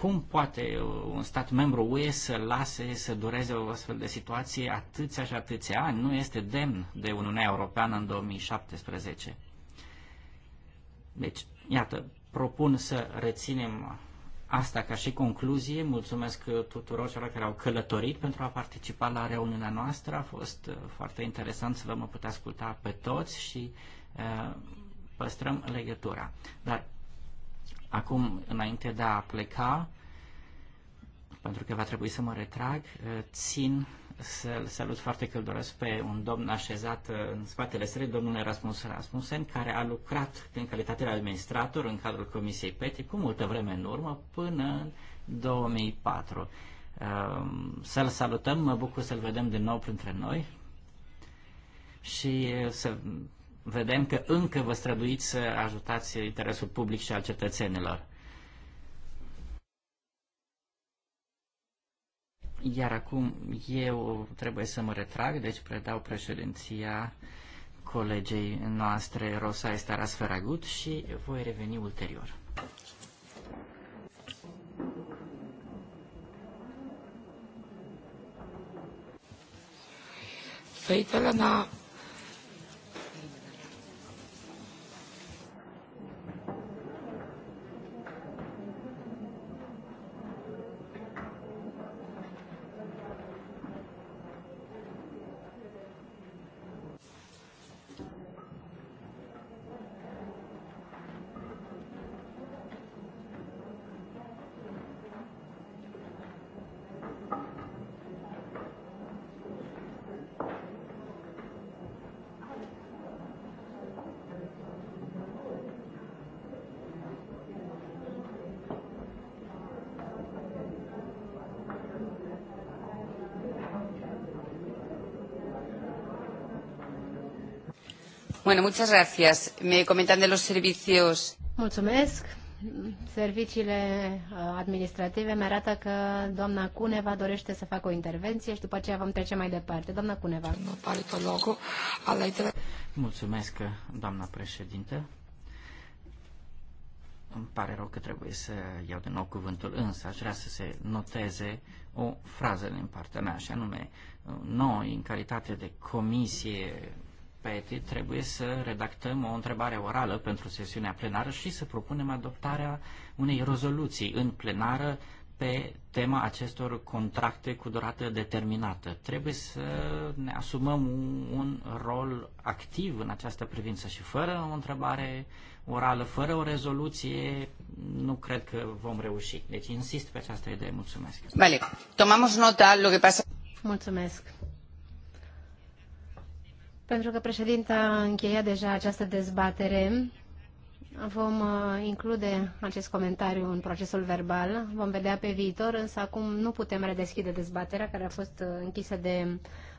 Cum poate un stat membru UE să lase, să dureze o astfel de situație atâția și atâția ani? Nu este demn de Uniunea Europeană în 2017. Deci, iată, propun să reținem Asta ca și concluzie, mulțumesc tuturor celor care au călătorit pentru a participa la reuniunea noastră. A fost uh, foarte interesant să vă mă putea asculta pe toți și uh, păstrăm legătura. Dar acum, înainte de a pleca, pentru că va trebui să mă retrag, uh, țin să-l salut foarte doresc pe un domn așezat uh, în spatele sării, domnul Erasmus Rasmussen, care a lucrat în calitate de administrator în cadrul Comisiei PETI cu multă vreme în urmă, până în 2004. Uh, să-l salutăm, mă bucur să-l vedem din nou printre noi și uh, să vedem că încă vă străduiți să ajutați interesul public și al cetățenilor. Iar acum eu trebuie să mă retrag, deci predau președinția colegei noastre, Rosa Estaras Feragut, și voi reveni ulterior. Θα ήθελα Bueno, muchas gracias. Me comentan de los servicios. Mulțumesc. Serviciile uh, administrative mi-arată că doamna Cuneva dorește să facă o intervenție și după aceea vom trece mai departe. Doamna Cuneva. Mulțumesc, doamna președinte. Îmi pare rău că trebuie să iau din nou cuvântul, însă aș vrea să se noteze o frază din partea mea, și anume, uh, noi, în calitate de comisie PETI trebuie să redactăm o întrebare orală pentru sesiunea plenară și să propunem adoptarea unei rezoluții în plenară pe tema acestor contracte cu durată determinată. Trebuie să ne asumăm un, un rol activ în această privință și fără o întrebare orală, fără o rezoluție, nu cred că vom reuși. Deci insist pe această idee. Mulțumesc. Vale. Tomamos nota lo que pasa. Mulțumesc. Pentru că președinta a încheiat deja această dezbatere, vom uh, include acest comentariu în procesul verbal, vom vedea pe viitor, însă acum nu putem redeschide dezbaterea care a fost uh, închisă de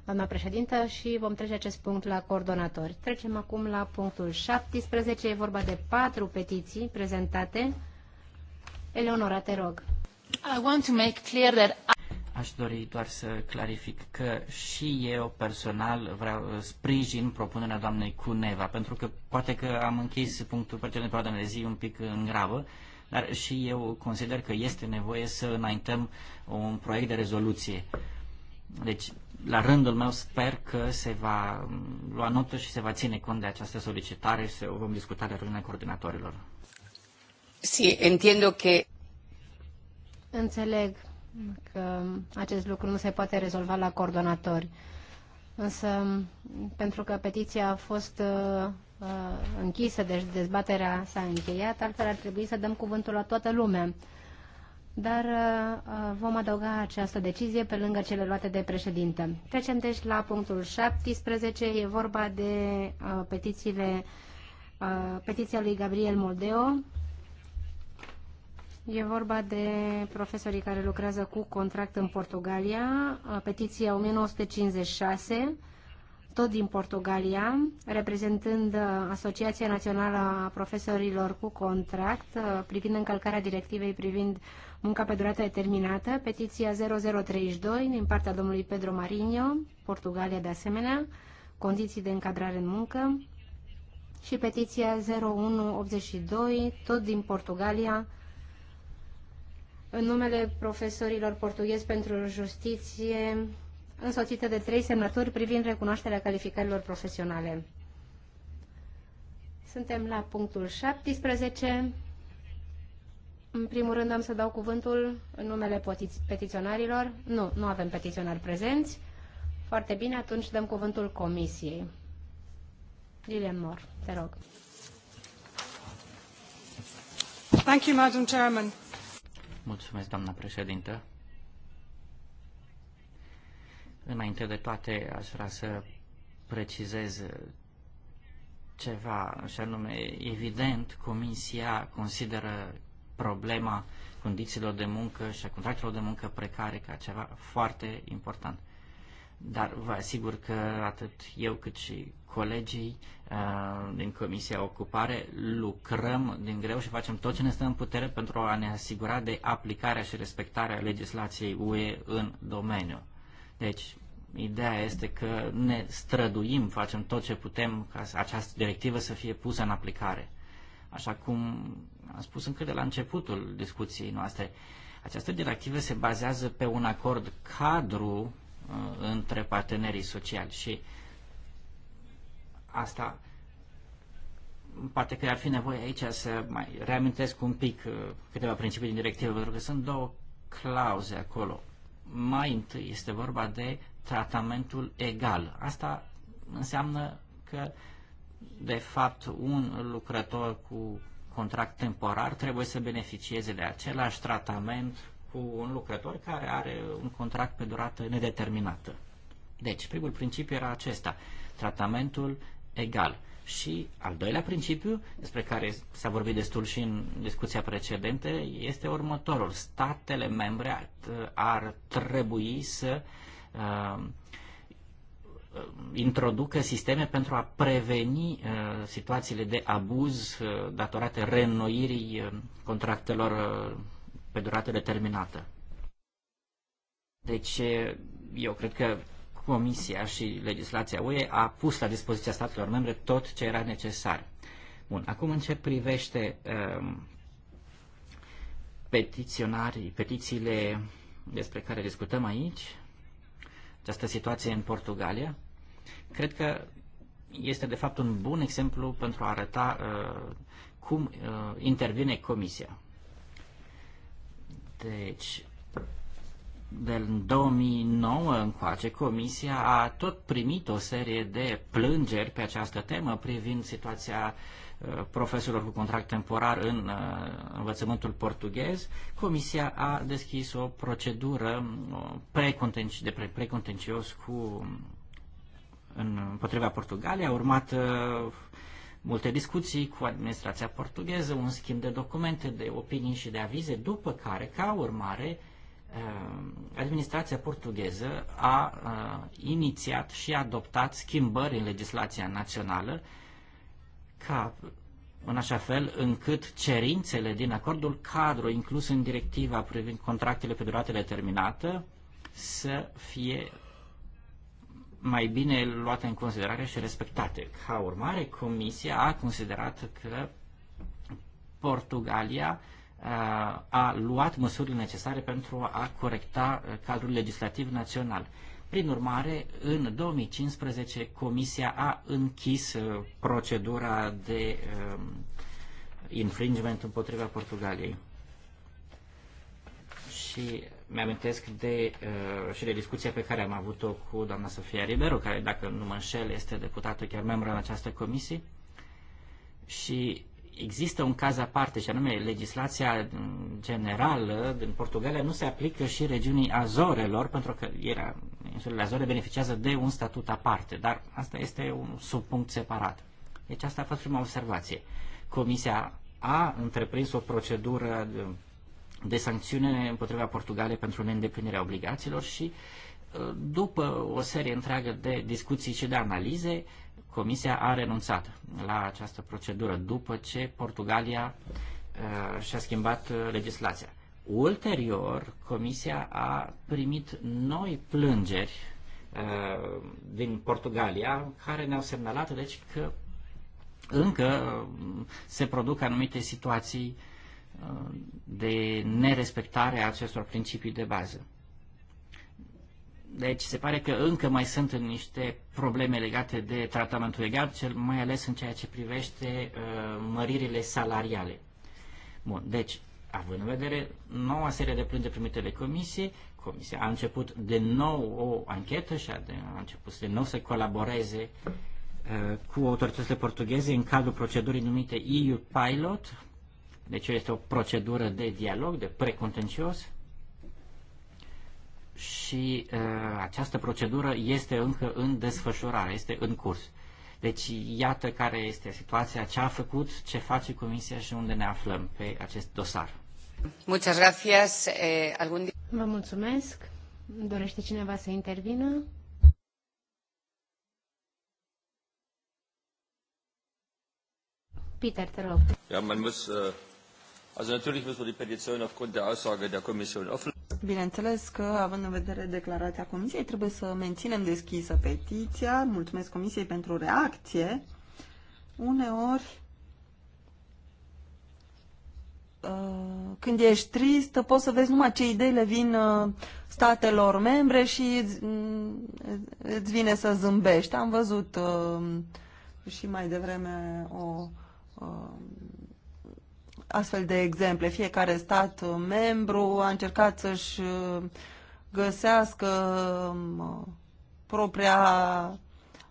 doamna președintă și vom trece acest punct la coordonatori. Trecem acum la punctul 17, e vorba de patru petiții prezentate. Eleonora, te rog. I want to make clear that I... Aș dori doar să clarific că și eu personal vreau uh, sprijin propunerea doamnei Cuneva, pentru că poate că am închis punctul precedent pe ordine de zi un pic în grabă, dar și eu consider că este nevoie să înaintăm un proiect de rezoluție. Deci, la rândul meu, sper că se va um, lua notă și se va ține cont de această solicitare și se vom discuta de rândul coordonatorilor. Sí, entiendo que... Înțeleg că acest lucru nu se poate rezolva la coordonatori. Însă, pentru că petiția a fost uh, uh, închisă, deci dezbaterea s-a încheiat, altfel ar trebui să dăm cuvântul la toată lumea. Dar uh, uh vom adăuga această decizie pe lângă cele luate de președinte. Trecem deci la punctul 17. E vorba de uh, petițiile, uh, petiția lui Gabriel Moldeo, E vorba de profesorii care lucrează cu contract în Portugalia, petiția 1956, tot din Portugalia, reprezentând Asociația Națională a Profesorilor cu Contract privind încălcarea directivei privind munca pe durată determinată, petiția 0032 din partea domnului Pedro Marinho, Portugalia de asemenea, condiții de încadrare în muncă, și petiția 0182, tot din Portugalia, în numele profesorilor portughezi pentru justiție, însoțită de trei semnături privind recunoașterea calificărilor profesionale. Suntem la punctul 17. În primul rând am să dau cuvântul în numele petiționarilor. Nu, nu avem petiționari prezenți. Foarte bine, atunci dăm cuvântul comisiei. Lilian Mor, te rog. Thank you, Madam Chairman. Mulțumesc, doamna președintă. Înainte de toate, aș vrea să precizez ceva, și anume, evident, Comisia consideră problema condițiilor de muncă și a contractelor de muncă precare ca ceva foarte important. Dar vă asigur că atât eu cât și colegii uh, din Comisia Ocupare lucrăm din greu și facem tot ce ne stă în putere pentru a ne asigura de aplicarea și respectarea legislației UE în domeniu. Deci, ideea este că ne străduim, facem tot ce putem ca această directivă să fie pusă în aplicare. Așa cum am spus încă de la începutul discuției noastre, această directivă se bazează pe un acord cadru Uh, între partenerii sociali și asta poate că ar fi nevoie aici să mai reamintesc un pic uh, câteva principii din directivă, pentru că sunt două clauze acolo. Mai întâi este vorba de tratamentul egal. Asta înseamnă că, de fapt, un lucrător cu contract temporar trebuie să beneficieze de același tratament cu un lucrător care are un contract pe durată nedeterminată. Deci, primul principiu era acesta, tratamentul egal. Și al doilea principiu, despre care s-a vorbit destul și în discuția precedentă, este următorul. Statele membre ar, ar trebui să uh, introducă sisteme pentru a preveni uh, situațiile de abuz uh, datorate reînnoirii uh, contractelor uh, pe durată determinată. Deci, eu cred că Comisia și legislația UE a pus la dispoziția statelor membre tot ce era necesar. Bun, acum în ce privește um, petiționarii, petițiile despre care discutăm aici, această situație în Portugalia, cred că este de fapt un bun exemplu pentru a arăta uh, cum uh, intervine Comisia. Deci, de în 2009 încoace, Comisia a tot primit o serie de plângeri pe această temă privind situația uh, profesorilor cu contract temporar în uh, învățământul portughez. Comisia a deschis o procedură uh, de precontencios cu um, în, împotriva Portugaliei. A urmat multe discuții cu administrația portugheză, un schimb de documente, de opinii și de avize, după care, ca urmare, eh, administrația portugheză a eh, inițiat și a adoptat schimbări în legislația națională ca în așa fel încât cerințele din acordul cadru inclus în directiva privind contractele pe durată determinată să fie mai bine luate în considerare și respectate. Ca urmare, Comisia a considerat că Portugalia uh, a luat măsurile necesare pentru a corecta uh, cadrul legislativ național. Prin urmare, în 2015, Comisia a închis uh, procedura de um, infringement împotriva Portugaliei. Și mi-amintesc de, uh, și de discuția pe care am avut-o cu doamna Sofia Ribero, care, dacă nu mă înșel, este deputată chiar membră în această comisie. Și există un caz aparte, și anume legislația generală din Portugalia nu se aplică și regiunii Azorelor, pentru că era, insulele Azore beneficiază de un statut aparte, dar asta este un subpunct separat. Deci asta a fost prima observație. Comisia a întreprins o procedură de sancțiune împotriva Portugaliei pentru neîndeplinirea obligațiilor și uh, după o serie întreagă de discuții și de analize, Comisia a renunțat la această procedură după ce Portugalia uh, și-a schimbat uh, legislația. Ulterior, Comisia a primit noi plângeri uh, din Portugalia care ne-au semnalat deci că încă se produc anumite situații uh, Uh, de nerespectare a acestor principii de bază. Deci se pare că încă mai sunt niște probleme legate de tratamentul legal, cel mai ales în ceea ce privește uh, măririle salariale. Bun, deci, având în vedere noua serie de plângeri primite de comisie, comisia a început de nou o anchetă și a, de, a început de nou să colaboreze uh, cu autoritățile portugheze în cadrul procedurii numite EU Pilot, deci este o procedură de dialog, de precontencios și uh, această procedură este încă în desfășurare, este în curs. Deci iată care este situația, ce a făcut, ce face Comisia și unde ne aflăm pe acest dosar. Muchas gracias. Eh, algún... Vă mulțumesc. Dorește cineva să intervină? Peter, te rog. Ja, man muss, uh... Also natürlich müssen wir die Petition aufgrund der Aussage der Kommission offen. Bineînțeles că, având în vedere declarația Comisiei, trebuie să menținem deschisă petiția. Mulțumesc Comisiei pentru reacție. Uneori, uh, când ești trist, poți să vezi numai ce idei le vin uh, statelor membre și mm, îți vine să zâmbești. Am văzut uh, și mai devreme o astfel de exemple. Fiecare stat membru a încercat să-și uh, găsească um, propria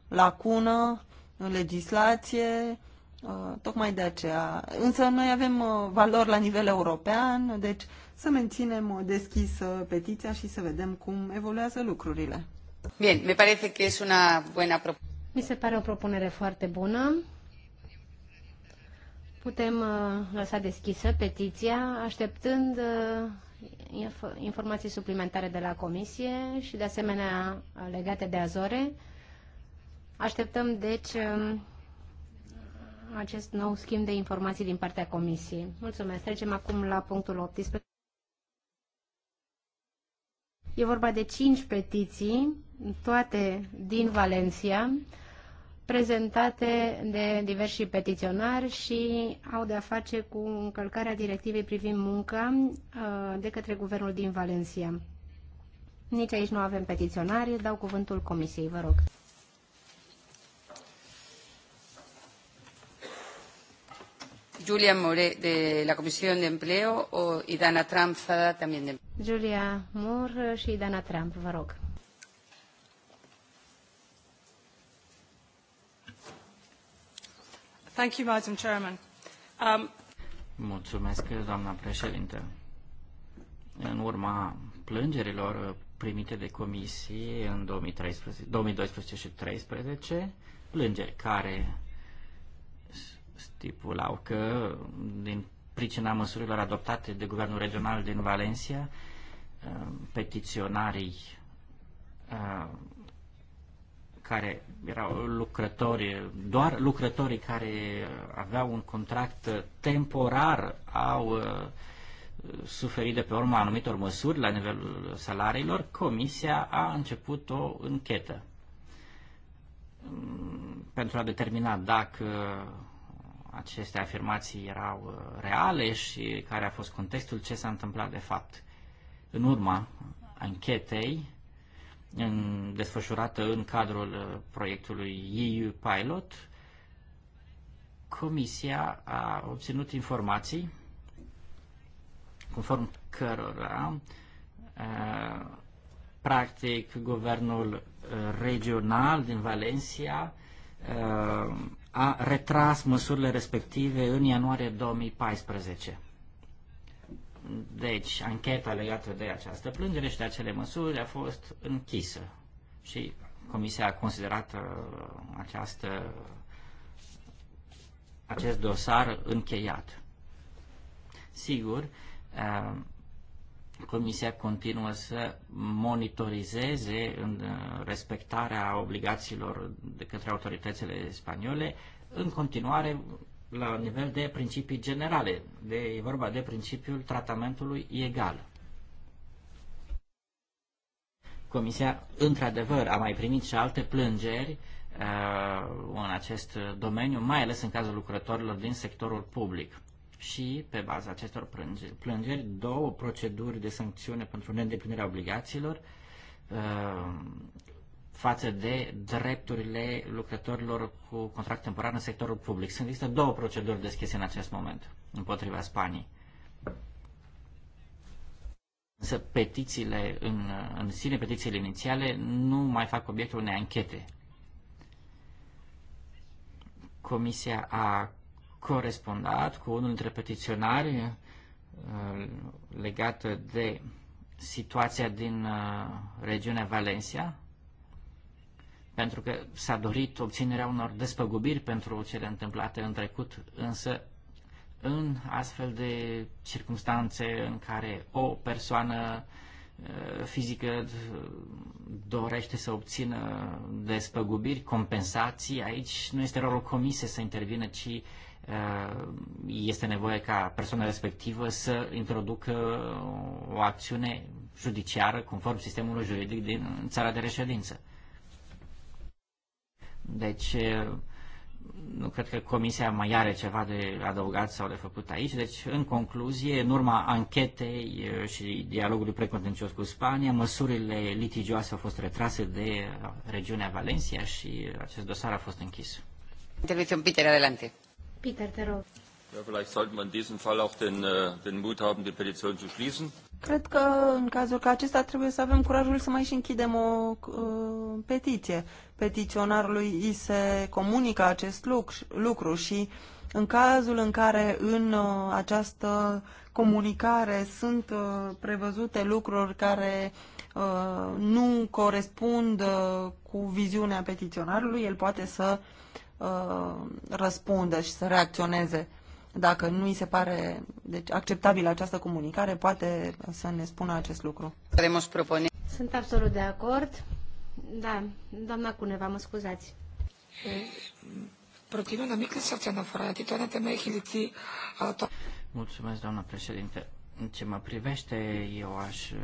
lacună în legislație, uh, tocmai de aceea. Însă noi avem uh, valori la nivel european, deci să menținem deschisă petiția și să vedem cum evoluează lucrurile. Bien, me pare că una buena Mi se pare o propunere foarte bună Putem uh, lăsa deschisă petiția, așteptând uh, informații suplimentare de la Comisie și, de asemenea, legate de Azore. Așteptăm, deci, um, acest nou schimb de informații din partea Comisiei. Mulțumesc. Trecem acum la punctul 18. E vorba de 5 petiții, toate din Valencia, prezentate de diversi petiționari și au de-a face cu încălcarea directivei privind munca uh, de către guvernul din Valencia. Nici aici nu avem petiționari, dau cuvântul comisiei, vă rog. Julia More de la Comisie de Empleo o Idana Trump, también de Julia Moore și Idana Trump, vă rog. Thank you, Madam Chairman. Um... Mulțumesc, doamna președinte. În urma plângerilor primite de comisie în 2013, 2012 și 2013, plângeri care stipulau că din pricina măsurilor adoptate de guvernul regional din Valencia, uh, petiționarii uh, care erau lucrători, doar lucrătorii care aveau un contract temporar au uh, suferit de pe urma anumitor măsuri la nivelul salariilor, comisia a început o închetă mm, pentru a determina dacă aceste afirmații erau uh, reale și care a fost contextul, ce s-a întâmplat de fapt. În urma anchetei, în, desfășurată în cadrul uh, proiectului EU Pilot, Comisia a obținut informații conform cărora uh, practic guvernul uh, regional din Valencia a retras măsurile respective în ianuarie 2014. Deci, ancheta legată de această plângere și de acele măsuri a fost închisă și Comisia a considerat uh, această, acest dosar încheiat. Sigur, uh, Comisia continuă să monitorizeze în uh, respectarea obligațiilor de către autoritățile spaniole, în continuare la nivel de principii generale. De, e vorba de principiul tratamentului egal. Comisia, într-adevăr, a mai primit și alte plângeri uh, în acest domeniu, mai ales în cazul lucrătorilor din sectorul public. Și, pe baza acestor plângeri, plângeri două proceduri de sancțiune pentru neîndeplinirea obligațiilor, uh, față de drepturile lucrătorilor cu contract temporar în sectorul public. Sunt există două proceduri deschise în acest moment împotriva Spaniei. Însă petițiile în, în sine, petițiile inițiale, nu mai fac obiectul unei anchete. Comisia a corespondat cu unul dintre petiționari uh, legată de situația din uh, regiunea Valencia, pentru că s-a dorit obținerea unor despăgubiri pentru cele întâmplate în trecut, însă în astfel de circunstanțe în care o persoană uh, fizică dorește să obțină despăgubiri, compensații, aici nu este rolul comise să intervină, ci uh, este nevoie ca persoana respectivă să introducă o acțiune judiciară conform sistemului juridic din țara de reședință. Deci, nu cred că comisia mai are ceva de adăugat sau de făcut aici. Deci, în concluzie, în urma anchetei și dialogului precontencios cu Spania, măsurile litigioase au fost retrase de regiunea Valencia și acest dosar a fost închis. Intervenție Peter, adelante. Peter, te rog. Ja, vielleicht sollte man in diesem Fall auch den, äh, den Mut haben, die Petition zu schließen. Cred că în cazul ca acesta trebuie să avem curajul să mai și închidem o uh, petiție. Petiționarului îi se comunică acest lucru, lucru și în cazul în care în uh, această comunicare sunt uh, prevăzute lucruri care uh, nu corespund uh, cu viziunea petiționarului, el poate să uh, răspundă și să reacționeze. Dacă nu îi se pare deci, acceptabilă această comunicare, poate să ne spună acest lucru. Sunt absolut de acord. Da, doamna Cuneva, mă scuzați. Mulțumesc, doamna președinte. În ce mă privește, eu aș uh,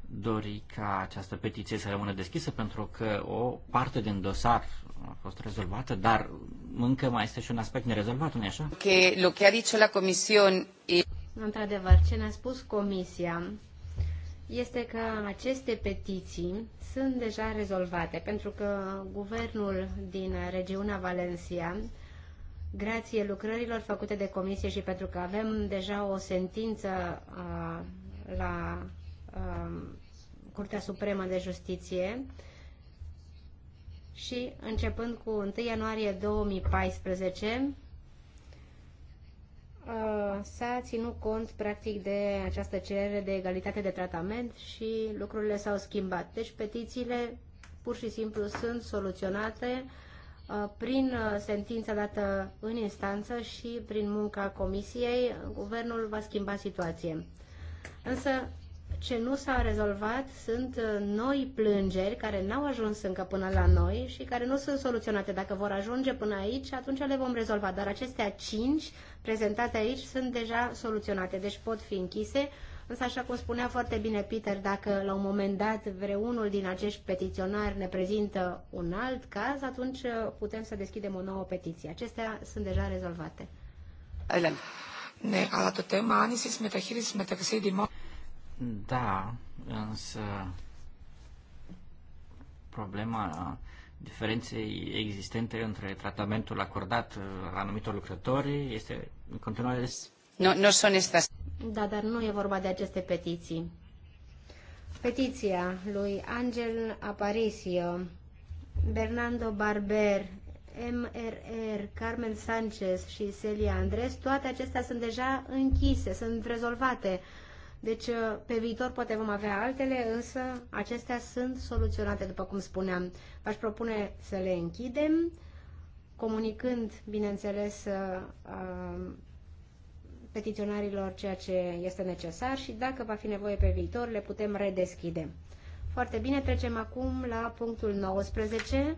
dori ca această petiție să rămână deschisă, pentru că o parte din dosar a fost rezolvată, dar încă mai este și un aspect nerezolvat, nu-i așa? Că lo que ha dicho la comisión... Într-adevăr, ce ne-a spus comisia este că aceste petiții sunt deja rezolvate, pentru că guvernul din regiunea Valencia, grație lucrărilor făcute de comisie și pentru că avem deja o sentință uh, la uh, Curtea Supremă de Justiție, uh, și începând cu 1 ianuarie 2014 uh, s-a ținut cont practic de această cerere de egalitate de tratament și lucrurile s-au schimbat. Deci petițiile pur și simplu sunt soluționate uh, prin uh, sentința dată în instanță și prin munca comisiei, guvernul va schimba situație. Însă ce nu s-a rezolvat sunt uh, noi plângeri care n-au ajuns încă până la noi și care nu sunt soluționate. Dacă vor ajunge până aici, atunci le vom rezolva. Dar acestea cinci prezentate aici sunt deja soluționate, deci pot fi închise. Însă, așa cum spunea foarte bine Peter, dacă la un moment dat vreunul din acești petiționari ne prezintă un alt caz, atunci uh, putem să deschidem o nouă petiție. Acestea sunt deja rezolvate. Elena. Ναι, αλλά το θέμα άνηση μεταχείριση μεταξύ δημόσιων. Da, însă problema diferenței existente între tratamentul acordat anumitor lucrători este în continuare... des. No, nu sunt estas. Da, dar nu e vorba de aceste petiții. Petiția lui Angel Aparicio, Bernardo Barber, MRR, Carmen Sanchez și Celia Andres, toate acestea sunt deja închise, sunt rezolvate. Deci, uh, pe viitor poate vom avea altele, însă acestea sunt soluționate, după cum spuneam. V-aș propune să le închidem, comunicând, bineînțeles, uh, uh, petiționarilor ceea ce este necesar și dacă va fi nevoie pe viitor, le putem redeschide. Foarte bine, trecem acum la punctul 19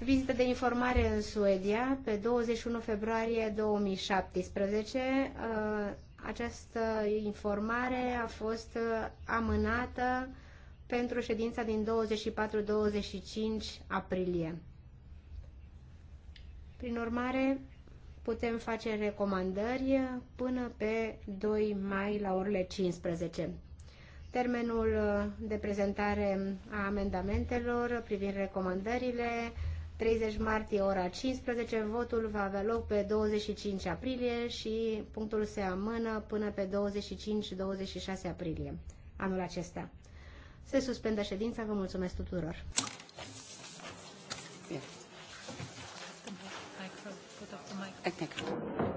Vizită de informare în Suedia pe 21 februarie 2017. Uh, această informare a fost uh, amânată pentru ședința din 24-25 aprilie. Prin urmare, putem face recomandări până pe 2 mai la orele 15. Termenul uh, de prezentare a amendamentelor privind recomandările 30 martie, ora 15, votul va avea loc pe 25 aprilie și punctul se amână până pe 25-26 aprilie anul acesta. Se suspendă ședința, vă mulțumesc tuturor! Yeah. I think.